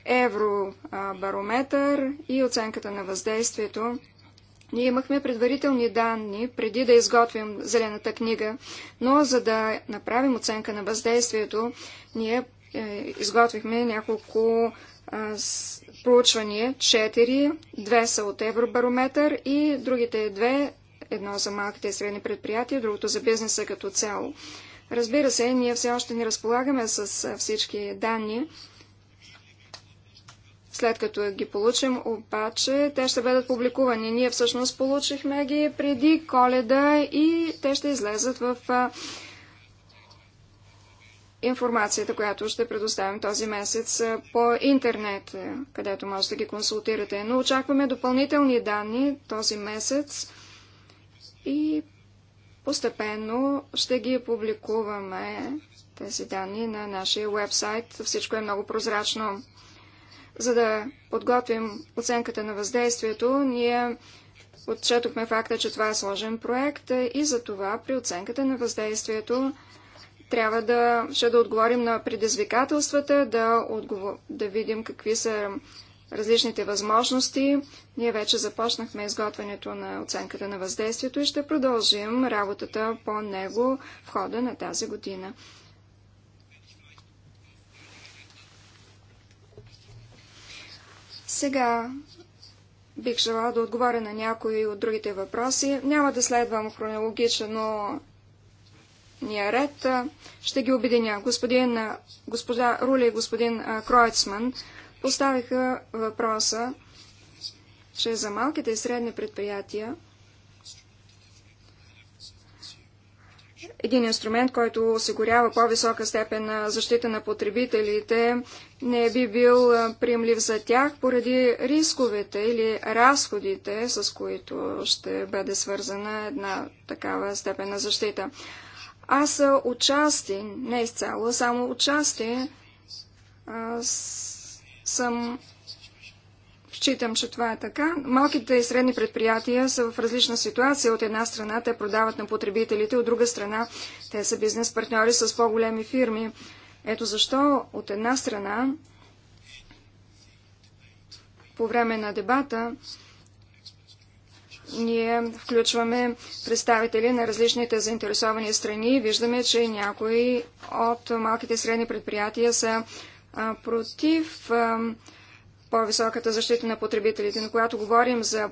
Евробарометър и оценката на въздействието. Ние имахме предварителни данни преди да изготвим Зелената книга, но за да направим оценка на въздействието, ние е, изготвихме няколко проучвания, четири, две са от Евробарометър и другите две Едно за малките и средни предприятия, другото за бизнеса като цяло. Разбира се, ние все още не разполагаме с всички данни. След като ги получим, обаче, те ще бъдат публикувани. Ние всъщност получихме ги преди коледа и те ще излезат в информацията, която ще предоставим този месец по интернет, където можете да ги консултирате. Но очакваме допълнителни данни този месец и постепенно ще ги публикуваме тези данни на нашия вебсайт. Всичко е много прозрачно. За да подготвим оценката на въздействието, ние отчетохме факта, че това е сложен проект и за това при оценката на въздействието трябва да, ще да отговорим на предизвикателствата, да, отговор, да видим какви са различните възможности. Ние вече започнахме изготвянето на оценката на въздействието и ще продължим работата по него в хода на тази година. Сега бих желала да отговоря на някои от другите въпроси. Няма да следвам хронологично ния ред. Ще ги обединя. Господин, госпожа Рули и господин Кройцман поставиха въпроса, че за малките и средни предприятия един инструмент, който осигурява по-висока степен на защита на потребителите, не би бил приемлив за тях поради рисковете или разходите, с които ще бъде свързана една такава степен на защита. Аз отчасти, не изцяло, само отчасти, съм Считам, че това е така. Малките и средни предприятия са в различна ситуация. От една страна те продават на потребителите, от друга страна те са бизнес партньори с по-големи фирми. Ето защо от една страна по време на дебата ние включваме представители на различните заинтересовани страни и виждаме, че някои от малките и средни предприятия са против по-високата защита на потребителите, но когато говорим за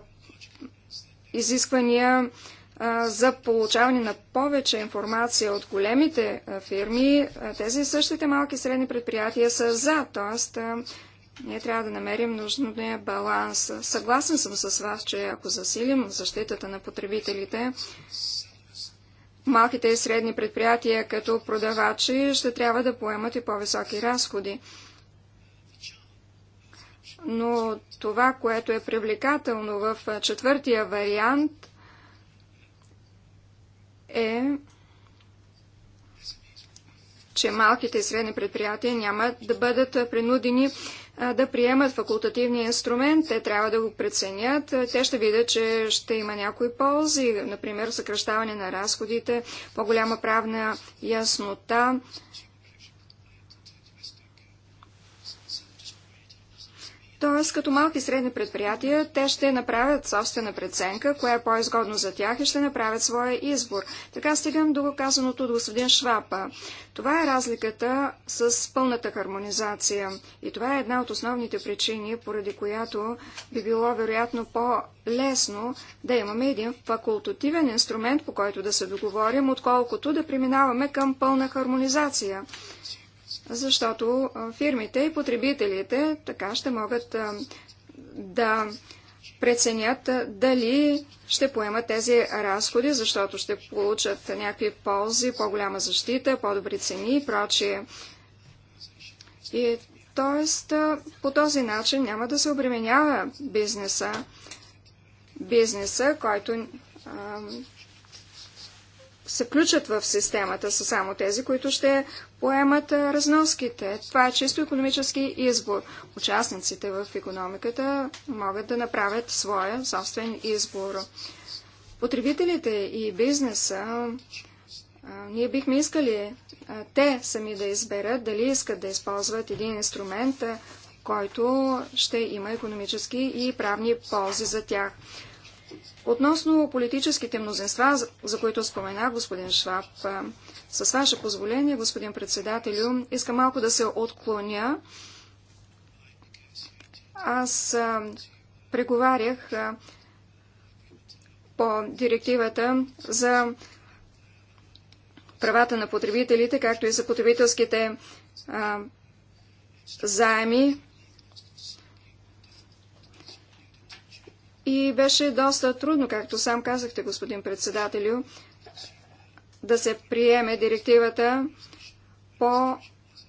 изисквания за получаване на повече информация от големите фирми, тези същите малки и средни предприятия са за. Тоест, ние трябва да намерим нужния баланс. Съгласен съм с вас, че ако засилим защитата на потребителите, малките и средни предприятия като продавачи ще трябва да поемат и по-високи разходи. Но това, което е привлекателно в четвъртия вариант е, че малките и средни предприятия няма да бъдат принудени да приемат факултативния инструмент. Те трябва да го преценят. Те ще видят, че ще има някои ползи, например съкръщаване на разходите, по-голяма правна яснота, Тоест, като малки и средни предприятия, те ще направят собствена преценка, кое е по-изгодно за тях и ще направят своя избор. Така стигам до казаното от господин Швапа. Това е разликата с пълната хармонизация. И това е една от основните причини, поради която би било вероятно по-лесно да имаме един факултативен инструмент, по който да се договорим, отколкото да преминаваме към пълна хармонизация защото фирмите и потребителите така ще могат да преценят дали ще поемат тези разходи, защото ще получат някакви ползи, по-голяма защита, по-добри цени и прочие. И т.е. по този начин няма да се обременява бизнеса. Бизнеса, който а, се включат в системата, са само тези, които ще поемат разноските. Това е чисто економически избор. Участниците в економиката могат да направят своя собствен избор. Потребителите и бизнеса, ние бихме искали те сами да изберат дали искат да използват един инструмент, който ще има економически и правни ползи за тях. Относно политическите мнозинства, за които спомена господин Шваб, с ваше позволение, господин председателю, искам малко да се отклоня. Аз преговарях по директивата за правата на потребителите, както и за потребителските а, заеми. И беше доста трудно, както сам казахте, господин председателю, да се приеме директивата по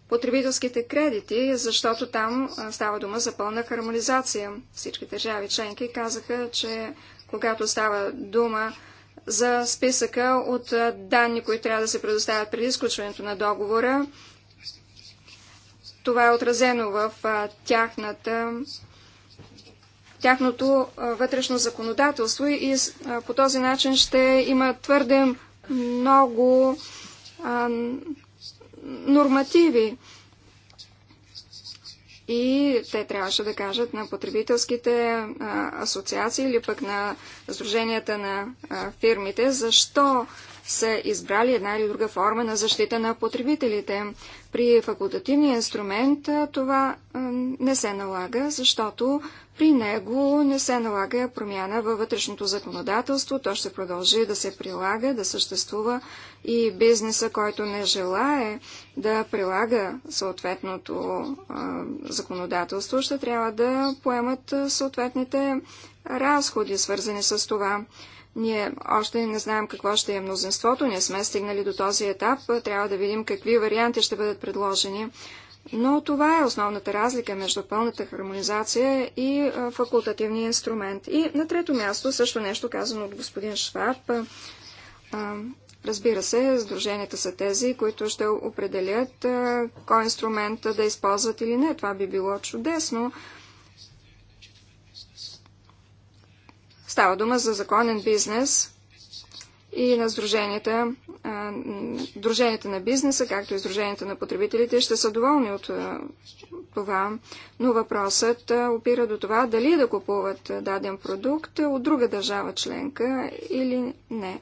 потребителските кредити, защото там става дума за пълна хармонизация. Всички държави членки казаха, че когато става дума за списъка от данни, които трябва да се предоставят преди изключването на договора, това е отразено в тяхната тяхното вътрешно законодателство и по този начин ще има твърде много а, нормативи. И те трябваше да кажат на потребителските а, асоциации или пък на сдруженията на а, фирмите, защо са избрали една или друга форма на защита на потребителите. При факултативния инструмент това не се налага, защото при него не се налага промяна във вътрешното законодателство, то ще продължи да се прилага, да съществува и бизнеса, който не желае да прилага съответното а, законодателство, ще трябва да поемат съответните разходи, свързани с това. Ние още не знаем какво ще е мнозинството, не сме стигнали до този етап, трябва да видим какви варианти ще бъдат предложени. Но това е основната разлика между пълната хармонизация и факултативния инструмент. И на трето място, също нещо казано от господин Шваб, разбира се, сдруженията са тези, които ще определят кой инструмент да използват или не. Това би било чудесно. Става дума за законен бизнес – и на сдруженията, друженията на бизнеса, както и сдруженията на потребителите, ще са доволни от това. Но въпросът опира до това дали да купуват даден продукт от друга държава членка или не.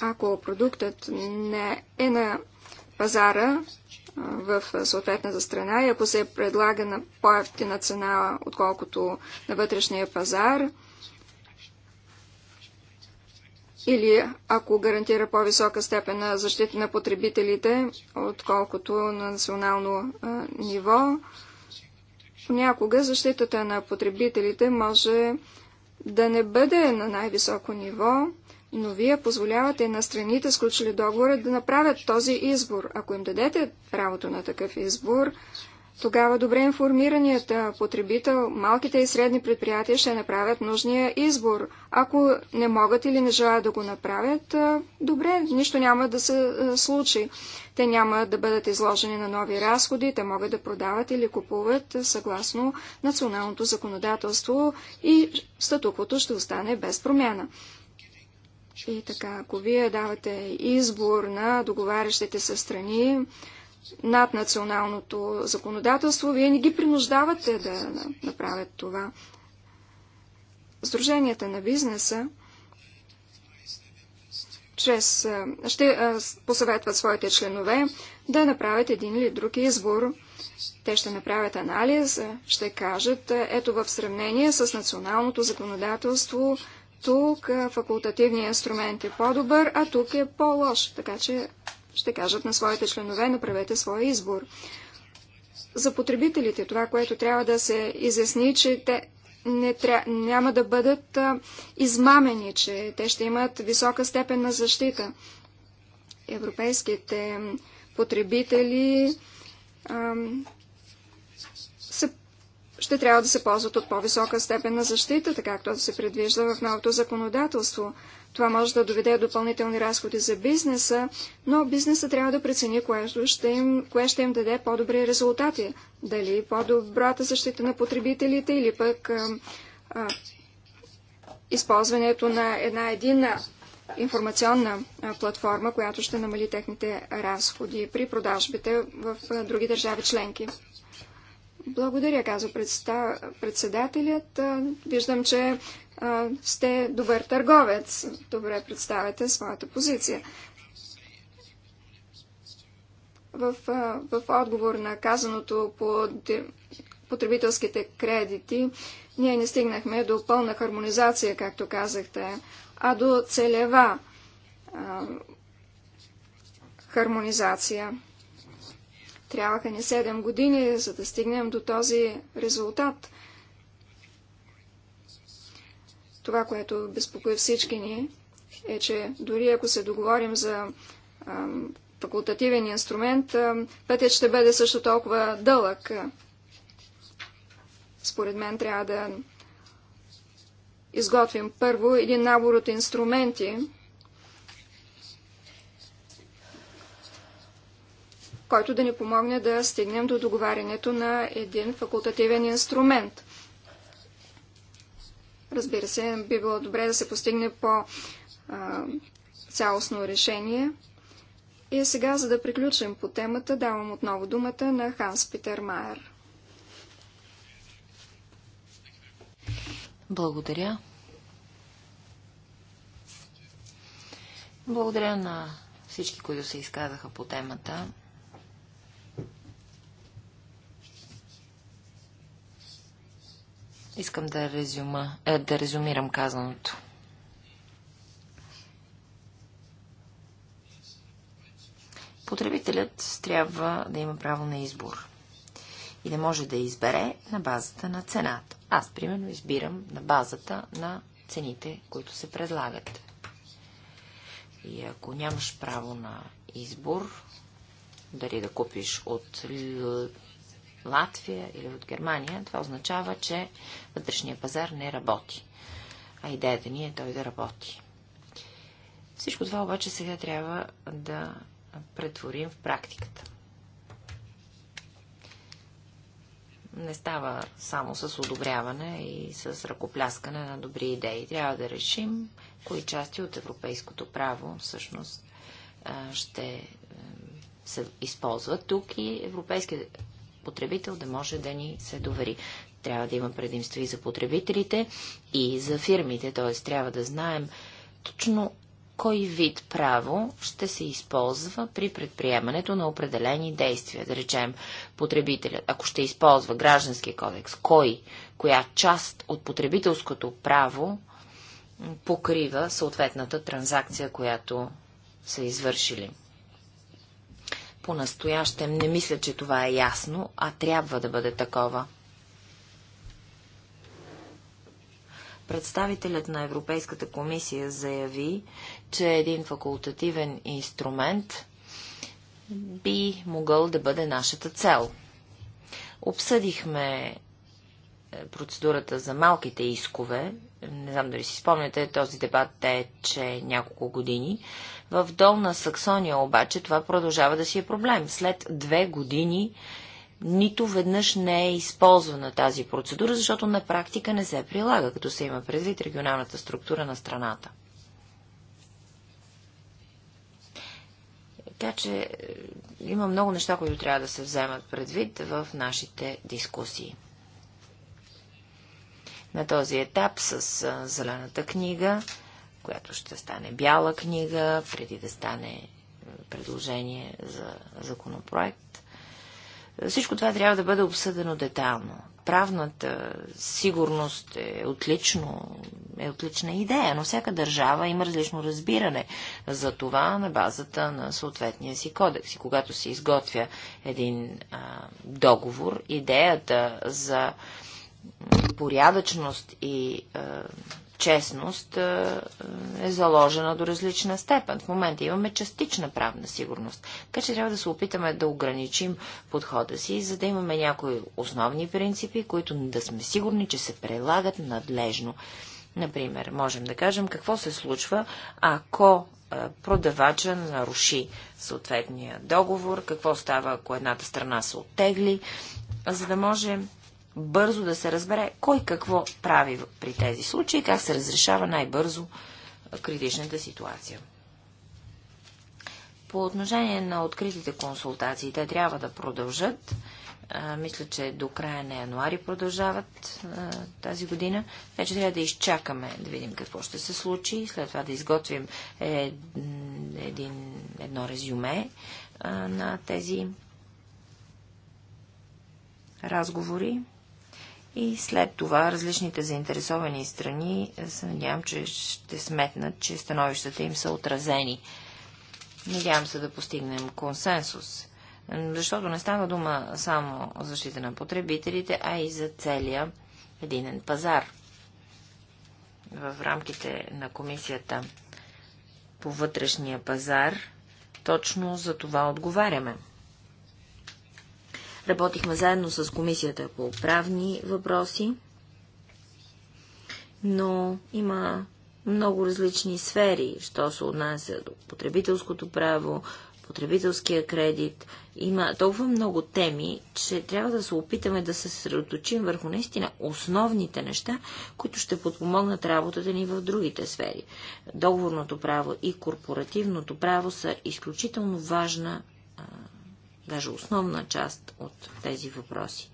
Ако продуктът не е на пазара в съответната страна и ако се предлага на по-ефтина цена, отколкото на вътрешния пазар, или ако гарантира по-висока степен на защита на потребителите, отколкото на национално а, ниво. Понякога защитата на потребителите може да не бъде на най-високо ниво, но вие позволявате на страните, сключили договора, да направят този избор. Ако им дадете правото на такъв избор, тогава добре информираният потребител, малките и средни предприятия ще направят нужния избор. Ако не могат или не желаят да го направят, добре, нищо няма да се случи. Те няма да бъдат изложени на нови разходи, те могат да продават или купуват съгласно националното законодателство и статуквото ще остане без промяна. И така, ако вие давате избор на договарящите се страни, над националното законодателство, вие не ги принуждавате да направят това. Сдруженията на бизнеса чрез, ще посъветват своите членове да направят един или друг избор. Те ще направят анализ, ще кажат, ето в сравнение с националното законодателство, тук факултативният инструмент е по-добър, а тук е по-лош. Така че ще кажат на своите членове, направете своя избор. За потребителите това, което трябва да се изясни, че те не тря... няма да бъдат а, измамени, че те ще имат висока степен на защита. Европейските потребители ще трябва да се ползват от по-висока степен на защита, така както се предвижда в новото законодателство. Това може да доведе допълнителни разходи за бизнеса, но бизнеса трябва да прецени кое ще им, кое ще им даде по-добри резултати. Дали по-добрата защита на потребителите или пък а, а, използването на една единна информационна платформа, която ще намали техните разходи при продажбите в други държави членки. Благодаря, казва председателят. Виждам, че сте добър търговец. Добре представяте своята позиция. В, в отговор на казаното по потребителските кредити, ние не стигнахме до пълна хармонизация, както казахте, а до целева а, хармонизация. Трябваха ни 7 години, за да стигнем до този резултат. Това, което безпокои всички ни, е, че дори ако се договорим за ам, факултативен инструмент, ам, пътят ще бъде също толкова дълъг. Според мен трябва да изготвим първо един набор от инструменти, който да ни помогне да стигнем до договарянето на един факултативен инструмент. Разбира се, би било добре да се постигне по а, цялостно решение. И сега, за да приключим по темата, давам отново думата на Ханс Питер Майер. Благодаря. Благодаря на всички, които се изказаха по темата. Искам да, резюма, е, да резюмирам казаното. Потребителят трябва да има право на избор и да може да избере на базата на цената. Аз, примерно, избирам на базата на цените, които се предлагат. И ако нямаш право на избор, дали да купиш от Латвия или от Германия, това означава, че вътрешния пазар не работи. А идеята ни е той да работи. Всичко това обаче сега трябва да претворим в практиката. Не става само с одобряване и с ръкопляскане на добри идеи. Трябва да решим кои части от европейското право всъщност ще се използват тук и Европейския потребител да може да ни се довери. Трябва да има предимства и за потребителите, и за фирмите, т.е. трябва да знаем точно кой вид право ще се използва при предприемането на определени действия. Да речем, потребителят, ако ще използва гражданския кодекс, кой, коя част от потребителското право покрива съответната транзакция, която са извършили. По-настоящем не мисля, че това е ясно, а трябва да бъде такова. Представителят на Европейската комисия заяви, че един факултативен инструмент би могъл да бъде нашата цел. Обсъдихме е, процедурата за малките искове не знам дали си спомняте, този дебат е, че няколко години. В Долна Саксония обаче това продължава да си е проблем. След две години нито веднъж не е използвана тази процедура, защото на практика не се прилага, като се има предвид регионалната структура на страната. Така че е, има много неща, които трябва да се вземат предвид в нашите дискусии на този етап с зелената книга, която ще стане бяла книга, преди да стане предложение за законопроект. Всичко това трябва да бъде обсъдено детайлно. Правната сигурност е, отлично, е отлична идея, но всяка държава има различно разбиране за това на базата на съответния си кодекс. И когато се изготвя един а, договор, идеята за а, порядъчност и е, честност е, е заложена до различна степен. В момента имаме частична правна сигурност, така че трябва да се опитаме да ограничим подхода си, за да имаме някои основни принципи, които да сме сигурни, че се прилагат надлежно. Например, можем да кажем какво се случва, ако е, продавача наруши съответния договор, какво става, ако едната страна се оттегли, за да може бързо да се разбере кой какво прави при тези случаи, как се разрешава най-бързо критичната ситуация. По отношение на откритите консултации, те трябва да продължат. мисля, че до края на януари продължават тази година. Вече трябва да изчакаме да видим какво ще се случи. След това да изготвим един, едно резюме на тези разговори. И след това различните заинтересовани страни е, се надявам, че ще сметнат, че становищата им са отразени. Надявам се да постигнем консенсус, защото не става дума само защита на потребителите, а и за целия единен пазар. В рамките на комисията по вътрешния пазар точно за това отговаряме – Работихме заедно с комисията по правни въпроси, но има много различни сфери, що се отнася до потребителското право, потребителския кредит. Има толкова много теми, че трябва да се опитаме да се съсредоточим върху наистина основните неща, които ще подпомогнат работата ни в другите сфери. Договорното право и корпоративното право са изключително важна даже основна част от тези въпроси.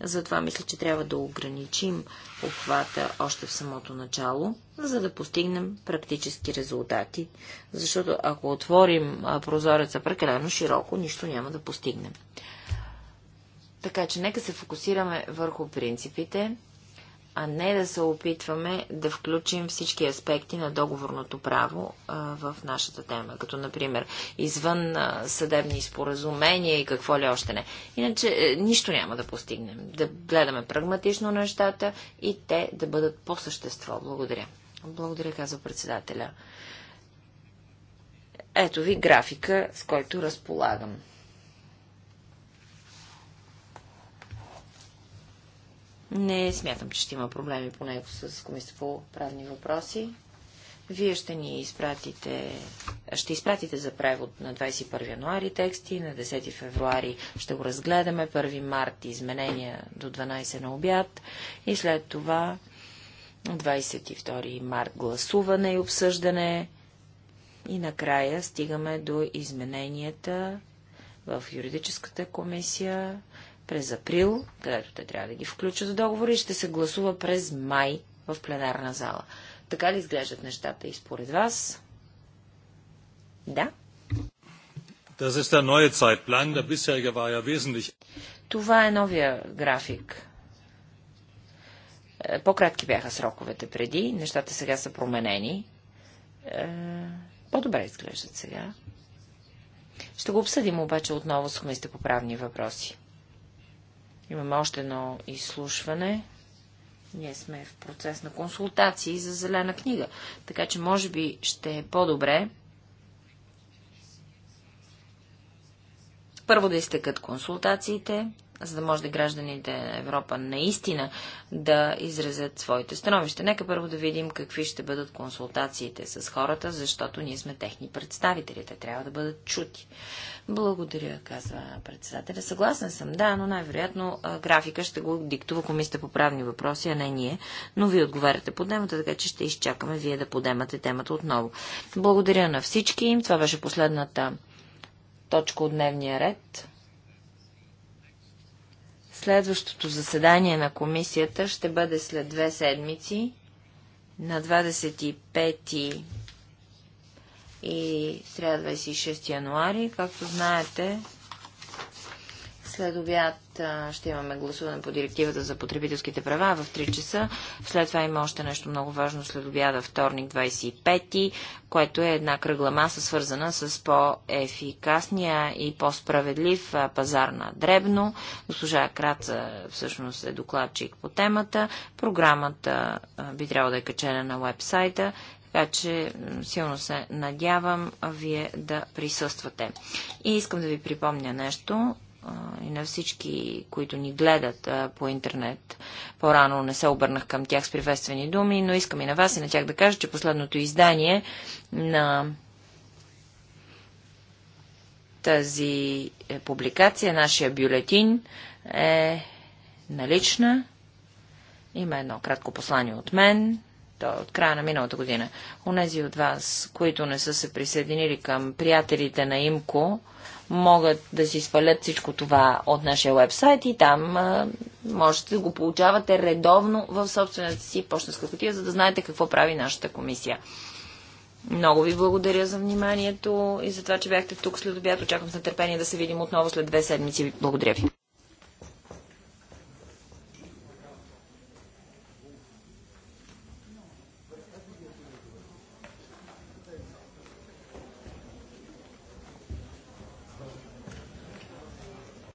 Затова мисля, че трябва да ограничим обхвата още в самото начало, за да постигнем практически резултати, защото ако отворим прозореца прекалено широко, нищо няма да постигнем. Така че нека се фокусираме върху принципите, а не да се опитваме да включим всички аспекти на договорното право а, в нашата тема, като например извън а, съдебни споразумения и какво ли още не. Иначе е, нищо няма да постигнем. Да гледаме прагматично нещата и те да бъдат по същество. Благодаря. Благодаря, казва председателя. Ето ви графика, с който разполагам. Не смятам, че ще има проблеми по него с Комисията по правни въпроси. Вие ще ни изпратите, ще изпратите за превод на 21 януари тексти, на 10 февруари ще го разгледаме, 1 март изменения до 12 на обяд и след това 22 март гласуване и обсъждане и накрая стигаме до измененията в юридическата комисия през април, където те трябва да ги включат в договори, ще се гласува през май в пленарна зала. Така ли изглеждат нещата и според вас? Да. Това е новия график. Е, по-кратки бяха сроковете преди, нещата сега са променени. Е, по-добре изглеждат сега. Ще го обсъдим обаче отново с комисията по правни въпроси. Имаме още едно изслушване. Ние сме в процес на консултации за зелена книга, така че може би ще е по-добре първо да изтекат консултациите, за да може да гражданите на Европа наистина да изразят своите становища. Нека първо да видим какви ще бъдат консултациите с хората, защото ние сме техни представители. Те трябва да бъдат чути. Благодаря, казва председателя. Съгласен съм, да, но най-вероятно графика ще го диктува Комисията по правни въпроси, а не ние. Но вие отговаряте по темата, така че ще изчакаме вие да подемате темата отново. Благодаря на всички. Това беше последната точка от дневния ред. Следващото заседание на комисията ще бъде след две седмици, на 25 и сряда 26 януари. Както знаете, след обяд ще имаме гласуване по директивата за потребителските права в 3 часа. След това има още нещо много важно след обяда, вторник 25, което е една кръгла маса, свързана с по-ефикасния и по-справедлив пазар на Дребно. Госпожа Краца всъщност е докладчик по темата. Програмата би трябвало да е качена на вебсайта така че силно се надявам вие да присъствате. И искам да ви припомня нещо и на всички, които ни гледат по интернет. По-рано не се обърнах към тях с приветствени думи, но искам и на вас и на тях да кажа, че последното издание на тази е, публикация, нашия бюлетин е налична. Има едно кратко послание от мен. То е от края на миналата година. Онези от вас, които не са се присъединили към приятелите на Имко, могат да си свалят всичко това от нашия вебсайт и там а, можете да го получавате редовно в собствената си почтенска кутия, за да знаете какво прави нашата комисия. Много ви благодаря за вниманието и за това, че бяхте тук след обяд. Очаквам с нетърпение да се видим отново след две седмици. Благодаря ви.